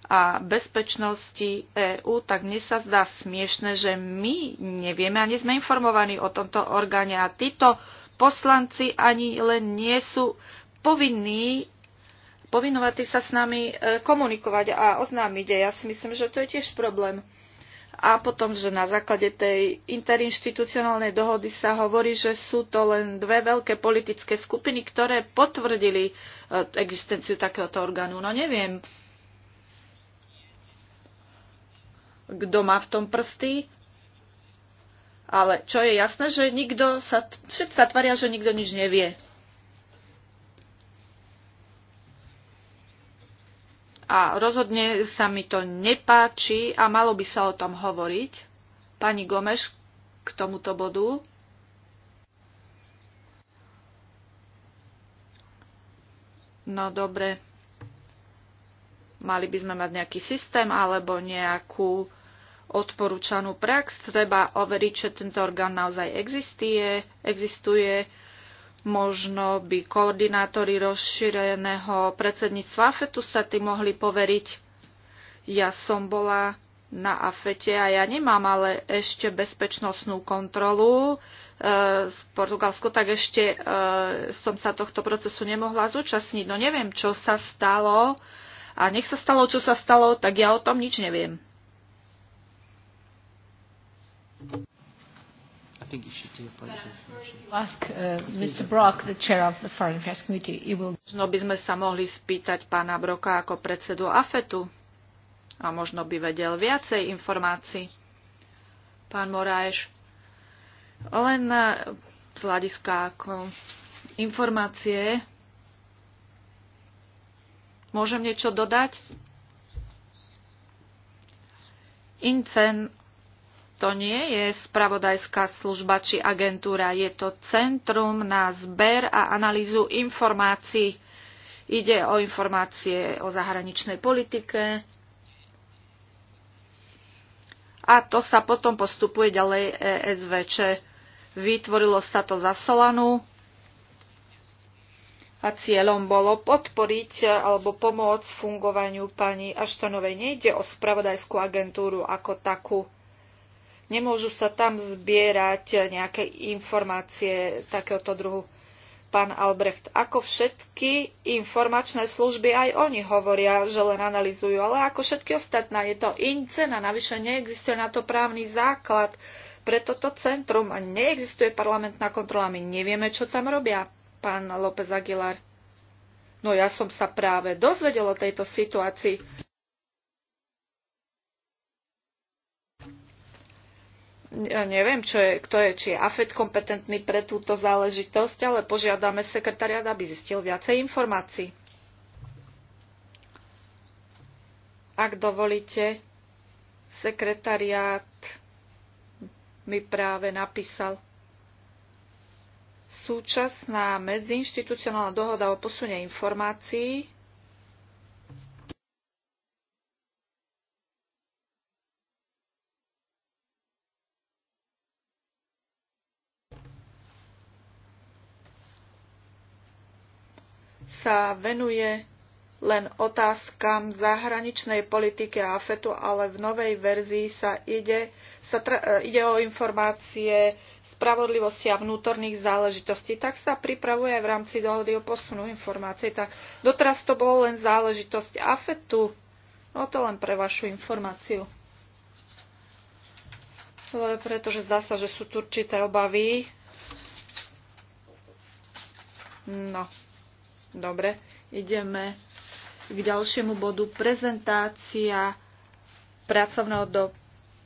a bezpečnosti EÚ, tak mne sa zdá smiešne, že my nevieme a nie sme informovaní o tomto orgáne a títo poslanci ani len nie sú povinní povinovatí sa s nami e, komunikovať a oznámiť. Ja si myslím, že to je tiež problém. A potom, že na základe tej interinstitucionálnej dohody sa hovorí, že sú to len dve veľké politické skupiny, ktoré potvrdili e, existenciu takéhoto orgánu. No neviem, kto má v tom prsty. Ale čo je jasné, že nikto sa, všetci sa tvária, že nikto nič nevie. A rozhodne sa mi to nepáči a malo by sa o tom hovoriť. Pani Gomeš k tomuto bodu. No dobre. Mali by sme mať nejaký systém alebo nejakú odporúčanú prax. Treba overiť, že tento orgán naozaj existuje. existuje. Možno by koordinátori rozšíreného predsedníctva AFETu sa tým mohli poveriť. Ja som bola na AFETe a ja nemám ale ešte bezpečnostnú kontrolu z e, Portugalsku, tak ešte e, som sa tohto procesu nemohla zúčastniť. No neviem, čo sa stalo a nech sa stalo, čo sa stalo, tak ja o tom nič neviem. Možno by sme sa mohli spýtať pána Broka ako predsedu AFETu a možno by vedel viacej informácií. Pán moráš. len uh, z hľadiska informácie Môžem niečo dodať? Incen to nie je spravodajská služba či agentúra, je to centrum na zber a analýzu informácií. Ide o informácie o zahraničnej politike a to sa potom postupuje ďalej ESVČ. Vytvorilo sa to za Solanu, a cieľom bolo podporiť e, alebo pomôcť fungovaniu pani Aštonovej. Nejde o spravodajskú agentúru ako takú. Nemôžu sa tam zbierať e, nejaké informácie takéhoto druhu. Pán Albrecht, ako všetky informačné služby, aj oni hovoria, že len analizujú, ale ako všetky ostatné, je to incena, navyše neexistuje na to právny základ pre toto centrum a neexistuje parlamentná kontrola, my nevieme, čo tam robia pán López Aguilar. No ja som sa práve dozvedel o tejto situácii. Ja neviem, čo je, kto je, či je AFED kompetentný pre túto záležitosť, ale požiadame sekretariat, aby zistil viacej informácií. Ak dovolíte, sekretariat mi práve napísal súčasná medziinstitucionálna dohoda o posune informácií sa venuje len otázkam zahraničnej politiky a AFETu, ale v novej verzii sa ide, sa tra, e, ide o informácie spravodlivosti a vnútorných záležitostí. Tak sa pripravuje aj v rámci dohody o posunu informácií. Tak doteraz to bolo len záležitosť AFETu. No to len pre vašu informáciu. Pretože zdá sa, že sú tu určité obavy. No, dobre, ideme k ďalšiemu bodu prezentácia pracovného, do,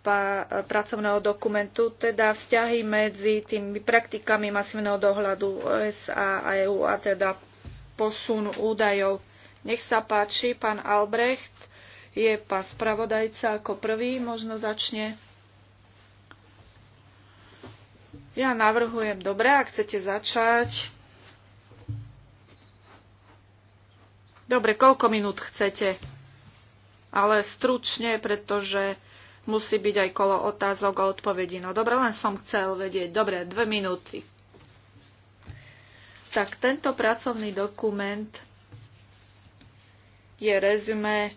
pa, pracovného dokumentu, teda vzťahy medzi tými praktikami masívneho dohľadu USA a EU a teda posun údajov. Nech sa páči, pán Albrecht je pán spravodajca ako prvý, možno začne. Ja navrhujem, dobre, ak chcete začať. Dobre, koľko minút chcete? Ale stručne, pretože musí byť aj kolo otázok a odpovedí. No dobre, len som chcel vedieť. Dobre, dve minúty. Tak tento pracovný dokument je rezume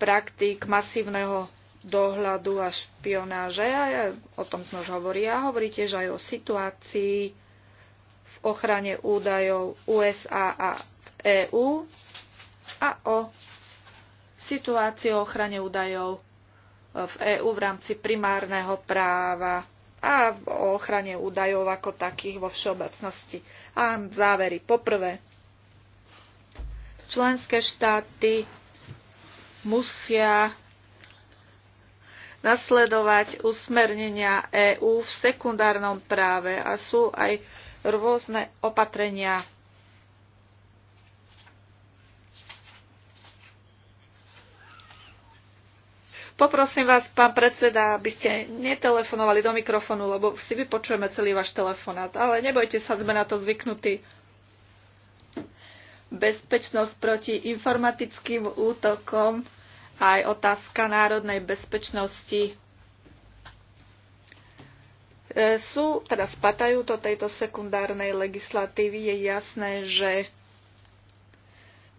praktík masívneho dohľadu a špionáže. A ja, o tom sme už hovorí. A hovorí tiež aj o situácii v ochrane údajov USA a EÚ a o situácii o ochrane údajov e, v EÚ v rámci primárneho práva a o ochrane údajov ako takých vo všeobecnosti. A závery. Poprvé, členské štáty musia nasledovať usmernenia EÚ v sekundárnom práve a sú aj rôzne opatrenia Poprosím vás, pán predseda, aby ste netelefonovali do mikrofónu, lebo si vypočujeme celý váš telefonát. Ale nebojte sa, sme na to zvyknutí. Bezpečnosť proti informatickým útokom aj otázka národnej bezpečnosti e, sú, teda spadajú do tejto sekundárnej legislatívy. Je jasné, že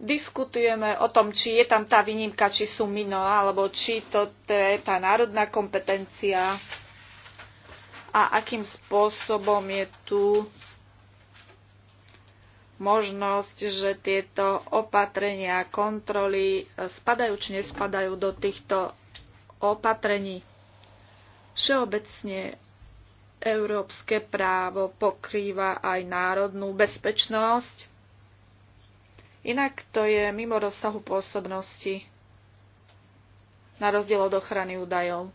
diskutujeme o tom, či je tam tá výnimka, či sú mino, alebo či to je tá národná kompetencia a akým spôsobom je tu možnosť, že tieto opatrenia, kontroly spadajú či nespadajú do týchto opatrení. Všeobecne európske právo pokrýva aj národnú bezpečnosť Inak to je mimo rozsahu pôsobnosti, na rozdiel od ochrany údajov.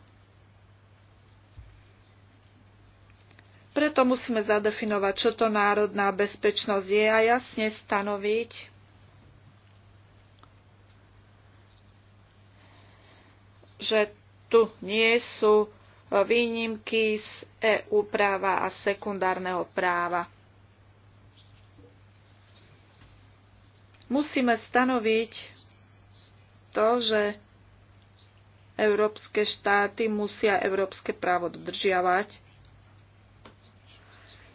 Preto musíme zadefinovať, čo to národná bezpečnosť je a jasne stanoviť, že tu nie sú výnimky z EU práva a sekundárneho práva. Musíme stanoviť to, že európske štáty musia európske právo dodržiavať,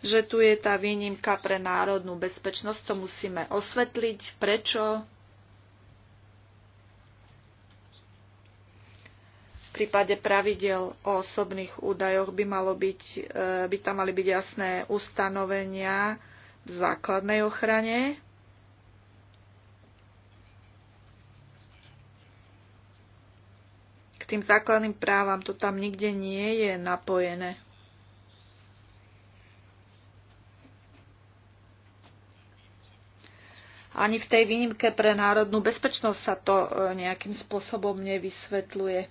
že tu je tá výnimka pre národnú bezpečnosť, to musíme osvetliť, prečo V prípade pravidel o osobných údajoch by, malo byť, e, by tam mali byť jasné ustanovenia v základnej ochrane tým základným právam. To tam nikde nie je napojené. Ani v tej výnimke pre národnú bezpečnosť sa to e, nejakým spôsobom nevysvetľuje.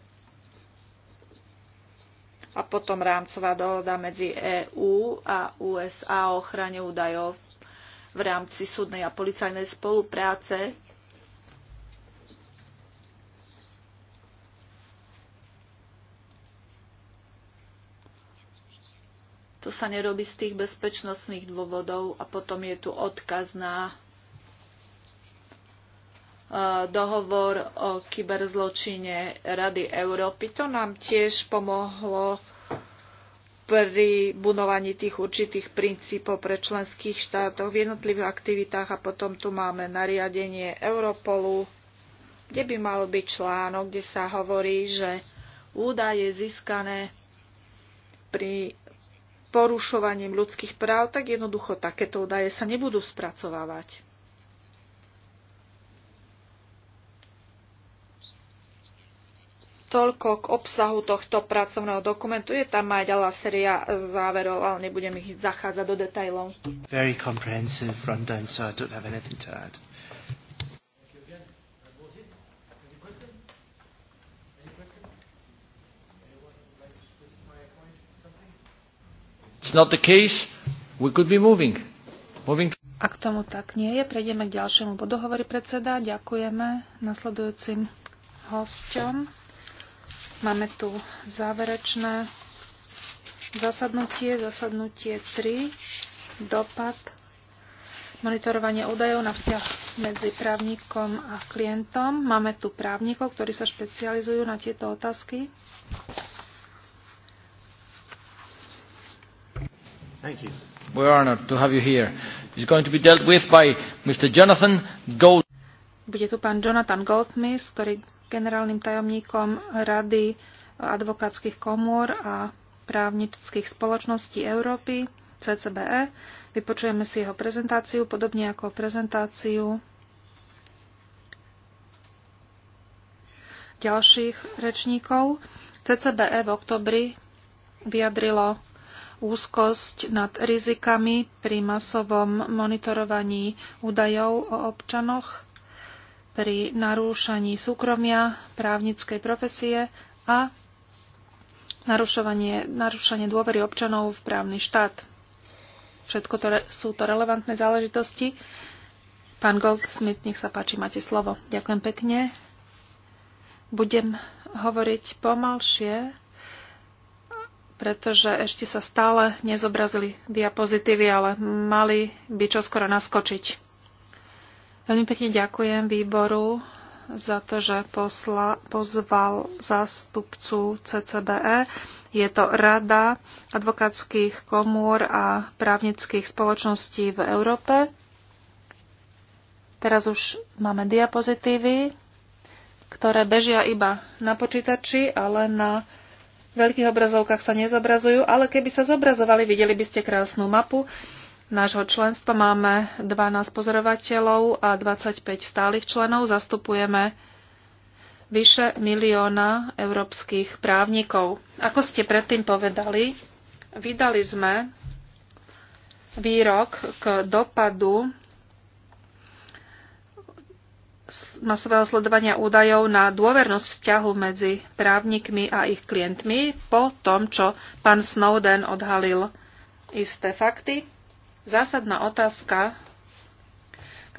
A potom rámcová dohoda medzi EÚ a USA o ochrane údajov v rámci súdnej a policajnej spolupráce To sa nerobí z tých bezpečnostných dôvodov a potom je tu odkaz na e, dohovor o kyberzločine Rady Európy. To nám tiež pomohlo pri budovaní tých určitých princípov pre členských štátov v jednotlivých aktivitách a potom tu máme nariadenie Europolu, kde by mal byť článok, kde sa hovorí, že údaje získané pri porušovaním ľudských práv, tak jednoducho takéto údaje sa nebudú spracovávať. Toľko k obsahu tohto pracovného dokumentu. Je tam aj ďalá séria záverov, ale nebudem ich zachádzať do detajlov. Very comprehensive rundown, so I don't have anything to add. It's not the case. We could be moving. moving. Ak tomu tak nie je, prejdeme k ďalšiemu bodu, hovorí predseda. Ďakujeme nasledujúcim hosťom. Máme tu záverečné zasadnutie, zasadnutie 3, dopad, monitorovanie údajov na vzťah medzi právnikom a klientom. Máme tu právnikov, ktorí sa špecializujú na tieto otázky. Bude tu pán Jonathan Goldsmith, ktorý je generálnym tajomníkom Rady advokátskych komôr a právnických spoločností Európy, CCBE. Vypočujeme si jeho prezentáciu, podobne ako prezentáciu ďalších rečníkov. CCBE v oktobri vyjadrilo úzkosť nad rizikami pri masovom monitorovaní údajov o občanoch, pri narúšaní súkromia právnickej profesie a narušovanie, narušanie dôvery občanov v právny štát. Všetko to sú to relevantné záležitosti. Pán Goldsmith, nech sa páči, máte slovo. Ďakujem pekne. Budem hovoriť pomalšie, pretože ešte sa stále nezobrazili diapozitívy, ale mali by čoskoro naskočiť. Veľmi pekne ďakujem výboru za to, že posla, pozval zástupcu CCBE. Je to Rada advokátskych komôr a právnických spoločností v Európe. Teraz už máme diapozitívy, ktoré bežia iba na počítači, ale na veľkých obrazovkách sa nezobrazujú, ale keby sa zobrazovali, videli by ste krásnu mapu. Nášho členstva máme 12 pozorovateľov a 25 stálych členov. Zastupujeme vyše milióna európskych právnikov. Ako ste predtým povedali, vydali sme výrok k dopadu masového sledovania údajov na dôvernosť vzťahu medzi právnikmi a ich klientmi po tom, čo pán Snowden odhalil isté fakty. Zásadná otázka,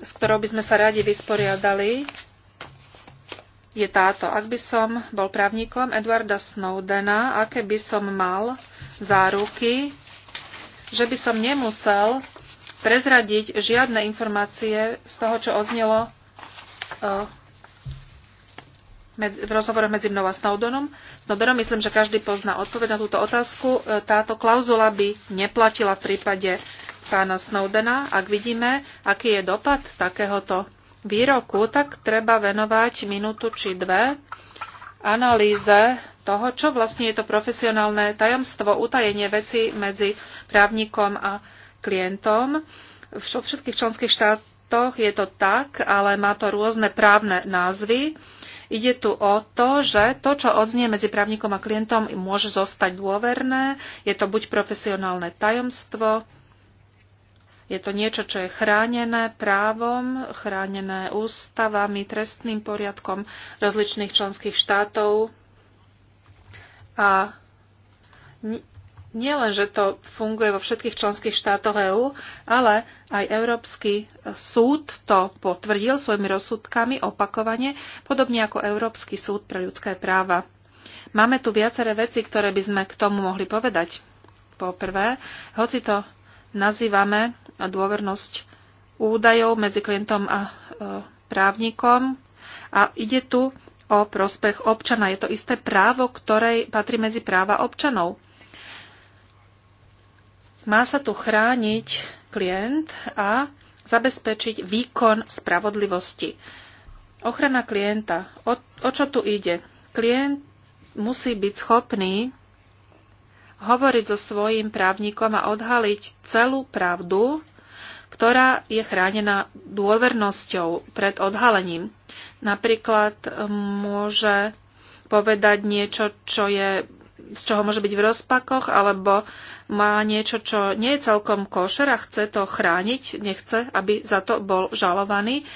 s ktorou by sme sa radi vysporiadali, je táto. Ak by som bol právnikom Edwarda Snowdena, aké by som mal záruky, že by som nemusel prezradiť žiadne informácie z toho, čo oznelo Eh, v rozhovore medzi mnou a Snowdenom. Snowdenom myslím, že každý pozná odpoveď na túto otázku. Eh, táto klauzula by neplatila v prípade pána Snowdena. Ak vidíme, aký je dopad takéhoto výroku, tak treba venovať minútu či dve analýze toho, čo vlastne je to profesionálne tajomstvo, utajenie veci medzi právnikom a klientom. V všetkých členských štát, štátoch je to tak, ale má to rôzne právne názvy. Ide tu o to, že to, čo odznie medzi právnikom a klientom, môže zostať dôverné. Je to buď profesionálne tajomstvo, je to niečo, čo je chránené právom, chránené ústavami, trestným poriadkom rozličných členských štátov a nielen, že to funguje vo všetkých členských štátoch EÚ, ale aj Európsky súd to potvrdil svojimi rozsudkami opakovane, podobne ako Európsky súd pre ľudské práva. Máme tu viaceré veci, ktoré by sme k tomu mohli povedať. Po prvé, hoci to nazývame dôvernosť údajov medzi klientom a e, právnikom a ide tu o prospech občana. Je to isté právo, ktoré patrí medzi práva občanov má sa tu chrániť klient a zabezpečiť výkon spravodlivosti. Ochrana klienta. O, o čo tu ide? Klient musí byť schopný hovoriť so svojím právnikom a odhaliť celú pravdu, ktorá je chránená dôvernosťou pred odhalením. Napríklad e, môže povedať niečo, čo je z čoho môže byť v rozpakoch, alebo má niečo, čo nie je celkom košer a chce to chrániť, nechce, aby za to bol žalovaný.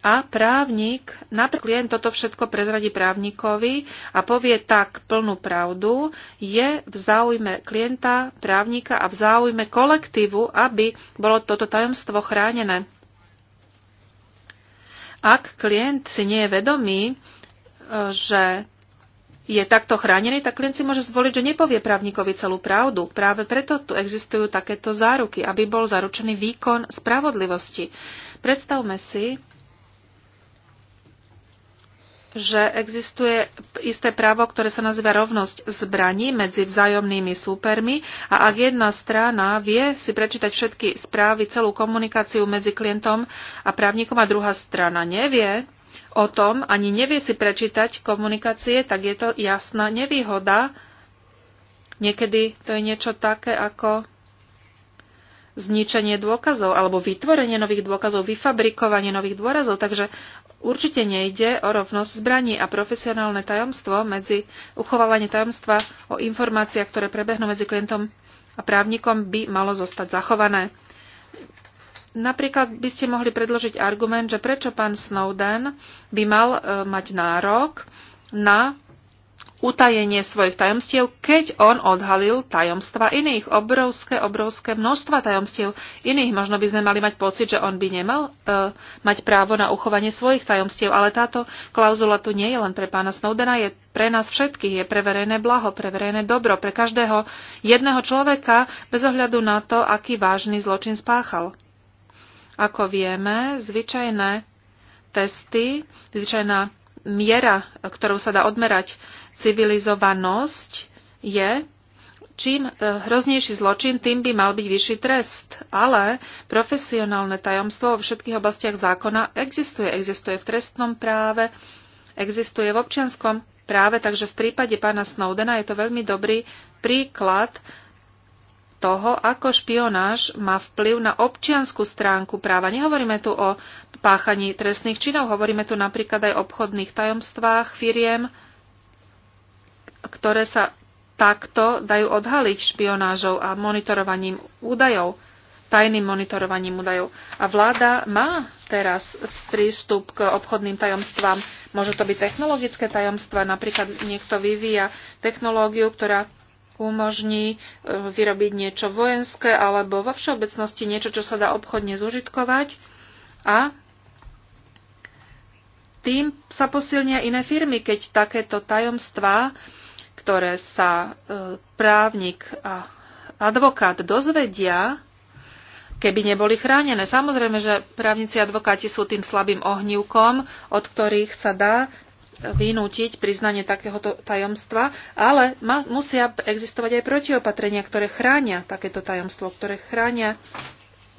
A právnik, napríklad klient toto všetko prezradí právnikovi a povie tak plnú pravdu, je v záujme klienta, právnika a v záujme kolektívu, aby bolo toto tajomstvo chránené. Ak klient si nie je vedomý, e, že je takto chránený, tak klient si môže zvoliť, že nepovie právnikovi celú pravdu. Práve preto tu existujú takéto záruky, aby bol zaručený výkon spravodlivosti. Predstavme si, že existuje isté právo, ktoré sa nazýva rovnosť zbraní medzi vzájomnými súpermi a ak jedna strana vie si prečítať všetky správy, celú komunikáciu medzi klientom a právnikom a druhá strana nevie, o tom ani nevie si prečítať komunikácie, tak je to jasná nevýhoda. Niekedy to je niečo také ako zničenie dôkazov alebo vytvorenie nových dôkazov, vyfabrikovanie nových dôrazov. Takže určite nejde o rovnosť zbraní a profesionálne tajomstvo medzi uchovávanie tajomstva o informáciách, ktoré prebehnú medzi klientom a právnikom, by malo zostať zachované. Napríklad by ste mohli predložiť argument, že prečo pán Snowden by mal e, mať nárok na utajenie svojich tajomstiev, keď on odhalil tajomstva iných. Obrovské, obrovské množstva tajomstiev iných. Možno by sme mali mať pocit, že on by nemal e, mať právo na uchovanie svojich tajomstiev, ale táto klauzula tu nie je len pre pána Snowdena, je pre nás všetkých, je pre verejné blaho, pre verejné dobro, pre každého jedného človeka, bez ohľadu na to, aký vážny zločin spáchal. Ako vieme, zvyčajné testy, zvyčajná miera, ktorou sa dá odmerať civilizovanosť, je, čím e, hroznejší zločin, tým by mal byť vyšší trest. Ale profesionálne tajomstvo vo všetkých oblastiach zákona existuje. Existuje v trestnom práve, existuje v občianskom práve, takže v prípade pána Snowdena je to veľmi dobrý príklad toho, ako špionáž má vplyv na občianskú stránku práva. Nehovoríme tu o páchaní trestných činov, hovoríme tu napríklad aj o obchodných tajomstvách firiem, ktoré sa takto dajú odhaliť špionážou a monitorovaním údajov, tajným monitorovaním údajov. A vláda má teraz prístup k obchodným tajomstvám. Môžu to byť technologické tajomstva, napríklad niekto vyvíja technológiu, ktorá umožní e, vyrobiť niečo vojenské alebo vo všeobecnosti niečo, čo sa dá obchodne zužitkovať a tým sa posilnia iné firmy, keď takéto tajomstvá, ktoré sa e, právnik a advokát dozvedia, keby neboli chránené. Samozrejme, že právnici a advokáti sú tým slabým ohnívkom, od ktorých sa dá vynútiť priznanie takéhoto tajomstva, ale ma, musia existovať aj protiopatrenia, ktoré chránia takéto tajomstvo, ktoré chránia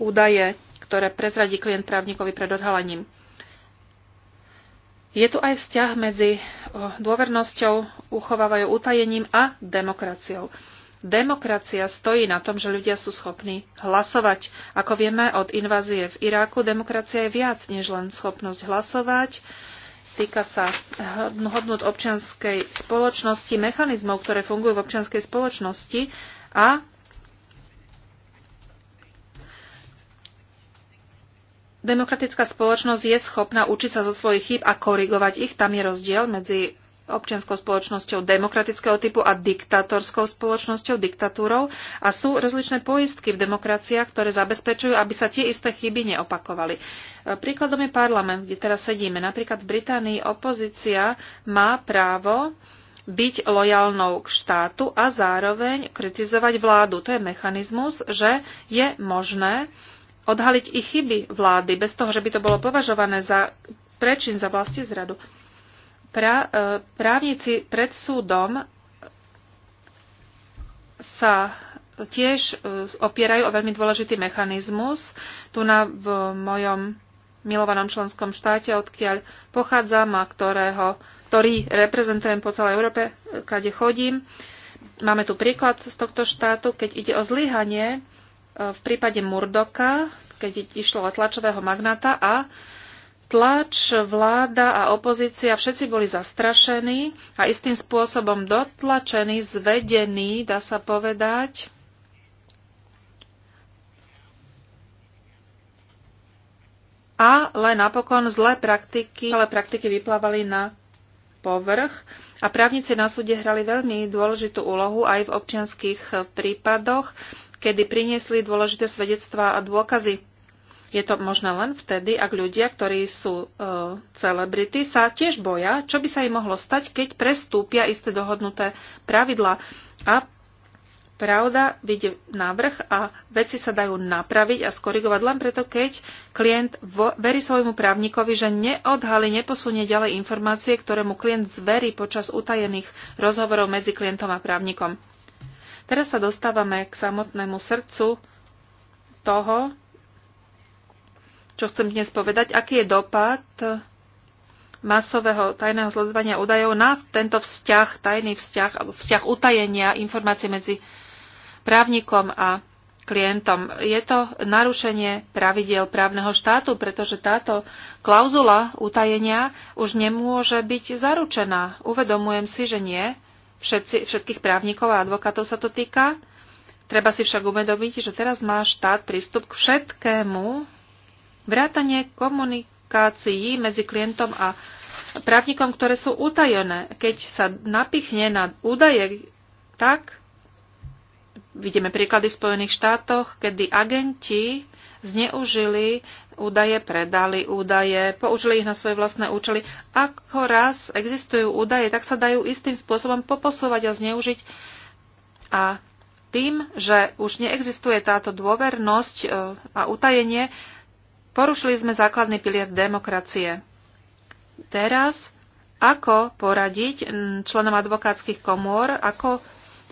údaje, ktoré prezradí klient právnikovi pred odhalením. Je tu aj vzťah medzi dôvernosťou, uchovávajú utajením a demokraciou. Demokracia stojí na tom, že ľudia sú schopní hlasovať. Ako vieme od invázie v Iráku, demokracia je viac než len schopnosť hlasovať, týka sa hodnot občianskej spoločnosti, mechanizmov, ktoré fungujú v občianskej spoločnosti a demokratická spoločnosť je schopná učiť sa zo svojich chýb a korigovať ich. Tam je rozdiel medzi občianskou spoločnosťou demokratického typu a diktatorskou spoločnosťou, diktatúrou a sú rozličné poistky v demokraciách, ktoré zabezpečujú, aby sa tie isté chyby neopakovali. E, príkladom je parlament, kde teraz sedíme. Napríklad v Británii opozícia má právo byť lojálnou k štátu a zároveň kritizovať vládu. To je mechanizmus, že je možné odhaliť i chyby vlády bez toho, že by to bolo považované za prečin, za vlasti zradu. Pra, e, právnici pred súdom sa tiež e, opierajú o veľmi dôležitý mechanizmus. Tu na v mojom milovanom členskom štáte, odkiaľ pochádzam a ktorého, ktorý reprezentujem po celej Európe, kade chodím. Máme tu príklad z tohto štátu, keď ide o zlyhanie e, v prípade Murdoka, keď išlo o tlačového magnáta a tlač, vláda a opozícia všetci boli zastrašení a istým spôsobom dotlačení, zvedení, dá sa povedať. A len napokon zlé praktiky, ale praktiky vyplávali na povrch a právnici na súde hrali veľmi dôležitú úlohu aj v občianských prípadoch, kedy priniesli dôležité svedectvá a dôkazy. Je to možné len vtedy, ak ľudia, ktorí sú e, celebrity, sa tiež boja, čo by sa im mohlo stať, keď prestúpia isté dohodnuté pravidla. A pravda vidie na vrch a veci sa dajú napraviť a skorigovať len preto, keď klient verí svojmu právnikovi, že neodhali, neposunie ďalej informácie, ktoré mu klient zverí počas utajených rozhovorov medzi klientom a právnikom. Teraz sa dostávame k samotnému srdcu toho, čo chcem dnes povedať, aký je dopad masového tajného sledovania údajov na tento vzťah, tajný vzťah, alebo vzťah utajenia informácií medzi právnikom a klientom. Je to narušenie pravidiel právneho štátu, pretože táto klauzula utajenia už nemôže byť zaručená. Uvedomujem si, že nie. Všetci, všetkých právnikov a advokátov sa to týka. Treba si však uvedomiť, že teraz má štát prístup k všetkému, Vrátanie komunikácií medzi klientom a právnikom, ktoré sú utajené. Keď sa napichne na údaje tak, vidíme príklady v Spojených štátoch, kedy agenti zneužili údaje, predali údaje, použili ich na svoje vlastné účely. Ako raz existujú údaje, tak sa dajú istým spôsobom poposúvať a zneužiť. A tým, že už neexistuje táto dôvernosť e, a utajenie, Porušili sme základný pilier demokracie. Teraz, ako poradiť členom advokátskych komôr, ako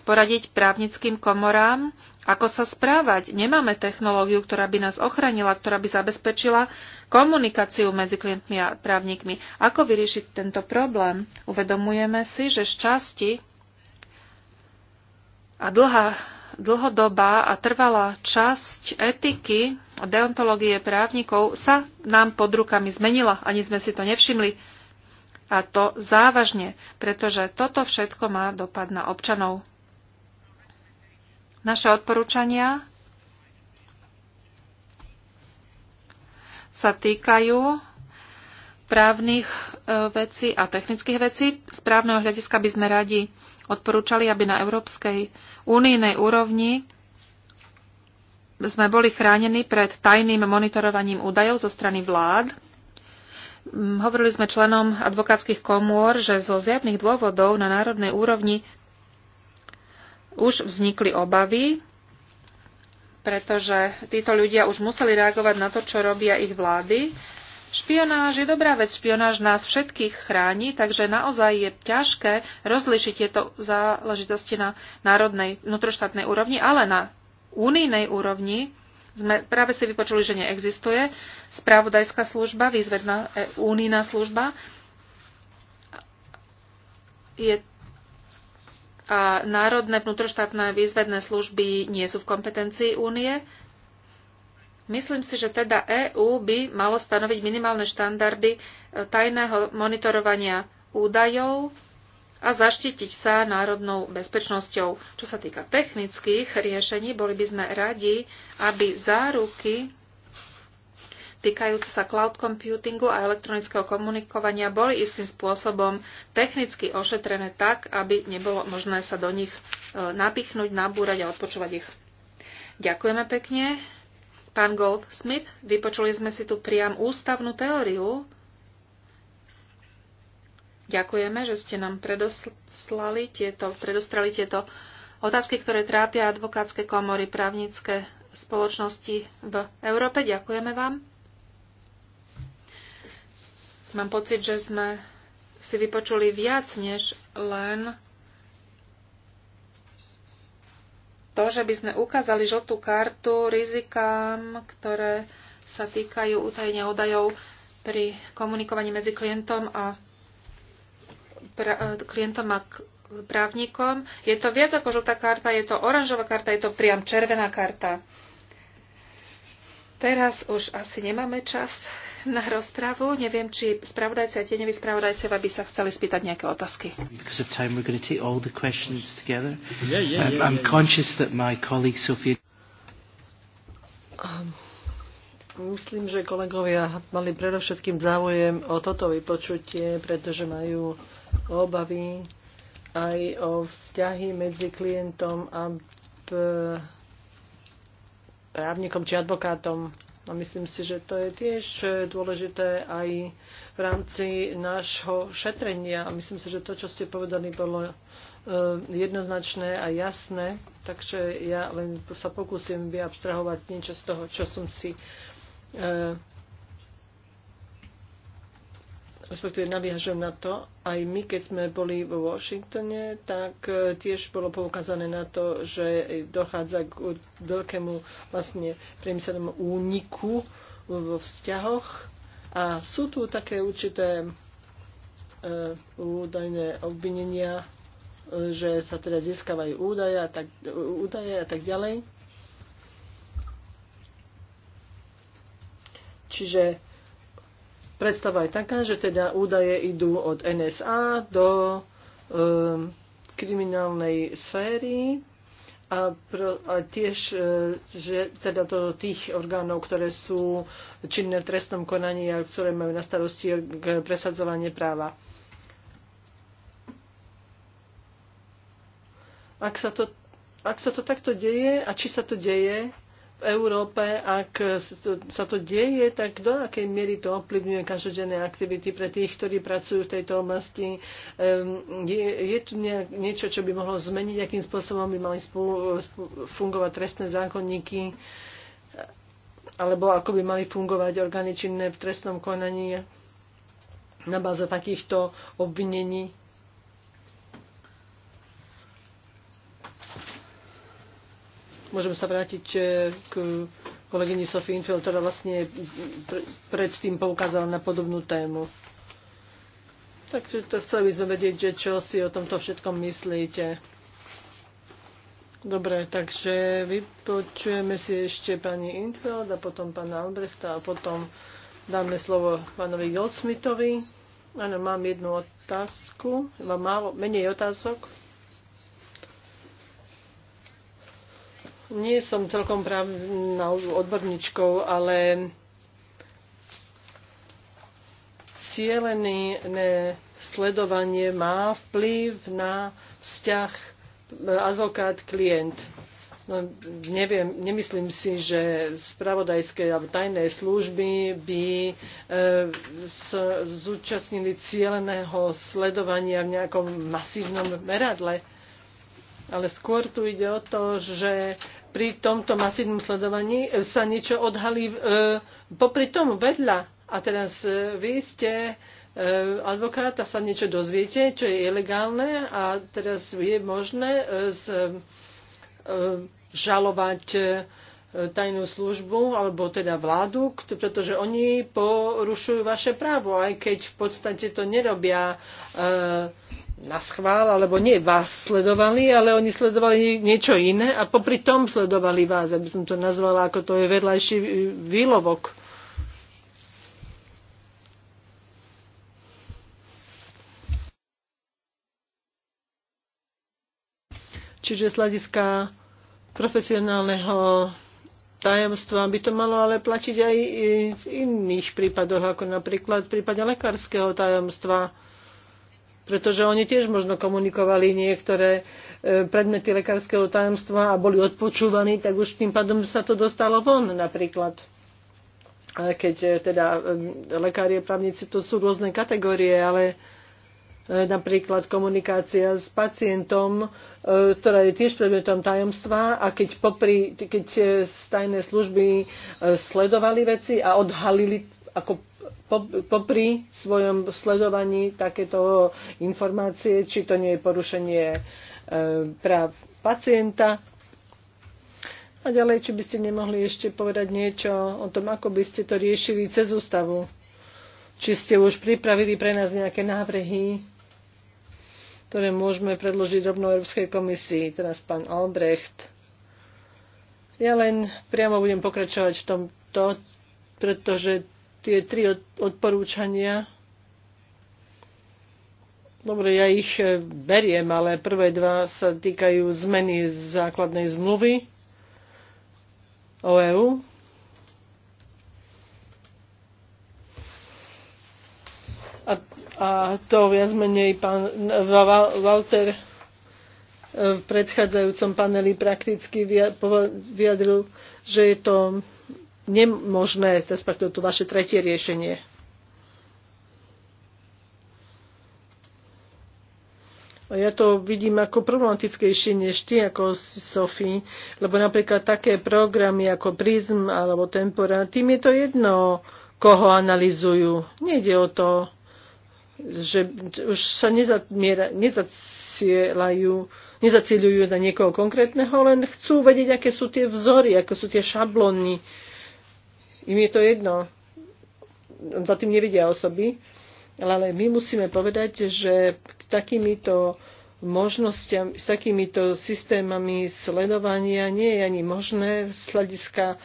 poradiť právnickým komorám, ako sa správať. Nemáme technológiu, ktorá by nás ochránila, ktorá by zabezpečila komunikáciu medzi klientmi a právnikmi. Ako vyriešiť tento problém? Uvedomujeme si, že z časti a dlhá, dlhodobá a trvalá časť etiky deontológie právnikov sa nám pod rukami zmenila, ani sme si to nevšimli. A to závažne, pretože toto všetko má dopad na občanov. Naše odporúčania sa týkajú právnych e, vecí a technických vecí. Z právneho hľadiska by sme radi odporúčali, aby na Európskej únijnej úrovni sme boli chránení pred tajným monitorovaním údajov zo strany vlád. Mm, hovorili sme členom advokátskych komôr, že zo zjavných dôvodov na národnej úrovni už vznikli obavy, pretože títo ľudia už museli reagovať na to, čo robia ich vlády. Špionáž je dobrá vec, špionáž nás všetkých chráni, takže naozaj je ťažké rozlišiť tieto záležitosti na národnej, vnútroštátnej úrovni, ale na unijnej úrovni sme práve si vypočuli, že neexistuje správodajská služba, výzvedná e, unijná služba. Je, a národné vnútroštátne výzvedné služby nie sú v kompetencii únie. Myslím si, že teda EÚ by malo stanoviť minimálne štandardy e, tajného monitorovania údajov a zaštitiť sa národnou bezpečnosťou. Čo sa týka technických riešení, boli by sme radi, aby záruky týkajúce sa cloud computingu a elektronického komunikovania boli istým spôsobom technicky ošetrené tak, aby nebolo možné sa do nich e, napichnúť, nabúrať a odpočúvať ich. Ďakujeme pekne. Pán Goldsmith, vypočuli sme si tu priam ústavnú teóriu Ďakujeme, že ste nám predoslali tieto, predostrali tieto otázky, ktoré trápia advokátske komory, právnické spoločnosti v Európe. Ďakujeme vám. Mám pocit, že sme si vypočuli viac než len to, že by sme ukázali žltú kartu rizikám, ktoré sa týkajú utajenia údajov pri komunikovaní medzi klientom a E, klientom a právnikom. Je to viac ako žltá karta, je to oranžová karta, je to priam červená karta. Teraz už asi nemáme čas na rozpravu. Neviem, či spravodajci a tieňoví spravodajci by sa chceli spýtať nejaké otázky. Um, um, myslím, že kolegovia mali predovšetkým záujem o toto vypočutie, pretože majú obavy aj o vzťahy medzi klientom a právnikom či advokátom. A myslím si, že to je tiež dôležité aj v rámci nášho šetrenia. A myslím si, že to, čo ste povedali, bolo e, jednoznačné a jasné, takže ja len sa pokúsim vyabstrahovať niečo z toho, čo som si e, respektíve naviažujem na to, aj my, keď sme boli vo Washingtone, tak e, tiež bolo poukázané na to, že dochádza k veľkému vlastne priemyselnému úniku vo vzťahoch a sú tu také určité e, údajné obvinenia, e, že sa teda získavajú údaje a tak, e, údaje a tak ďalej. Čiže Predstava je taká, že teda údaje idú od NSA do e, kriminálnej sféry a, pro, a tiež e, že teda do tých orgánov, ktoré sú činné v trestnom konaní a ktoré majú na starosti presadzovanie práva. Ak sa to, ak sa to takto deje a či sa to deje, Európe, ak sa to deje, tak do akej miery to ovplyvňuje každodenné aktivity pre tých, ktorí pracujú v tejto oblasti? Ehm, je, je tu nejak, niečo, čo by mohlo zmeniť, akým spôsobom by mali spolu, spolu, fungovať trestné zákonníky? Alebo ako by mali fungovať orgány činné v trestnom konaní na báze takýchto obvinení? môžem sa vrátiť e, k kolegyni Sofie Infield, ktorá vlastne predtým poukázala na podobnú tému. Takže to chceli by sme vedieť, že čo si o tomto všetkom myslíte. Dobre, takže vypočujeme si ešte pani Infeld a potom pána Albrechta a potom dáme slovo pánovi Goldsmithovi. Áno, mám jednu otázku. Mám málo, menej otázok. Nie som celkom právnou odborníčkou, ale cieľené sledovanie má vplyv na vzťah advokát-klient. No, neviem, nemyslím si, že spravodajské alebo tajné služby by e, s, zúčastnili cieľeného sledovania v nejakom masívnom meradle. Ale skôr tu ide o to, že pri tomto masívnom sledovaní e, sa niečo odhalí e, popri tom vedľa. A teraz e, vy ste advokáta, sa niečo dozviete, čo je ilegálne a teraz je možné z, žalovať tajnú službu alebo teda vládu, pretože oni porušujú vaše právo, aj keď v podstate to nerobia na schvál, alebo nie vás sledovali, ale oni sledovali niečo iné a popri tom sledovali vás, aby som to nazvala, ako to je vedľajší výlovok. Čiže z hľadiska profesionálneho tajomstva by to malo ale platiť aj v iných prípadoch, ako napríklad v prípade lekárskeho tajomstva pretože oni tiež možno komunikovali niektoré e, predmety lekárskeho tajomstva a boli odpočúvaní, tak už tým pádom sa to dostalo von napríklad keď e, teda e, lekári a právnici to sú rôzne kategórie, ale napríklad komunikácia s pacientom, ktorá je tiež predmetom tajomstva a keď, popri, keď tajné služby sledovali veci a odhalili ako popri svojom sledovaní takéto informácie, či to nie je porušenie e, práv pacienta. A ďalej, či by ste nemohli ešte povedať niečo o tom, ako by ste to riešili cez ústavu. Či ste už pripravili pre nás nejaké návrhy, ktoré môžeme predložiť rovno Európskej komisii. Teraz pán Albrecht. Ja len priamo budem pokračovať v tomto, pretože tie tri odporúčania. Dobre, ja ich e, beriem, ale prvé dva sa týkajú zmeny základnej zmluvy o EU. A, a to viac menej pán Walter e, v predchádzajúcom paneli prakticky vyjadril, že je to nemožné, respektíve to vaše tretie riešenie. A Ja to vidím ako problematickejšie než ty, ako Sophie, lebo napríklad také programy ako Prism alebo Tempora, tým je to jedno, koho analizujú. Nejde o to, že už sa nezacielajú, nezacieľujú na niekoho konkrétneho, len chcú vedieť, aké sú tie vzory, aké sú tie šablóny, im je to jedno. Za tým nevidia osoby. Ale my musíme povedať, že takýmito možnosťam, s takýmito systémami sledovania nie je ani možné z hľadiska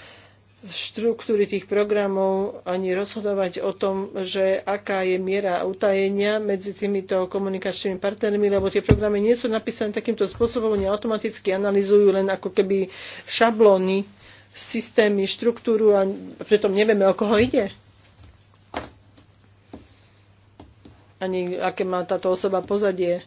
štruktúry tých programov ani rozhodovať o tom, že aká je miera utajenia medzi týmito komunikačnými partnermi, lebo tie programy nie sú napísané takýmto spôsobom, oni automaticky analýzujú len ako keby šablóny systémy, štruktúru a pritom nevieme, o koho ide. Ani aké má táto osoba pozadie.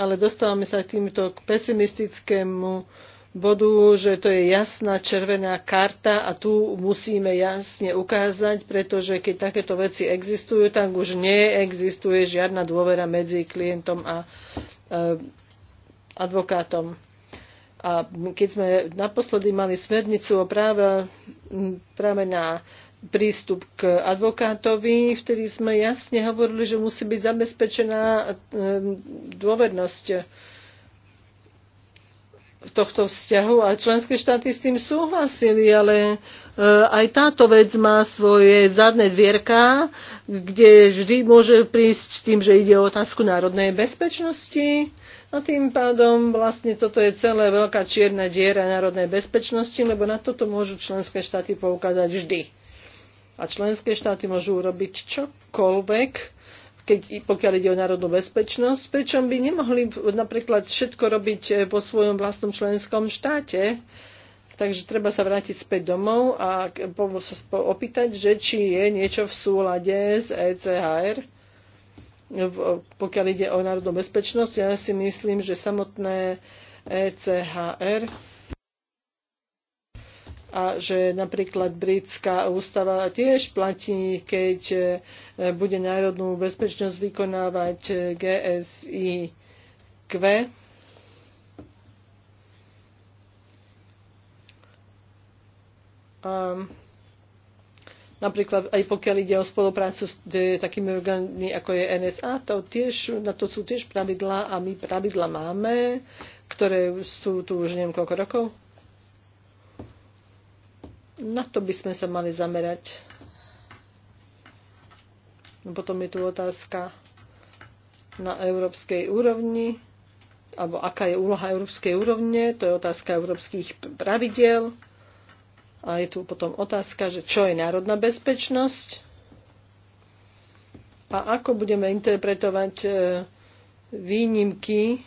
Ale dostávame sa k týmto k pesimistickému bodu, že to je jasná červená karta a tu musíme jasne ukázať, pretože keď takéto veci existujú, tak už neexistuje žiadna dôvera medzi klientom a e, advokátom. A keď sme naposledy mali smernicu o práve, práve na prístup k advokátovi, vtedy sme jasne hovorili, že musí byť zabezpečená dôvernosť tohto vzťahu a členské štáty s tým súhlasili, ale e, aj táto vec má svoje zadné dvierka, kde vždy môže prísť s tým, že ide o otázku národnej bezpečnosti a tým pádom vlastne toto je celé veľká čierna diera národnej bezpečnosti, lebo na toto môžu členské štáty poukázať vždy. A členské štáty môžu urobiť čokoľvek, keď, pokiaľ ide o národnú bezpečnosť, pričom by nemohli napríklad všetko robiť po eh, svojom vlastnom členskom štáte. Takže treba sa vrátiť späť domov a opýtať, že či je niečo v súlade s ECHR pokiaľ ide o národnú bezpečnosť. Ja si myslím, že samotné ECHR a že napríklad britská ústava tiež platí, keď e, bude národnú bezpečnosť vykonávať e, GSIQ. Um, Napríklad aj pokiaľ ide o spoluprácu s e, takými orgánmi ako je NSA, to tiež, na to sú tiež pravidlá a my pravidla máme, ktoré sú tu už neviem koľko rokov. Na to by sme sa mali zamerať. No potom je tu otázka na európskej úrovni, alebo aká je úloha európskej úrovne, to je otázka európskych pravidel. A je tu potom otázka, že čo je národná bezpečnosť a ako budeme interpretovať e, výnimky.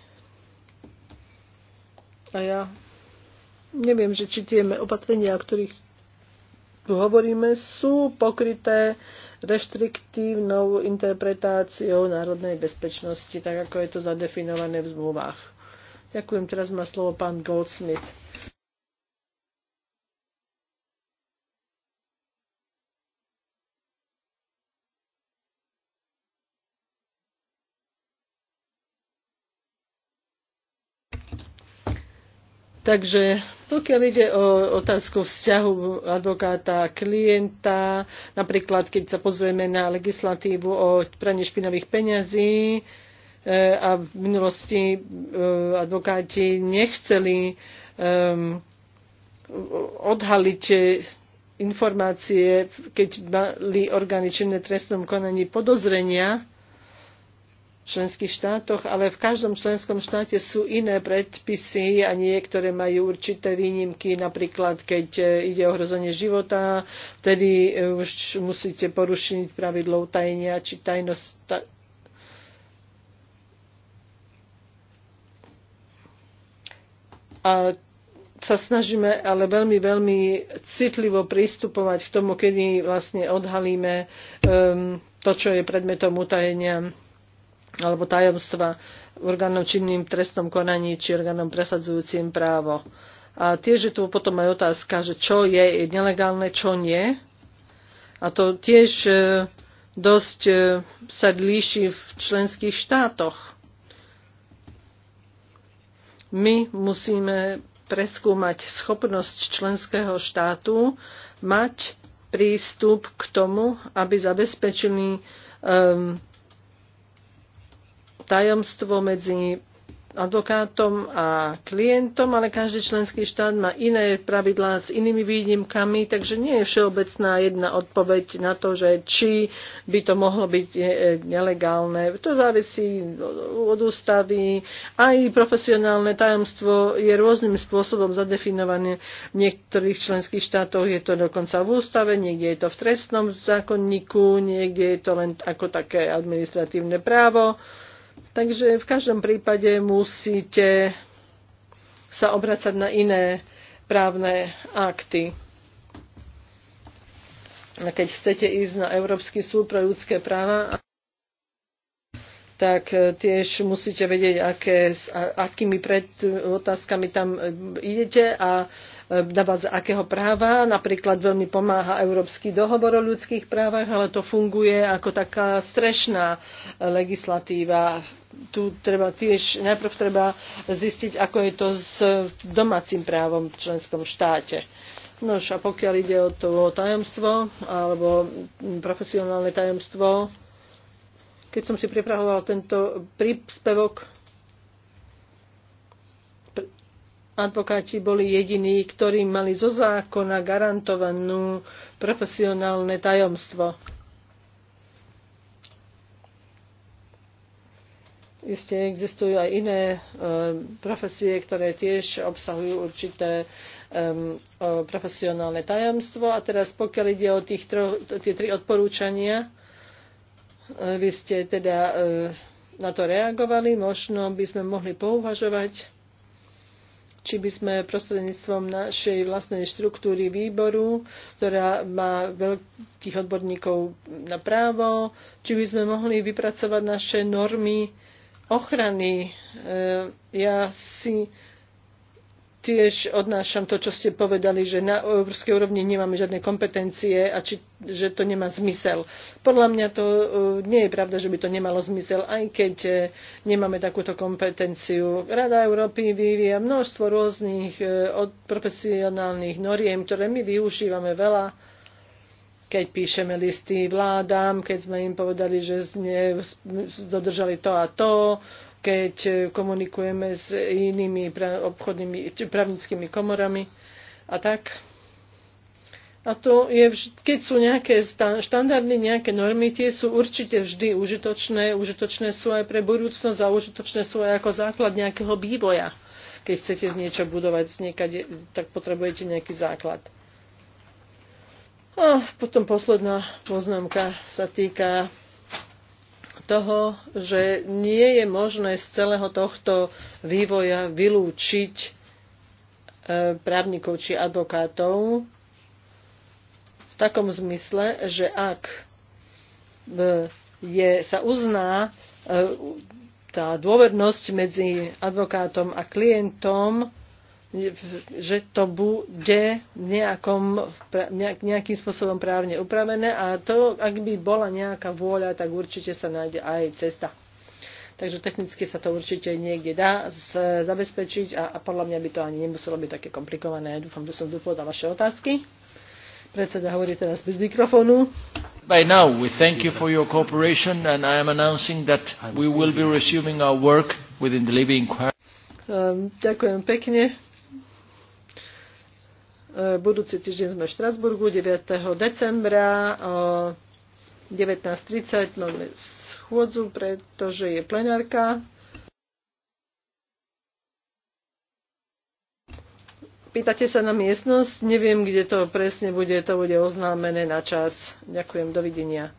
A ja neviem, že či tie opatrenia, o ktorých tu hovoríme, sú pokryté reštriktívnou interpretáciou národnej bezpečnosti, tak ako je to zadefinované v zmluvách. Ďakujem, teraz má slovo pán Goldsmith. Takže pokiaľ ide o otázku vzťahu advokáta a klienta, napríklad keď sa pozrieme na legislatívu o praní špinavých peňazí, eh, a v minulosti eh, advokáti nechceli ehm, odhaliť informácie, keď mali orgány činné trestnom konaní podozrenia, členských štátoch, ale v každom členskom štáte sú iné predpisy a niektoré majú určité výnimky, napríklad keď e, ide o hrozenie života, tedy e, už musíte porušiť pravidlo utajenia či tajnosť. Ta... A sa snažíme ale veľmi, veľmi citlivo pristupovať k tomu, kedy vlastne odhalíme um, to, čo je predmetom utajenia alebo tajomstva orgánom činným trestnom konaní či orgánom presadzujúcim právo. A tiež je tu potom aj otázka, že čo je nelegálne, čo nie. A to tiež e, dosť e, sa líši v členských štátoch. My musíme preskúmať schopnosť členského štátu mať prístup k tomu, aby zabezpečili um, tajomstvo medzi advokátom a klientom, ale každý členský štát má iné pravidlá s inými výnimkami, takže nie je všeobecná jedna odpoveď na to, že či by to mohlo byť e, nelegálne. To závisí od ústavy. Aj profesionálne tajomstvo je rôznym spôsobom zadefinované. V niektorých členských štátoch je to dokonca v ústave, niekde je to v trestnom zákonníku, niekde je to len ako také administratívne právo. Takže v každom prípade musíte sa obracať na iné právne akty. A keď chcete ísť na Európsky súd pre ľudské práva, tak e, tiež musíte vedieť, aké, akými pred otázkami tam e, idete a na báze akého práva. Napríklad veľmi pomáha Európsky dohovor o ľudských právach, ale to funguje ako taká strešná legislatíva. Tu treba tiež, najprv treba zistiť, ako je to s domácim právom v členskom štáte. No, a pokiaľ ide o to tajomstvo alebo profesionálne tajomstvo, keď som si pripravoval tento príspevok, advokáti boli jediní, ktorí mali zo zákona garantovanú profesionálne tajomstvo. Isté existujú aj iné e, profesie, ktoré tiež obsahujú určité profesionálne tajomstvo. A teraz pokiaľ ide o tých tro, tie tri odporúčania, e, vy ste teda e, na to reagovali, možno by sme mohli pouvažovať či by sme prostredníctvom našej vlastnej štruktúry výboru, ktorá má veľkých odborníkov na právo, či by sme mohli vypracovať naše normy ochrany. E, ja si tiež odnášam to, čo ste povedali, že na európskej úrovni nemáme žiadne kompetencie a či, že to nemá zmysel. Podľa mňa to e, nie je pravda, že by to nemalo zmysel, aj keď e, nemáme takúto kompetenciu. Rada Európy vyvíja množstvo rôznych e, od profesionálnych noriem, ktoré my využívame veľa keď píšeme listy vládám, keď sme im povedali, že dodržali to a to, keď e, komunikujeme s inými obchodnými, právnickými komorami a tak. A to je, keď sú nejaké štandardy, nejaké normy, tie sú určite vždy užitočné. Užitočné sú aj pre budúcnosť a užitočné sú aj ako základ nejakého vývoja. Keď chcete z niečo budovať, z niekade, tak potrebujete nejaký základ. A potom posledná poznámka sa týka toho, že nie je možné z celého tohto vývoja vylúčiť e, právnikov či advokátov v takom zmysle, že ak e, je, sa uzná e, tá dôvernosť medzi advokátom a klientom, že to bude nejakom, nejak, nejakým spôsobom právne upravené a to, ak by bola nejaká vôľa, tak určite sa nájde aj cesta. Takže technicky sa to určite niekde dá z, zabezpečiť a, a podľa mňa by to ani nemuselo byť také komplikované. Dúfam, že som zodpovedala vaše otázky. Predseda hovorí teraz bez mikrofónu. By now, we thank you for your cooperation and I am announcing that we will be resuming our work within the Libyan inquiry. Um, ďakujem pekne. E, budúci týždeň sme v Štrasburgu 9. decembra o 19.30 máme schôdzu, pretože je plenárka. Pýtate sa na miestnosť? Neviem, kde to presne bude. To bude oznámené na čas. Ďakujem. Dovidenia.